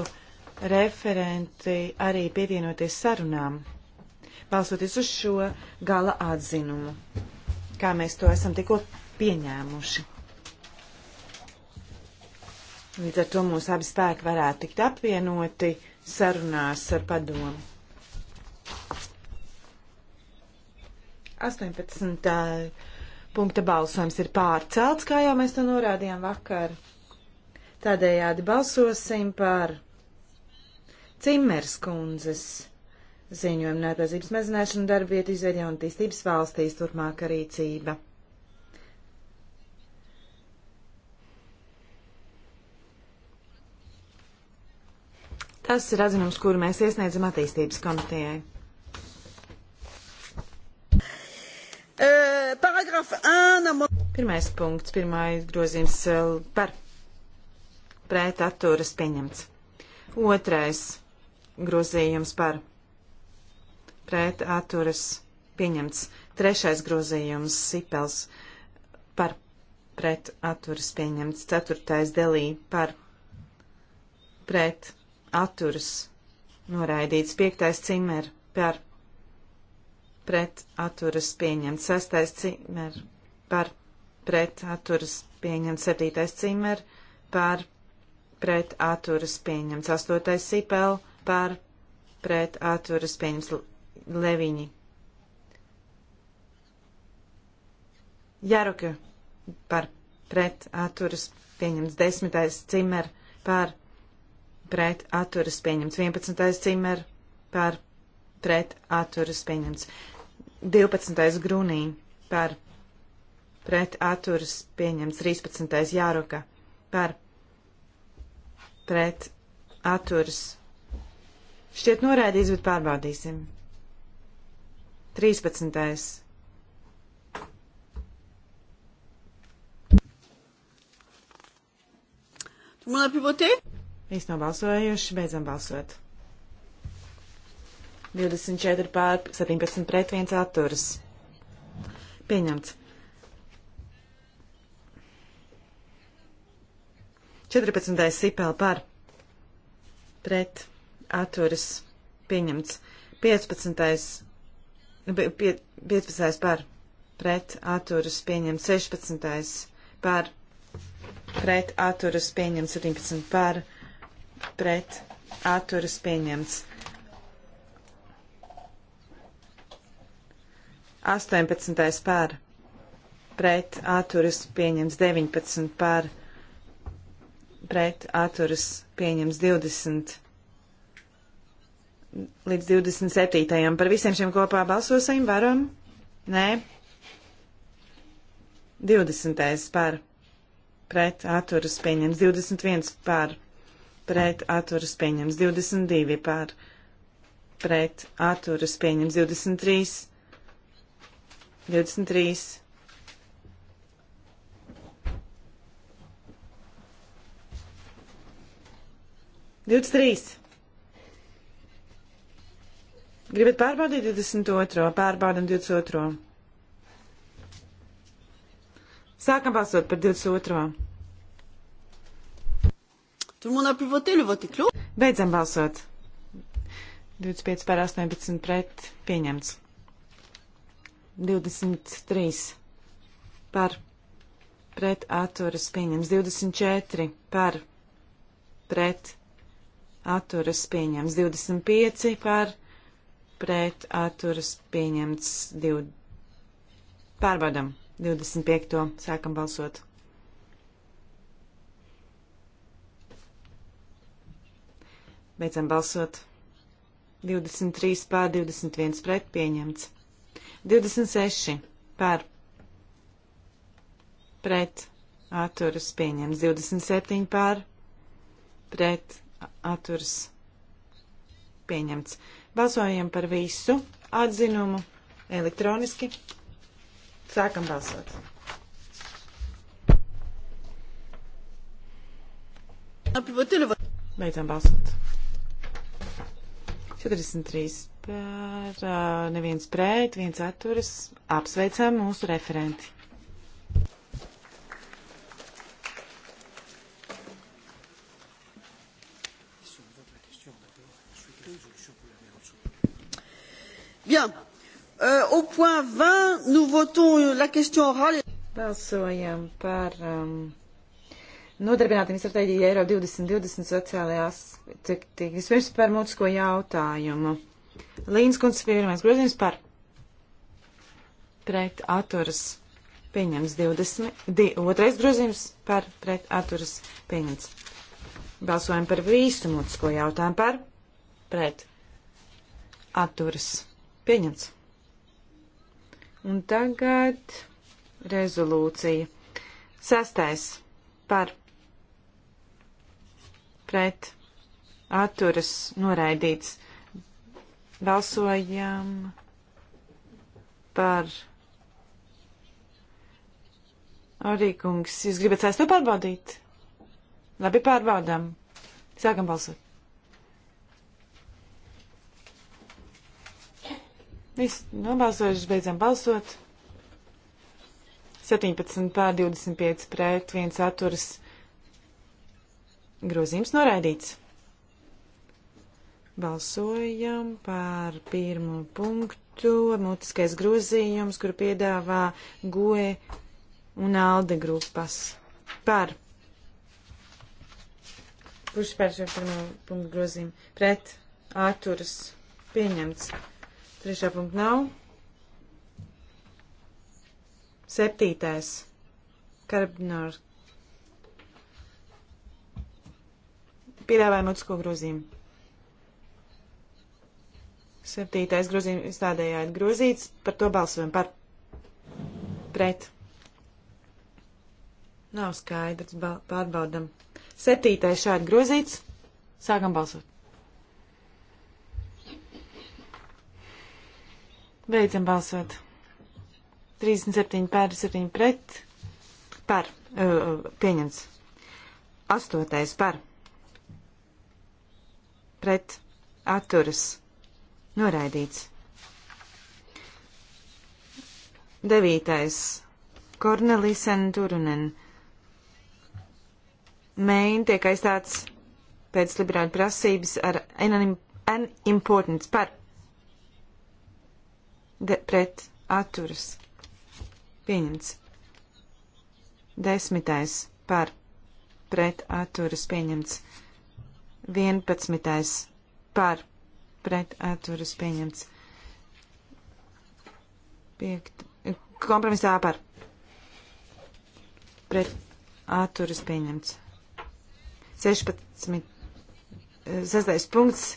referenti arī pievienoties sarunām, balsoties uz šo gala atzinumu, kā mēs to esam tikko pieņēmuši. Līdz ar to mūsu abi spēki varētu tikt apvienoti sarunās ar padomu. 18. punkta balsojums ir pārcelts, kā jau mēs to norādījām vakar. Tādējādi balsosim par Cimers kundzes ziņojumu nātazības mazināšanu darbvietu izveidē un attīstības valstīs turpmāka rīcība. Tas ir atzinums, kuru mēs iesniedzam attīstības komitejai. Euh, Paragraf 1. Pirmais punkts, pirmais grozījums eh, par pret atturas pieņemts. Otrais grozījums par pret atturas pieņemts. Trešais grozījums sipels par pret atturas pieņemts. Ceturtais delī par pret atturas noraidīts. Piektais cimer par pret pret atturas pieņemts. Sestais cimer par pret atturas pieņemts. Septītais cimer par pret atturas pieņemts. Astotais sipel par pret atturas pieņemts leviņi. Jaruka par pret atturas pieņemts. Desmitais cimer par pret atturas pieņemts. Vienpadsmitais cimer par pret atturas pieņemts. 12. grunī par pret atturas pieņemts 13. jāroka par pret atturas. Šķiet noraidīts, bet pārbaudīsim. 13. Visi nobalsojuši, beidzam balsot. 24 pār 17 pret 1 atturas. Pieņemts. 14. sipēl par pret atturas. Pieņemts. 15. 15. par pret atturas pieņem 16. par pret atturas pieņem 17. par pret atturas pieņemts 18 pār pret atturas pieņems 19 pār pret atturas pieņems 20 līdz 27. Par visiem šiem kopā balsosim varam? Nē. 20. par pret atturas pieņems 21 par pret atturas pieņems 22 par pret atturas pieņems 23 23. Divdesmit trīs. Gribat pārbaudīt 22. Pārbaudam 22. Sākam balsot par 22. Tout le monde a pu voter, le vote est clos. Beidzam balsot. 25 par 18 pret pieņemts. 23 par pret atturas pieņems, 24 par pret atturas pieņems, 25 par pret atturas pieņemts, 2 pārbaudam, 25. sākam balsot. Beidzam balsot. 23 pār 21 pret pieņemts. 26 par pret atturas pieņemts. 27 par pret atturas pieņemts. Balsojam par visu atzinumu elektroniski. Sākam balsot. Beidzam balsot. 43 par uh, neviens pret, viens atturas. Apsveicam mūsu referenti. Bien. Euh, au point 20, nous votons euh, la question orale. Balsojam par um, nodarbinātiem stratēģiju Eiro 2020 sociālajā aspektī. Vispirms par mūtisko jautājumu. Līnas kundzes pirmais grozījums par pret atturas pieņems 20, di, otrais grozījums par pret atturas pieņems. Balsojam par visu mutisko jautājumu par pret atturas pieņems. Un tagad rezolūcija. Sastais par pret atturas noraidīts. Balsojam par. Arī kungs, jūs gribat sesto pārbaudīt? Labi, pārbaudām. Sākam balsot. Viss nobalsojuši, beidzam balsot. 17 pār 25 pret, viens atturas. Grozījums noraidīts. Balsojam par pirmo punktu, mutiskais grozījums, kuru piedāvā GOE un ALDE grupas. Par. Kurš par šo pirmo punktu grozījumu? Pret. Āturas. Pieņemts. Trešā punkta nav. Septītais. Karabinor. Piedāvāja mutisko grozījumu Septītais grozījums tādējādi grozīts, par to balsojam par pret. Nav skaidrs, pārbaudam. Septītais šādi grozīts, sākam balsot. Beidzam balsot. 37 pār 7 pret. Par. Uh, uh, pieņemts. Astotais par. Pret. Atturas Noraidīts. Devītais. Kornelisen Turunen. Main tiek aizstāts pēc liberāļu prasības ar an importance par de, pret atturas. Pieņemts. Desmitais par pret atturas pieņemts. Vienpadsmitais par pret atturas pieņemts. Piekt. Kompromisā par. Pret atturas pieņemts. 16. Eh, Sestais punkts.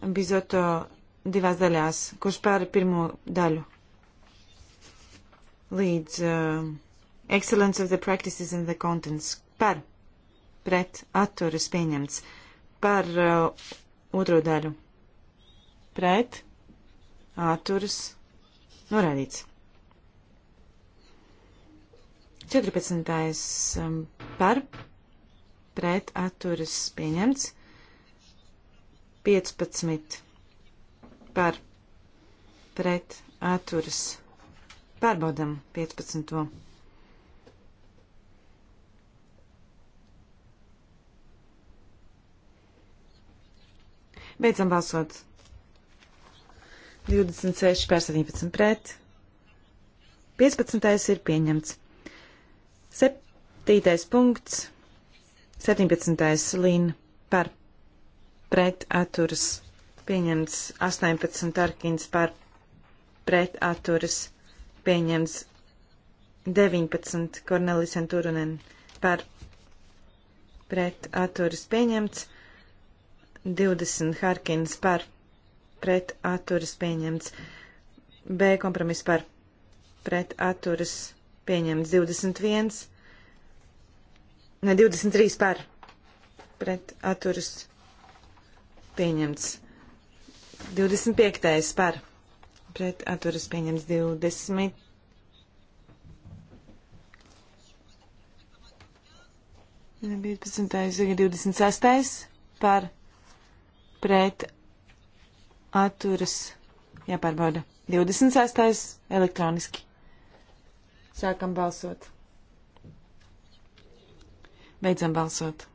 Bizoto divās daļās. Kurš pāri pirmo daļu? Līdz uh, Excellence of the Practices and the Contents. Par. Pret atturas pieņemts. Par uh, otro daļu pret atturas norādīts. 14. Um, par pret atturas pieņemts. 15. par pret atturas. Pārbaudam 15. Beidzam balsot. 26 pār 17 pret. 15. ir pieņemts. 7. punkts. 17. līn par pret atturas. Pieņemts 18 arkins par pret atturas. Pieņemts 19 Kornelis Anturunen par pret atturas. Pieņemts 20 Harkins par pret atturas pret atturas pieņemts. B kompromiss par pret atturas pieņemts 21, ne 23 par pret atturas pieņemts 25 par pret atturas pieņemts 20. Ne 15. tagad 26. par pret atturas jāpārbauda. 26. elektroniski. Sākam balsot. Beidzam balsot.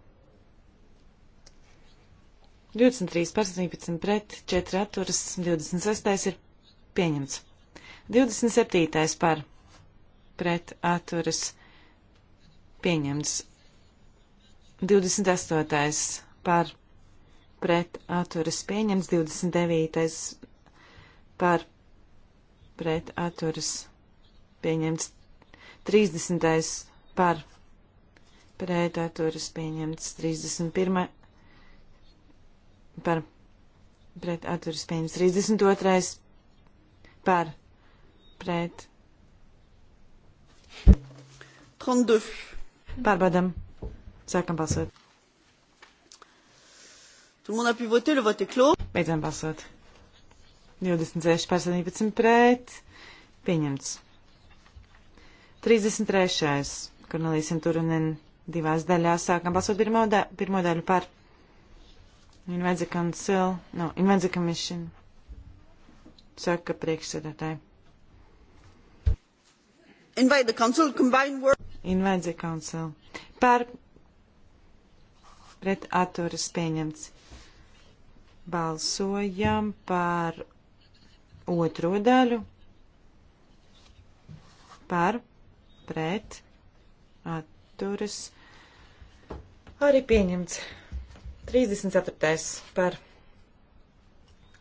23 par 17 pret, 4 atturas, 26. ir pieņemts. 27. par pret atturas pieņemts. 28. par pret pret atturas pieņemts, 29. par pret atturas pieņemts, 30. par pret atturas pieņemts, 31. par pret atturas pieņemts, 32. par pret. 32. Pārbaudam. Sākam balsot. Tout le monde a pu voter, le vote est clos. Beidzam balsot. 26 pār 17 pret. Pieņemts. 33. Kornelīsim Turunen divās daļās. Sākam balsot pirmo, da pirmo daļu par. Invenza Council, no, Invenza Commission. Saka priekšsēdētāji. Invite the Council, combine work. Invite the Council. Par pret atturas pieņemts. Balsojam par otro daļu. Par, pret, atturas. Arī pieņemts. 34. par,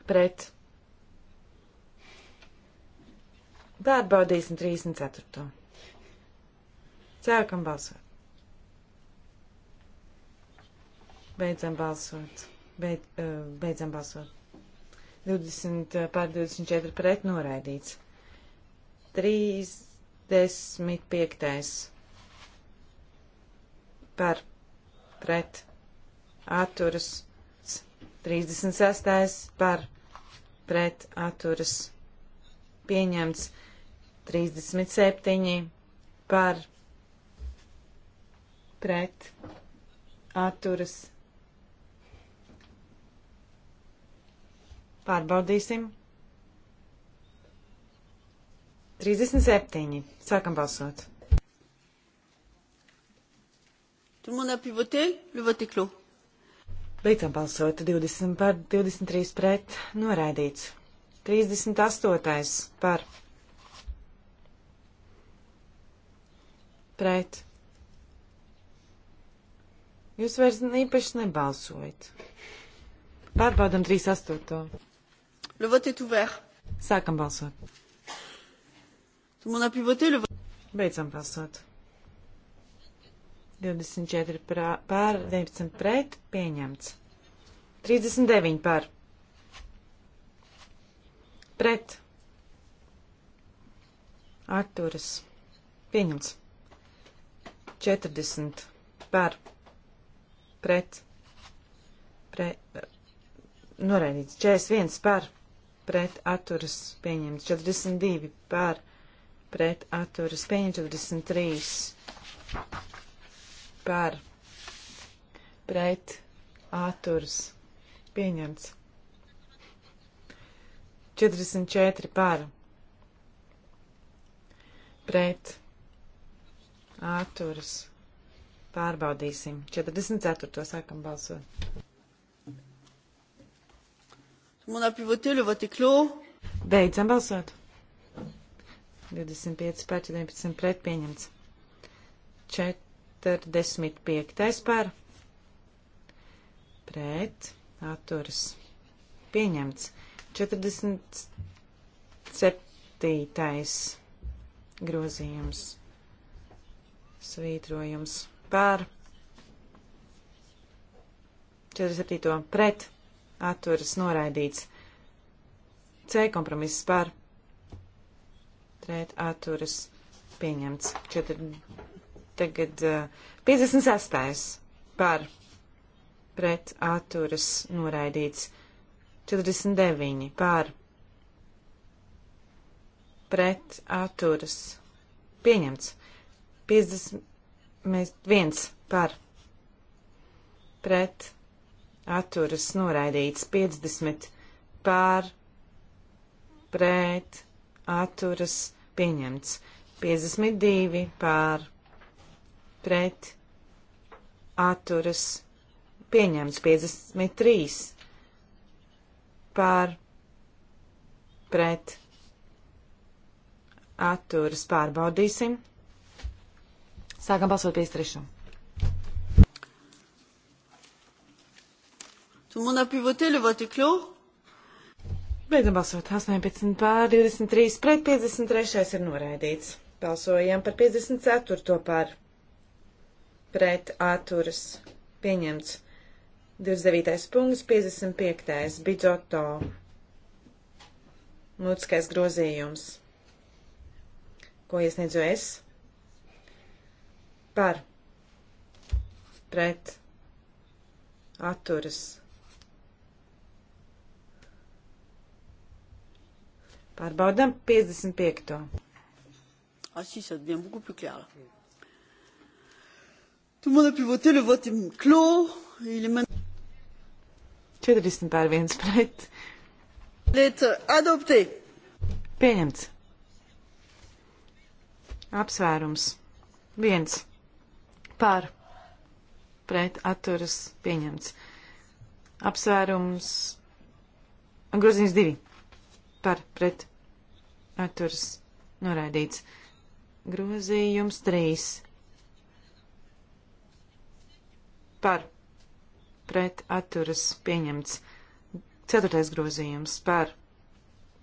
pret. Pārbaudīsim 34. Sākam balsot. Beidzam balsot. Beid, eh, beidzam balsot. 20 eh, pār 24 pret noraidīts. 35. par pret atturas. 36. par pret atturas. Pieņemts. 37. par pret atturas Pārbaudīsim. 37. Sākam balsot. Tout le monde a pu voter, le vote est clos. Beidzam balsot 20 par 23 pret, noraidīts. 38. par. Pret. Jūs vairs īpaši nebalsojat. Pārbaudam 38. Le vote est ouvert. Sākam balsot. Tout le monde a pu voter le vote. Beidzam balsot. 24 pār, 19 pret, pieņemts. 39 pār. Pret. Atturas. Pieņemts. 40 pār. Pret. Pre, noraidīts. 41 pār pret atturas pieņemts 42 par pret atturas pieņemts 43 par pret atturas pieņemts 44 par pret atturas pārbaudīsim 44. sākam balsot. Beidzam balsot. 25 pār 14 pret pieņemts. 45 pār pret atturas pieņemts. 47. grozījums svītrojums pār 47. pret atturas noraidīts. C kompromiss par pret atturas pieņemts. Četri, tagad uh, 56. par pret atturas noraidīts. 49. par pret atturas pieņemts. 51. par pret atturas noraidīts 50 pār pret atturas pieņemts 52 pār pret atturas pieņemts 53 pār pret atturas pārbaudīsim. Sākam balsot 53. Tout le monde a pu voter, le vote est clos. Beidzam balsot 18 pār 23 pret 53 ir noraidīts. Balsojam par 54 pār pret atturas pieņemts. 29. punkts 55. Bidžoto. Mūtiskais grozījums. Ko iesniedzu es? Par pret atturas pieņemts Pārbaudām 55. Ah, si, ça devient beaucoup plus clair là. Tout le monde a pu voter, le vote est clos. Il est maintenant. 40 pār 1 pret. Lieta adoptē. Pieņemts. Apsvērums. 1. Pār. Pret atturas pieņemts. Apsvērums. Grozījums 2 par pret atturs noraidīts. Grozījums 3 par pret atturas pieņemts. Ceturtais grozījums par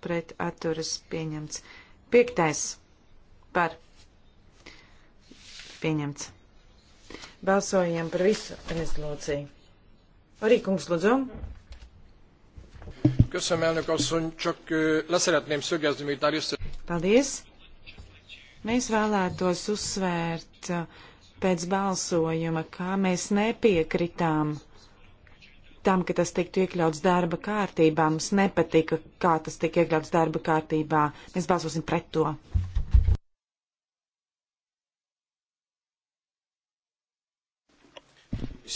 pret atturas pieņemts. Piektais par pieņemts. Balsojam par visu rezolūciju. Arī kungs lūdzu. Köszönöm, elnök asszony, csak leszeretném szögezni, miután össze... Paldies! Mēs vēlētos uzsvērt pēc balsojuma, kā mēs nepiekritām tam, ka tas tiktu iekļauts darba kārtībā. Mums nepatika, kā tas tika iekļauts darba kārtībā. Mēs balsosim pret to.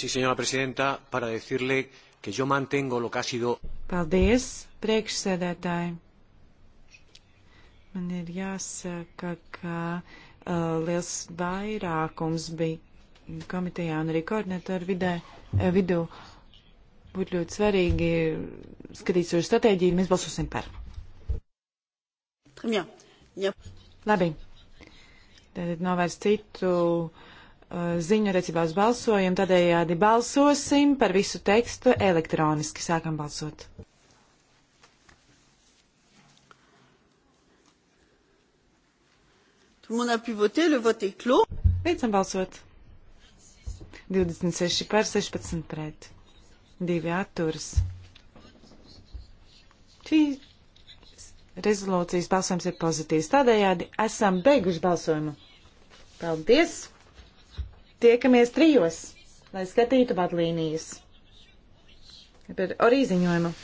Sí, señora presidenta, para decirle que yo mantengo lo que ha sido. Paldies, priekšsēdētāji. Man ir jāsaka, ka uh, liels vairākums bija komitejā un arī koordinatoru vidē, uh, vidū. Būtu ļoti svarīgi skatīt šo stratēģiju, mēs balsosim par. Jā, jā. Labi. Tātad novērst citu uh, Uh, ziņu attiecībā uz balsojumu. Tādējādi balsosim par visu tekstu elektroniski. Sākam balsot. Tout le monde a pu voter, le vote est clos. Beidzam balsot. 26 par 16 pret. Divi atturas. Šī rezolūcijas balsojums ir pozitīvs. Tādējādi esam beiguši balsojumu. Paldies! Tiekamies trijos, lai skatītu vadlīnijas. Par orī ziņojumu.